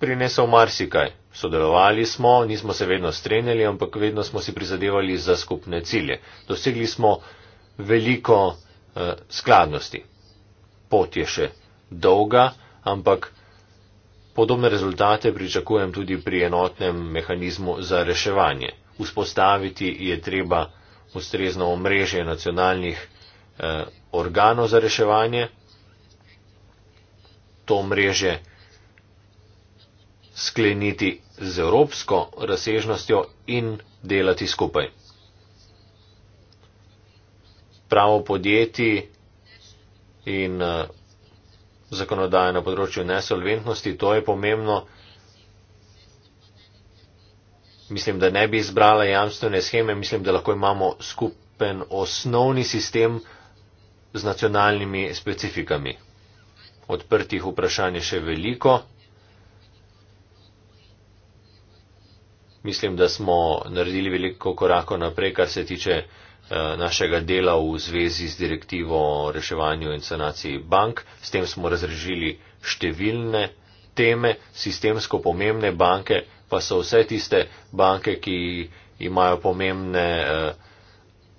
prinesel marsikaj. Sodelovali smo, nismo se vedno strenjali, ampak vedno smo si prizadevali za skupne cilje. Dosegli smo veliko eh, skladnosti. Pot je še dolga, ampak podobne rezultate pričakujem tudi pri enotnem mehanizmu za reševanje. Vzpostaviti je treba ustrezno omrežje nacionalnih eh, organov za reševanje. To omrežje skleniti z evropsko razsežnostjo in delati skupaj. Pravo podjetij in eh, zakonodaje na področju nesolventnosti, to je pomembno. Mislim, da ne bi izbrala jamstvene scheme, mislim, da lahko imamo skupen osnovni sistem z nacionalnimi specifikami. Odprtih vprašanj je še veliko. mislim, da smo naredili veliko korako naprej, kar se tiče eh, našega dela v zvezi z direktivo o reševanju in sanaciji bank. S tem smo razrežili številne teme, sistemsko pomembne banke, pa so vse tiste banke, ki imajo pomembne eh,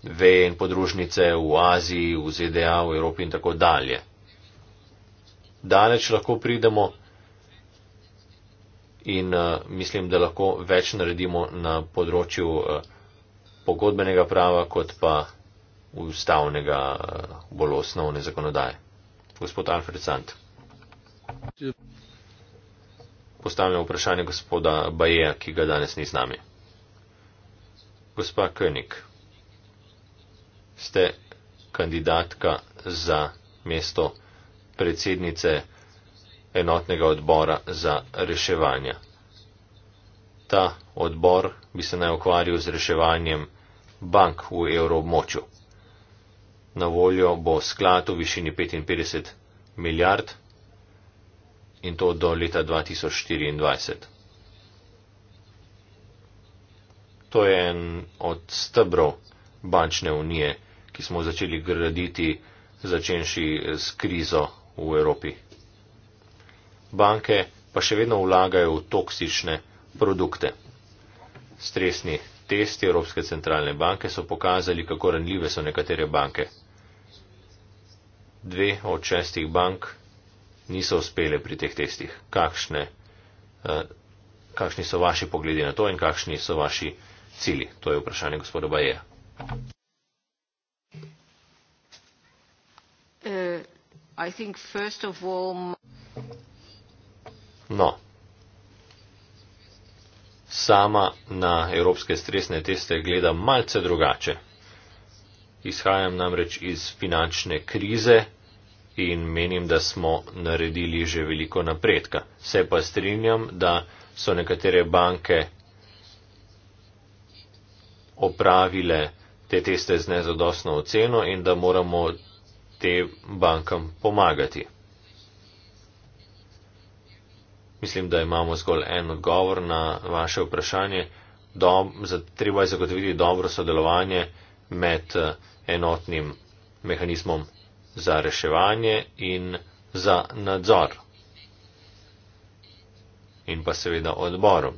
veje in podružnice v Aziji, v ZDA, v Evropi in tako dalje. Daleč lahko pridemo, in eh, mislim, da lahko več naredimo na področju eh, pogodbenega prava, kot pa ustavnega, eh, bolj osnovne zakonodaje. Gospod Alfred Sant. Postavljam vprašanje gospoda Bajeja, ki ga danes ni z nami. Gospa König, ste kandidatka za mesto predsednice enotnega odbora za reševanje. Ta odbor bi se naj ukvarjal z reševanjem bank v evroobmočju. Na voljo bo sklad v višini 55 milijard in to do leta 2024. To je en od stebrov bančne unije, ki smo začeli graditi začenši s krizo v Evropi banke pa še vedno vlagajo v toksične produkte. Stresni testi Evropske centralne banke so pokazali, kako ranljive so nekatere banke. Dve od šestih bank niso uspele pri teh testih. Kakšne, eh, kakšni so vaši pogledi na to in kakšni so vaši cili? To je vprašanje gospoda Bajeja. Uh, No, sama na evropske stresne teste gledam malce drugače. Izhajam namreč iz finančne krize in menim, da smo naredili že veliko napredka. Se pa strinjam, da so nekatere banke opravile te teste z nezadostno oceno in da moramo te bankam pomagati. Mislim, da imamo zgolj en odgovor na vaše vprašanje. Dob, treba je zagotoviti dobro sodelovanje med eh, enotnim mehanizmom za reševanje in za nadzor. In pa seveda odborom.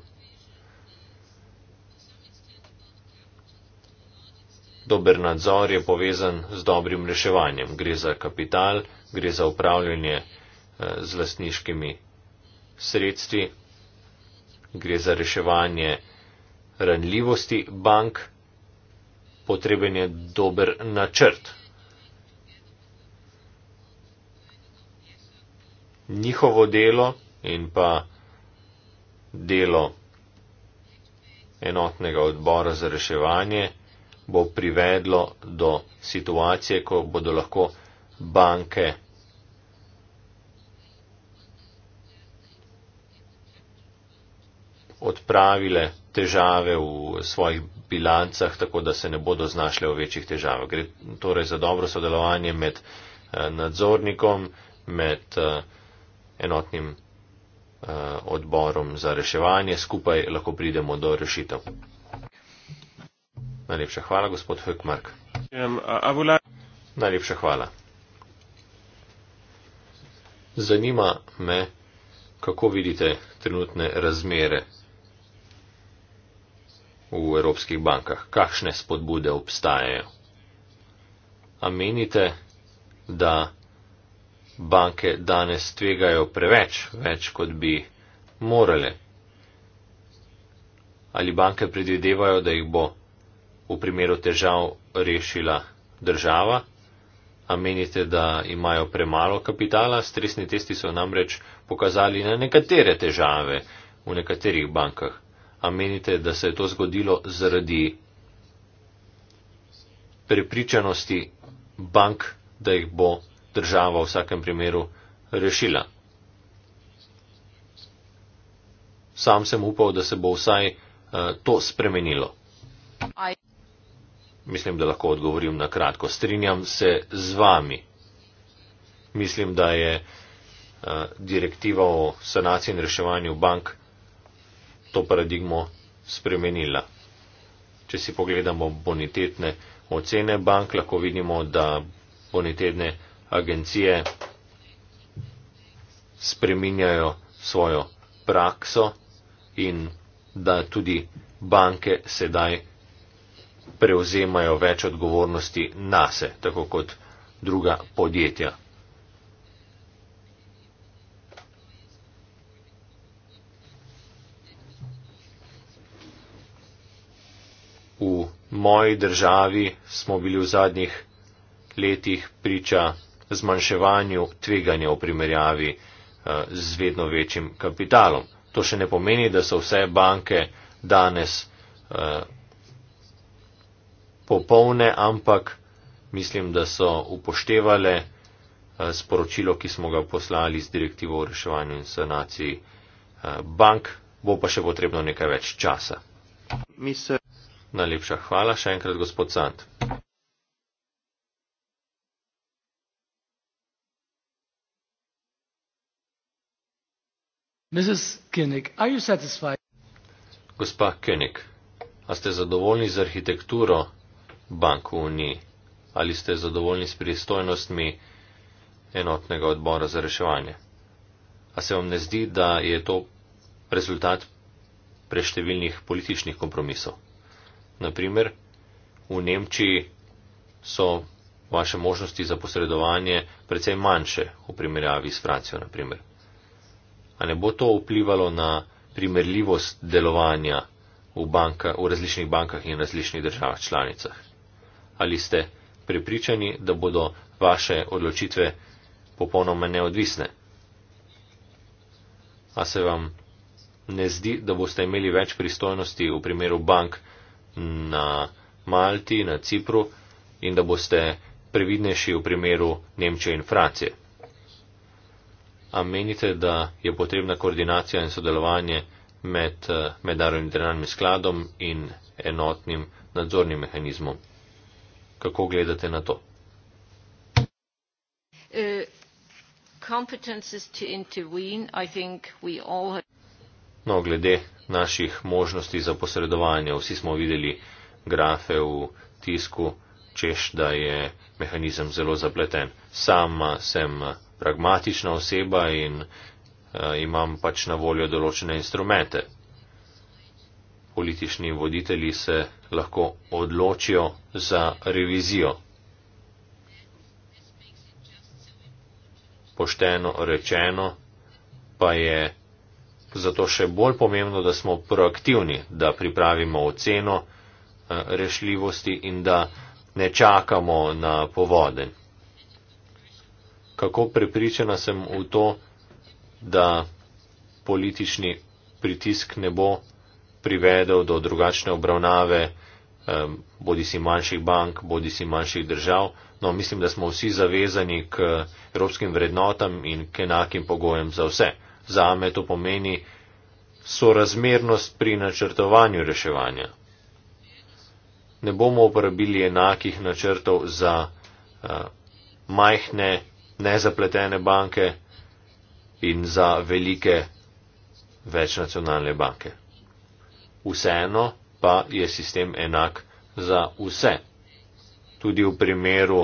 Dober nadzor je povezan z dobrim reševanjem. Gre za kapital, gre za upravljanje eh, z lastniškimi sredstvi, gre za reševanje ranljivosti bank, potreben je dober načrt. Njihovo delo in pa delo enotnega odbora za reševanje bo privedlo do situacije, ko bodo lahko banke odpravile težave v svojih bilancah, tako da se ne bodo znašle v večjih težavah. Gre torej za dobro sodelovanje med eh, nadzornikom, med eh, enotnim eh, odborom za reševanje. Skupaj lahko pridemo do rešitev. Najlepša hvala, gospod Hökmark. Najlepša hvala. Zanima me, kako vidite trenutne razmere v evropskih bankah? Kakšne spodbude obstajajo? A menite, da banke danes tvegajo preveč, več kot bi morale? Ali banke predvidevajo, da jih bo v primeru težav rešila država? A menite, da imajo premalo kapitala? Stresni testi so namreč pokazali na nekatere težave v nekaterih bankah. A menite, da se je to zgodilo zaradi prepričanosti bank, da jih bo država v vsakem primeru rešila? Sam sem upal, da se bo vsaj uh, to spremenilo. Mislim, da lahko odgovorim na kratko. Strinjam se z vami. Mislim, da je uh, direktiva o sanaciji in reševanju bank uh, to paradigmo spremenila. Če si pogledamo bonitetne ocene bank, lahko vidimo, da bonitetne agencije spreminjajo svojo prakso in da tudi banke sedaj prevzemajo več odgovornosti nase, tako kot druga podjetja. v moji državi smo bili v zadnjih letih priča zmanjševanju tveganja v primerjavi eh, z vedno večjim kapitalom. To še ne pomeni, da so vse banke danes eh, popolne, ampak mislim, da so upoštevale eh, sporočilo, ki smo ga poslali z direktivo o reševanju in sanaciji bank. Bo pa še potrebno nekaj več časa. Mislim. Najlepša hvala še enkrat, gospod Sant. Gospa Koenig, a ste zadovoljni z arhitekturo bank v Uniji? Ali ste zadovoljni s pristojnostmi enotnega odbora za reševanje? A se vam ne zdi, da je to rezultat preštevilnih političnih kompromisov? naprimer v Nemčiji so vaše možnosti za posredovanje precej manjše v primerjavi s Francijo, naprimer. A ne bo to vplivalo na primerljivost delovanja v, banka, v različnih bankah in različnih državah članicah? Ali ste prepričani, da bodo vaše odločitve popolnoma neodvisne? A se vam ne zdi, da boste imeli več pristojnosti v primeru bank, na Malti, na Cipru in da boste previdnejši v primeru Nemčije in Francije. A menite, da je potrebna koordinacija in sodelovanje med eh, mednarodnim denarnim skladom in enotnim nadzornim mehanizmom? Kako gledate na to? Uh, No, glede naših možnosti za posredovanje, vsi smo videli grafe v tisku, češ, da je mehanizem zelo zapleten. Sama sem pragmatična oseba in uh, imam pač na voljo določene instrumente. Politični voditelji se lahko odločijo za revizijo. Pošteno rečeno pa je zato še bolj pomembno, da smo proaktivni, da pripravimo oceno eh, rešljivosti in da ne čakamo na povoden. Kako prepričana sem v to, da politični pritisk ne bo privedel do drugačne obravnave eh, bodi si manjših bank, bodi si manjših držav. No, mislim, da smo vsi zavezani k evropskim vrednotam in k enakim pogojem za vse. Za me to pomeni sorazmernost pri načrtovanju reševanja. Ne bomo uporabili enakih načrtov za uh, majhne, nezapletene banke in za velike večnacionalne banke. Vseeno pa je sistem enak za vse, tudi v primeru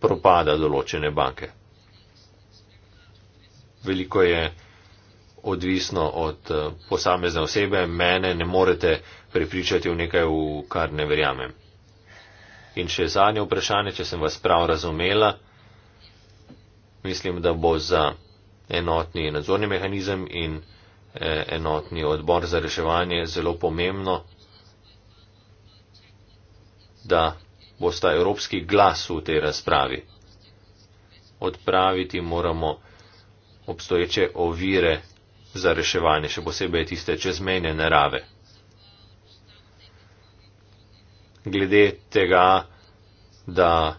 propada določene banke veliko je odvisno od eh, posamezne osebe, mene ne morete prepričati v nekaj, v kar ne verjamem. In še zadnje vprašanje, če sem vas prav razumela, mislim, da bo za enotni nadzorni mehanizem in eh, enotni odbor za reševanje zelo pomembno, da bosta evropski glas v tej razpravi. Odpraviti moramo obstoječe ovire za reševanje, še posebej tiste čezmejne narave. Glede tega, da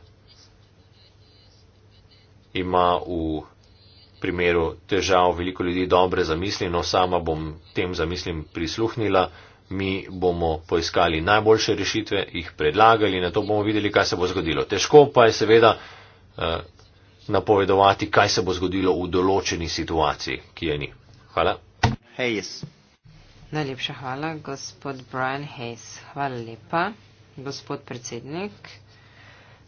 ima v primeru težav veliko ljudi dobre zamisli, no sama bom tem zamislim prisluhnila, mi bomo poiskali najboljše rešitve, jih predlagali, na to bomo videli, kaj se bo zgodilo. Težko pa je seveda eh, napovedovati, kaj se bo zgodilo v določeni situaciji, ki je ni. Hvala. Hayes. Najlepša hvala, gospod Brian Hayes. Hvala lepa, gospod predsednik.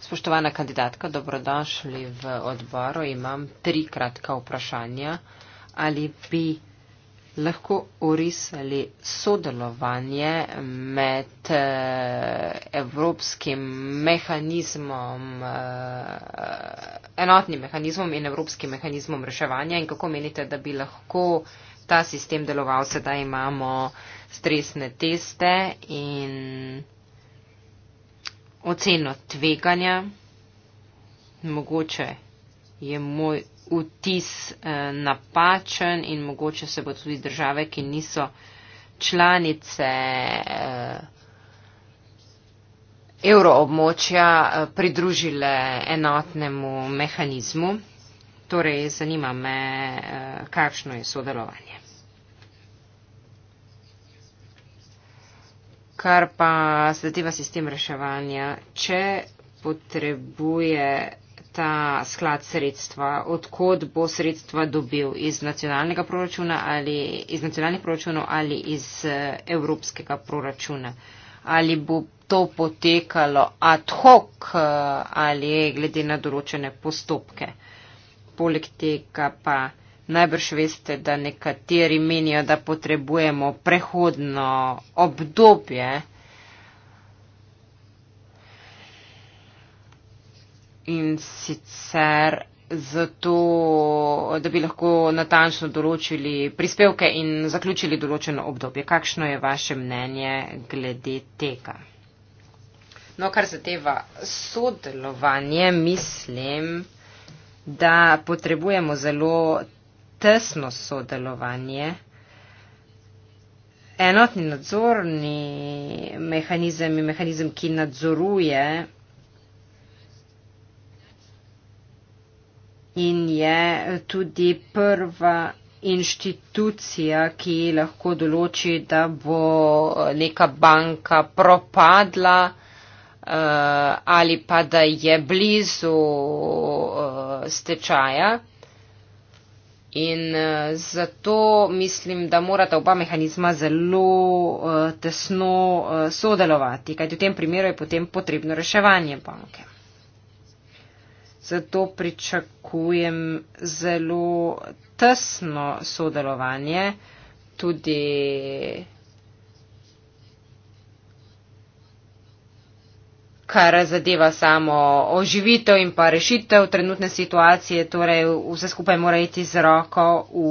Spoštovana kandidatka, dobrodošli v odboru. Imam tri kratka vprašanja. Ali bi lahko orisali sodelovanje med eh, evropskim mehanizmom, eh, enotnim mehanizmom in evropskim mehanizmom reševanja in kako menite, da bi lahko ta sistem deloval, sedaj imamo stresne teste in oceno tveganja. Mogoče je moj vtis eh, napačen in mogoče se bo tudi države, ki niso članice eh, evroobmočja, eh, pridružile enotnemu mehanizmu. Torej, zanima me, kakšno je sodelovanje. Kar pa se zadeva sistem reševanja, če potrebuje ta sklad sredstva? Odkot bo sredstva dobil? Iz nacionalnega proračuna ali iz nacionalnih proračunov ali iz eh, evropskega proračuna? Ali bo to potekalo ad hoc eh, ali glede na določene postopke? Poleg tega pa najbrž veste, da nekateri menijo, da potrebujemo prehodno obdobje, in sicer zato, da bi lahko natančno določili prispevke in zaključili določeno obdobje. Kakšno je vaše mnenje glede tega? No, kar zadeva sodelovanje, mislim, da potrebujemo zelo tesno sodelovanje. Enotni nadzorni mehanizem je mehanizem, ki nadzoruje in je tudi prva inštitucija, ki lahko določi, da bo neka banka propadla eh, ali pa da je blizu eh, stečaja. In eh, zato mislim, da morata oba mehanizma zelo tesno sodelovati, kajti v tem primeru je potem potrebno reševanje banke zato pričakujem zelo tesno sodelovanje tudi kar zadeva samo oživitev in pa rešitev trenutne situacije, torej vse skupaj mora iti z roko v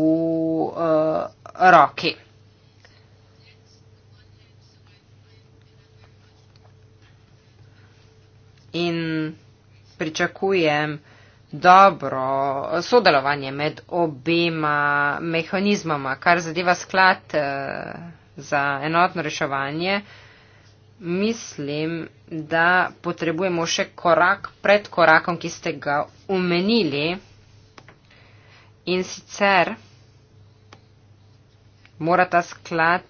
uh, roki. In pričakujem dobro sodelovanje med obema mehanizmama, kar zadeva sklad eh, za enotno reševanje. Mislim, da potrebujemo še korak pred korakom, ki ste ga umenili. In sicer mora ta sklad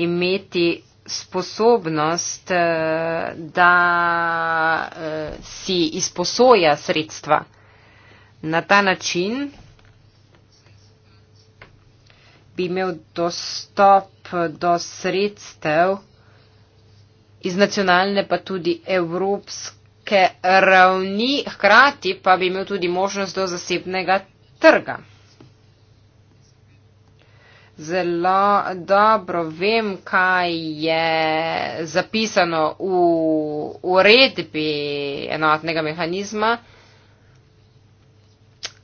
imeti sposobnost, eh, da eh, si izposoja sredstva na ta način, bi imel dostop do sredstev iz nacionalne pa tudi evropske ravni, hkrati pa bi imel tudi možnost do zasebnega trga zelo dobro vem, kaj je zapisano v uredbi enotnega mehanizma.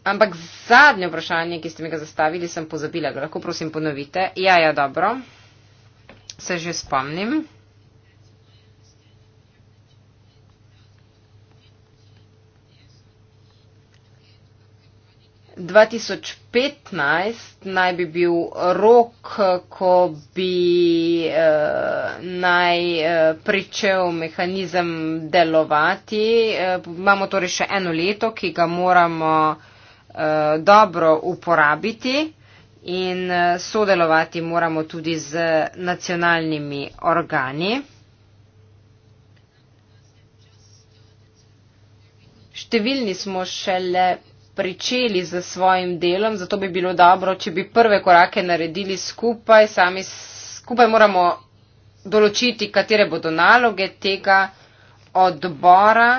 Ampak zadnje vprašanje, ki ste mi ga zastavili, sem pozabila. Lahko prosim ponovite. Ja, ja, dobro. Se že spomnim. 2015 naj bi bil rok, ko bi eh, naj eh, pričel mehanizem delovati. Eh, imamo torej še eno leto, ki ga moramo dobro uporabiti in sodelovati moramo tudi z nacionalnimi organi. Številni smo šele pričeli z svojim delom, zato bi bilo dobro, če bi prve korake naredili skupaj, sami skupaj moramo določiti, katere bodo naloge tega odbora.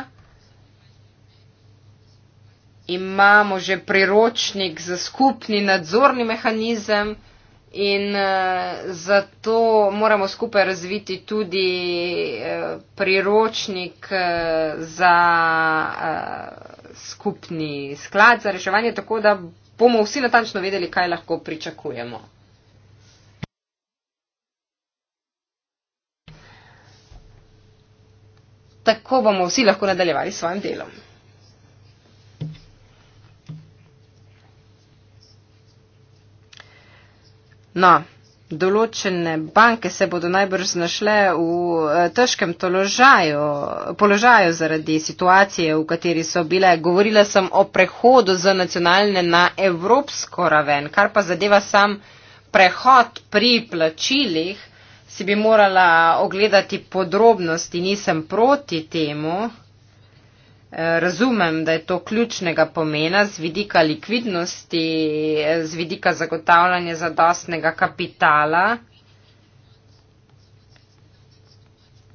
Imamo že priročnik za skupni nadzorni mehanizem in e, zato moramo skupaj razviti tudi e, priročnik e, za. E, skupni sklad za reševanje, tako da bomo vsi natančno vedeli, kaj lahko pričakujemo. Tako bomo vsi lahko nadaljevali s svojim delom. No določene banke se bodo najbrž znašle v eh, težkem položaju, položaju zaradi situacije, v kateri so bile. Govorila sem o prehodu z nacionalne na evropsko raven, kar pa zadeva sam prehod pri plačilih, si bi morala ogledati podrobnosti, nisem proti temu. Eh, razumem, da je to ključnega pomena z vidika likvidnosti, eh, z vidika zagotavljanja zadostnega kapitala.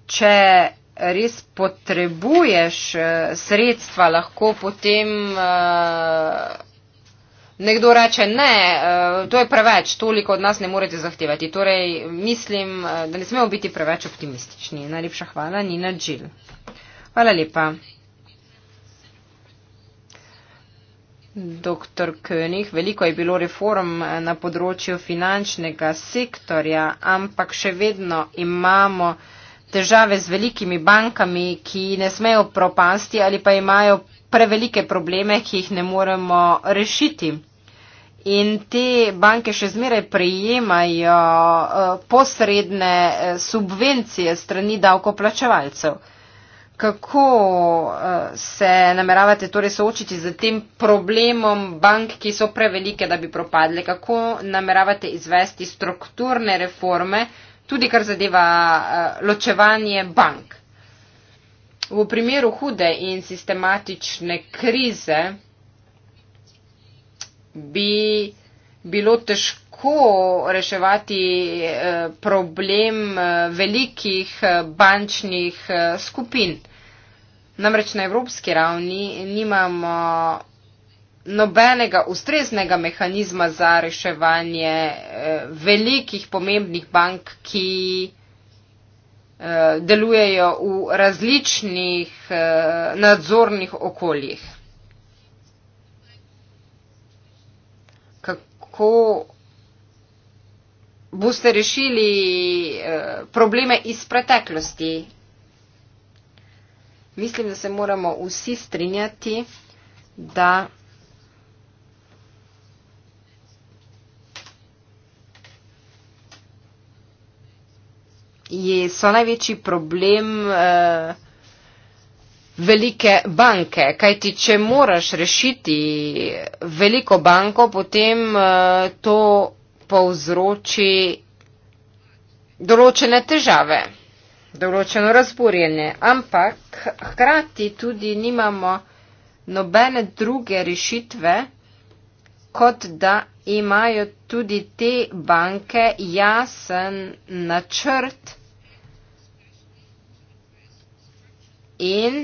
Če res potrebuješ eh, sredstva, lahko potem nekdo reče, ne, to je preveč, toliko od nas ne morete zahtevati. Torej, mislim, da ne smemo biti preveč optimistični. Najlepša hvala, Nina Džil. Hvala lepa. Doktor König, veliko je bilo reform eh, na področju finančnega sektorja, ampak še vedno imamo težave z velikimi bankami, ki ne smejo propasti ali pa imajo prevelike probleme, ki jih ne moremo rešiti. In te banke še zmeraj prejemajo eh, posredne eh, subvencije strani davkoplačevalcev kako eh, se nameravate torej soočiti z tem problemom bank, ki so prevelike, da bi propadle, kako nameravate izvesti strukturne reforme, tudi kar zadeva eh, ločevanje bank. V primeru hude in sistematične krize bi bilo težko kako reševati eh, problem eh, velikih eh, bančnih skupin. Namreč na evropski ravni nimamo nobenega ustreznega mehanizma za reševanje velikih pomembnih bank, ki delujejo v različnih nadzornih okoljih. Kako boste rešili eh, probleme iz preteklosti. Mislim, da se moramo vsi strinjati, da so največji problem eh, velike banke. Kajti, če moraš rešiti veliko banko, potem eh, to povzroči določene težave, določeno razburjenje, ampak hkrati tudi nimamo nobene druge rešitve, kot da imajo tudi te banke jasen načrt in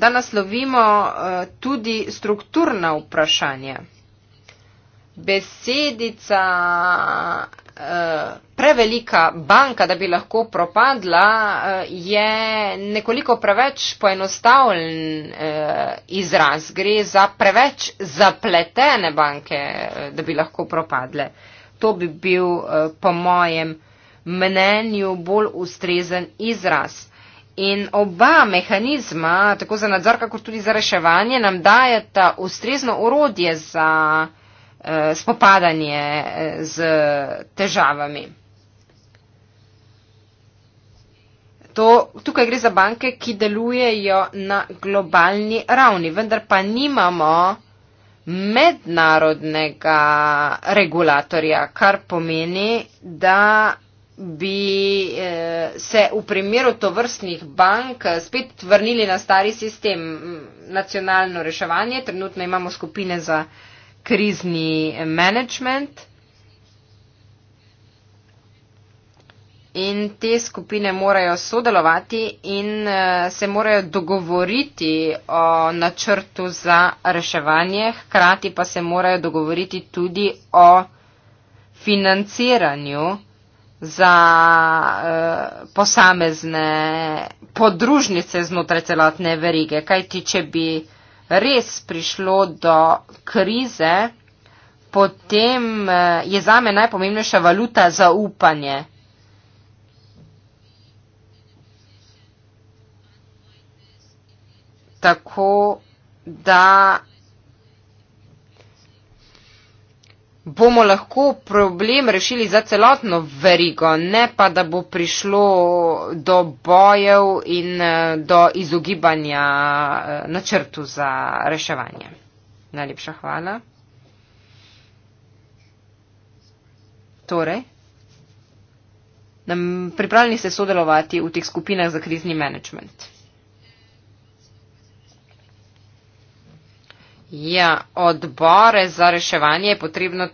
da naslovimo eh, tudi strukturna vprašanja besedica eh, prevelika banka, da bi lahko propadla, eh, je nekoliko preveč poenostavljen eh, izraz. Gre za preveč zapletene banke, da bi lahko propadle. To bi bil, po mojem mnenju, bolj ustrezen izraz. In oba mehanizma, tako za nadzor, kako tudi za reševanje, nam dajeta ustrezno urodje za Eh, spopadanje eh, z težavami. To, tukaj gre za banke, ki delujejo na globalni ravni, vendar pa nimamo mednarodnega regulatorja, kar pomeni, da bi eh, se v primeru tovrstnih bank spet vrnili na stari sistem nacionalno reševanje. Trenutno imamo skupine za krizni management. In te skupine morajo sodelovati in eh, se morajo dogovoriti o načrtu za reševanje, hkrati pa se morajo dogovoriti tudi o financiranju za eh, posamezne podružnice znotraj celotne verige. Kaj ti, če bi res prišlo do krize, potem eh, je za me najpomembnejša valuta zaupanje. Tako da bomo lahko problem rešili za celotno verigo, ne pa da bo prišlo do bojev in eh, do izogibanja eh, načrtu za reševanje. Najlepša hvala. Torej, nam pripravljeni ste sodelovati v teh skupinah za krizni management. Ja, odbore za reševanje je potrebno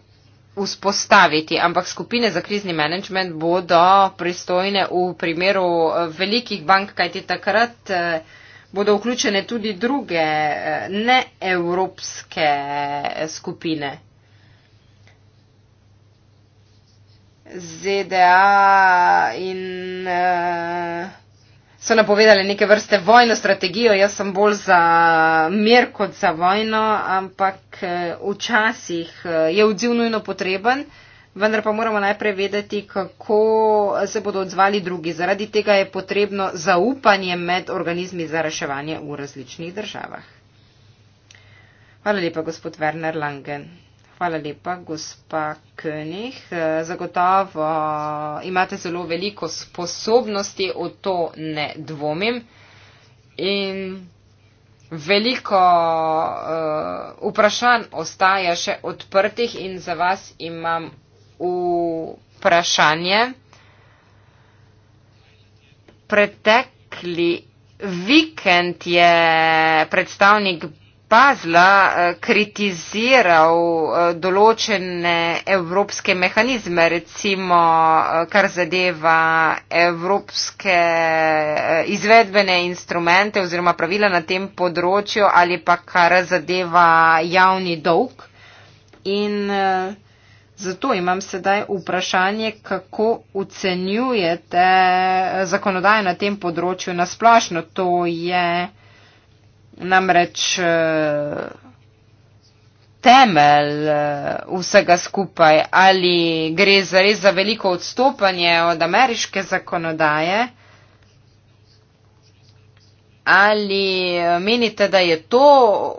vzpostaviti, ampak skupine za krizni menedžment bodo pristojne v primeru eh, velikih bank, kajti takrat eh, bodo vključene tudi druge eh, neevropske skupine. ZDA in. Uh, so napovedali neke vrste vojno strategijo. Jaz sem bolj za mir kot za vojno, ampak eh, včasih eh, je odziv nujno potreben, vendar pa moramo najprej vedeti, kako se bodo odzvali drugi. Zaradi tega je potrebno zaupanje med organizmi za reševanje v različnih državah. Hvala lepa, gospod Werner Langen. Hvala lepa, gospa König. Zagotovo imate zelo veliko sposobnosti, o to ne dvomim. In veliko uh, vprašanj ostaja še odprtih in za vas imam vprašanje. Pretekli vikend je predstavnik pazila, eh, kritiziral eh, določene evropske mehanizme, recimo eh, kar zadeva evropske izvedbene instrumente oziroma pravila na tem področju ali pa kar zadeva javni dolg. In zato imam sedaj vprašanje, kako ocenjujete zakonodajo na tem področju nasplošno. To je namreč eh, temelj eh, vsega skupaj, ali gre za res za veliko odstopanje od ameriške zakonodaje, ali eh, menite, da je to,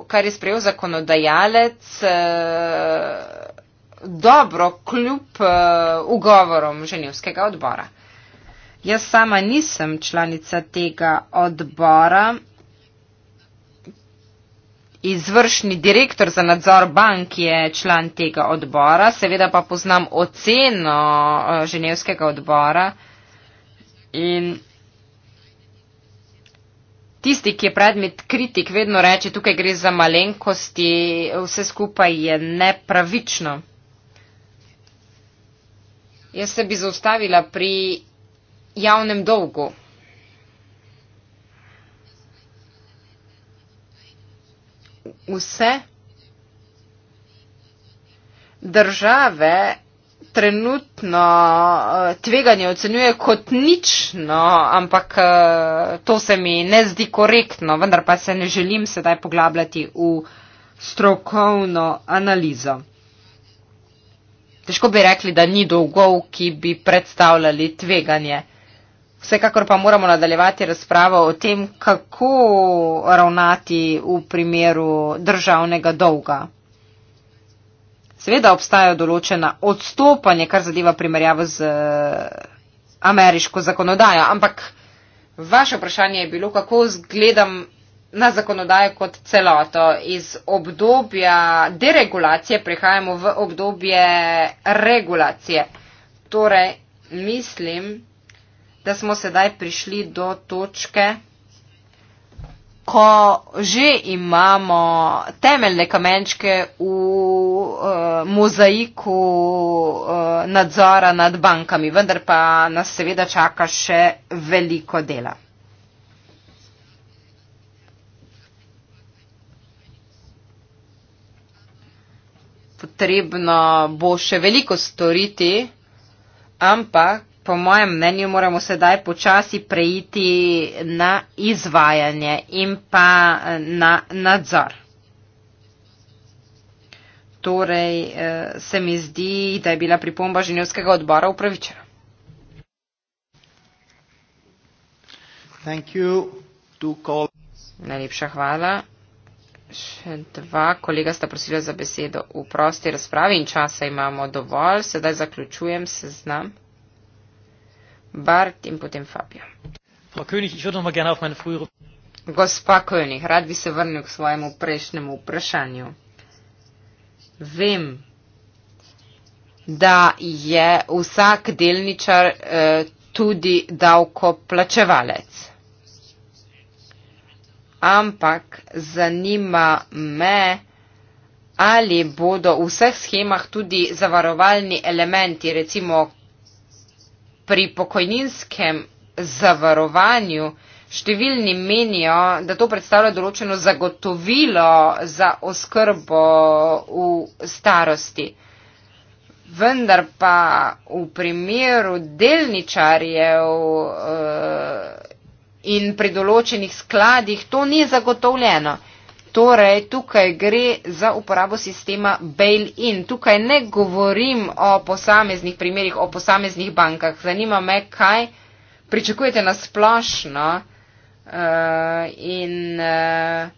kar je sprejel zakonodajalec, dobro kljub ugovorom ženevskega odbora. Jaz sama nisem članica tega odbora. Izvršni direktor za nadzor bank je član tega odbora, seveda pa poznam oceno eh, Ženevskega odbora in tisti, ki je predmet kritik, vedno reče, tukaj gre za malenkosti, vse skupaj je nepravično. Jaz se bi zaustavila pri javnem dolgu. vse države trenutno eh, tveganje ocenjuje kot nično, ampak eh, to se mi ne zdi korektno, vendar pa se ne želim sedaj poglabljati v strokovno analizo. Težko bi rekli, da ni dolgov, ki bi predstavljali tveganje. Vsekakor pa moramo nadaljevati razpravo o tem, kako ravnati v primeru državnega dolga. Seveda obstajajo določena odstopanja, kar zadeva primerjavo z eh, ameriško zakonodajo, ampak vaše vprašanje je bilo, kako gledam na zakonodajo kot celoto. Iz obdobja deregulacije prihajamo v obdobje regulacije. Torej, mislim, da smo sedaj prišli do točke, ko že imamo temeljne kamenčke v uh, mozaiku uh, nadzora nad bankami, vendar pa nas seveda čaka še veliko dela. Potrebno bo še veliko storiti, ampak po mojem mnenju moramo sedaj počasi preiti na izvajanje in pa eh, na nadzor. Torej eh, se mi zdi, da je bila pripomba Ženevskega odbora upravičena. Najlepša hvala. Še dva kolega sta prosila za besedo v prosti razpravi in časa imamo dovolj. Sedaj zaključujem seznam. Bart in potem Fabio. König, frühere... Gospa König, rad bi se vrnil k svojemu prejšnjemu vprašanju. Vem, da je vsak delničar eh, tudi davkoplačevalec. Ampak zanima me, ali bodo v vseh schemah tudi zavarovalni elementi, recimo pri pokojninskem zavarovanju številni menijo, da to predstavlja določeno zagotovilo za oskrbo v starosti. Vendar pa v primeru delničarjev eh, in pri določenih skladih to ni zagotovljeno. Torej, tukaj gre za uporabo sistema bail-in. Tukaj ne govorim o posameznih primerjih, o posameznih bankah. Zanima me, kaj pričakujete na splošno uh, in uh,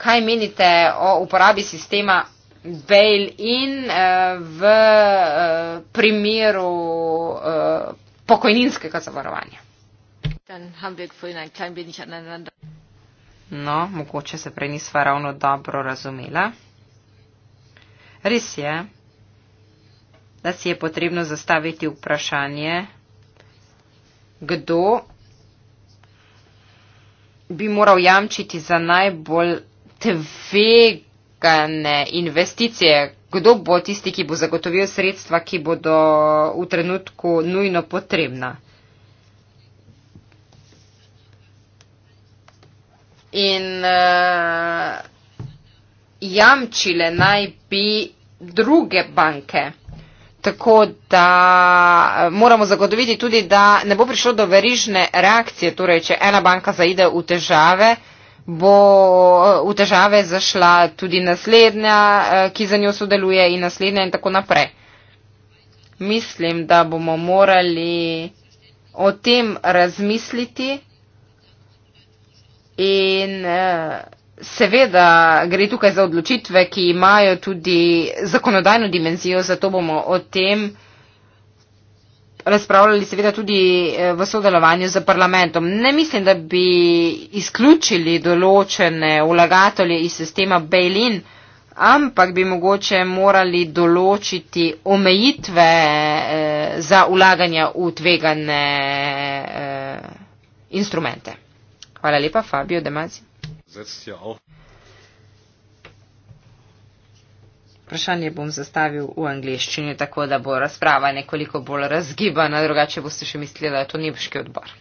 kaj menite o uporabi sistema bail-in uh, v uh, primeru uh, pokojninskega zavarovanja. Dan, No, mogoče se prej nisva ravno dobro razumela. Res je, da si je potrebno zastaviti vprašanje, kdo bi moral jamčiti za najbolj tvegane investicije, kdo bo tisti, ki bo zagotovil sredstva, ki bodo v trenutku nujno potrebna. in uh, jamčile naj bi druge banke. Tako da eh, moramo zagotoviti tudi, da ne bo prišlo do verižne reakcije, torej če ena banka zaide v težave, bo eh, v težave zašla tudi naslednja, ki za njo sodeluje in naslednja in tako naprej. Mislim, da bomo morali o tem razmisliti. In eh, seveda gre tukaj za odločitve, ki imajo tudi zakonodajno dimenzijo, zato bomo o tem razpravljali seveda tudi eh, v sodelovanju z parlamentom. Ne mislim, da bi izključili določene vlagatelje iz sistema Bejlin, ampak bi mogoče morali določiti omejitve eh, za ulaganja v tvegane instrumente. Hvala lepa, Fabio Demazi. Vprašanje bom zastavil v angliščini, tako da bo razprava nekoliko bolj razgibana, drugače boste še mislili, da je to nebški odbor.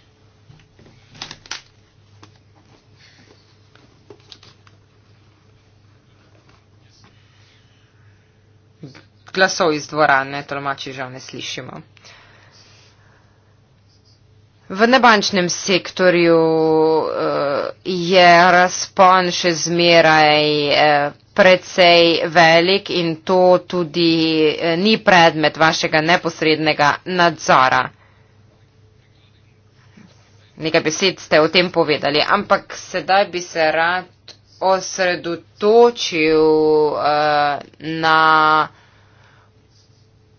Glasov iz dvorane, tolmači žal ne slišimo. V nebančnem sektorju uh, je razpon še zmeraj uh, precej velik in to tudi uh, ni predmet vašega neposrednega nadzora. Nekaj besed ste o tem povedali, ampak sedaj bi se rad osredotočil uh, na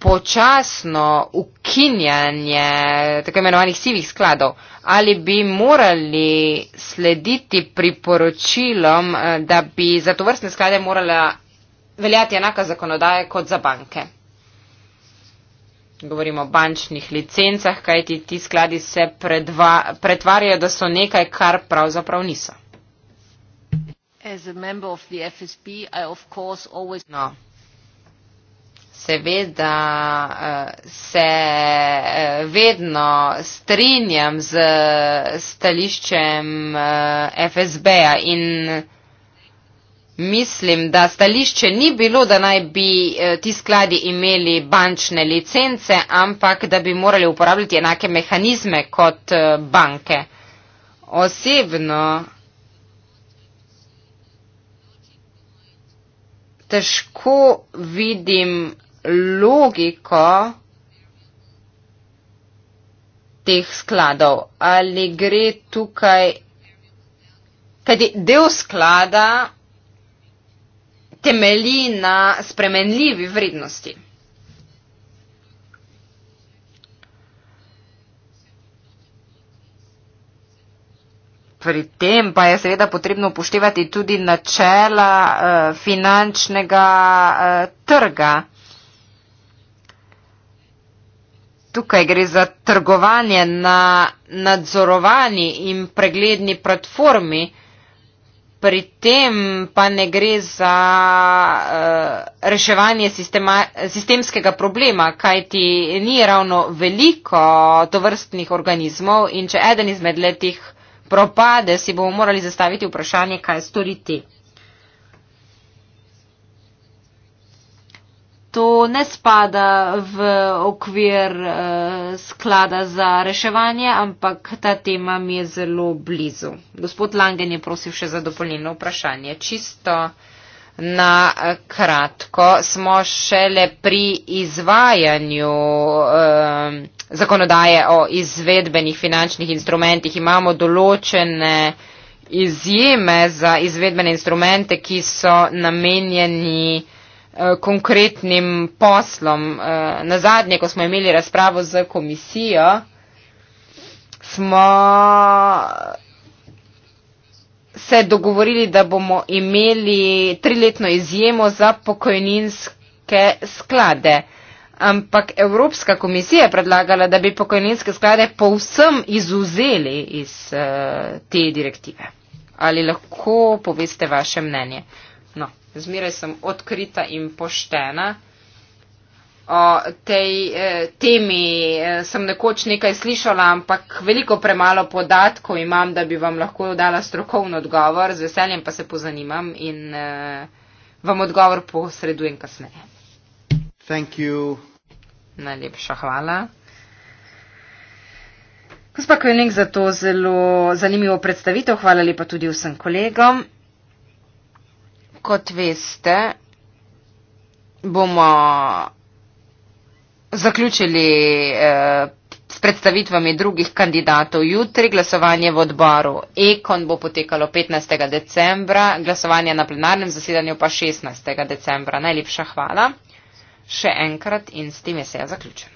počasno ukinjanje tako imenovanih sivih skladov? Ali bi morali slediti priporočilom, eh, da bi za to vrstne sklade morala veljati enaka zakonodaja kot za banke? Govorimo o bančnih licencah, kajti ti skladi se predva, pretvarjajo, da so nekaj, kar pravzaprav niso. No. Seveda eh, se eh, vedno strinjam z eh, stališčem FSB-ja in mislim, da stališče ni bilo, da naj bi ti skladi imeli bančne licence, ampak da bi morali uporabljati enake mehanizme kot banke. Osebno težko vidim logiko teh skladov. Ali gre tukaj, kajti del sklada temelji na spremenljivi vrednosti. Pri tem pa je seveda potrebno upoštevati tudi načela uh, finančnega uh, trga. tukaj gre za trgovanje na nadzorovani in pregledni platformi, pri tem pa ne gre za uh, reševanje sistema, sistemskega problema, kajti ni ravno veliko tovrstnih organizmov in če eden izmed letih propade, si bomo morali zastaviti vprašanje, kaj storiti. to ne spada v okvir uh, sklada za reševanje, ampak ta tema mi je zelo blizu. Gospod Langen je prosil še za dopolnilno vprašanje. Čisto na eh, kratko smo šele pri izvajanju uh, zakonodaje o izvedbenih finančnih instrumentih. Imamo določene izjeme za izvedbene instrumente, ki so namenjeni uh, Eh, konkretnim poslom. Eh, na zadnje, ko smo imeli razpravo z komisijo, smo se dogovorili, da bomo imeli triletno izjemo za pokojninske sklade. Ampak Evropska komisija je predlagala, da bi pokojninske sklade povsem izuzeli iz eh, te direktive. Ali lahko poveste vaše mnenje? zmeraj sem odkrita in poštena. O tej eh, temi eh, sem nekoč nekaj slišala, ampak veliko premalo podatkov imam, da bi vam lahko dala strokoven odgovor. Z veseljem pa se pozanimam in eh, vam odgovor posredujem kasneje. Najlepša hvala. Gospa Kojenik za to zelo zanimivo predstavitev. Hvala lepa tudi vsem kolegom kot veste, bomo zaključili eh, s predstavitvami drugih kandidatov jutri. Glasovanje v odboru Ekon bo potekalo 15. decembra, glasovanje na plenarnem zasedanju pa 16. decembra. Najlepša hvala še enkrat in s tem je seja zaključena.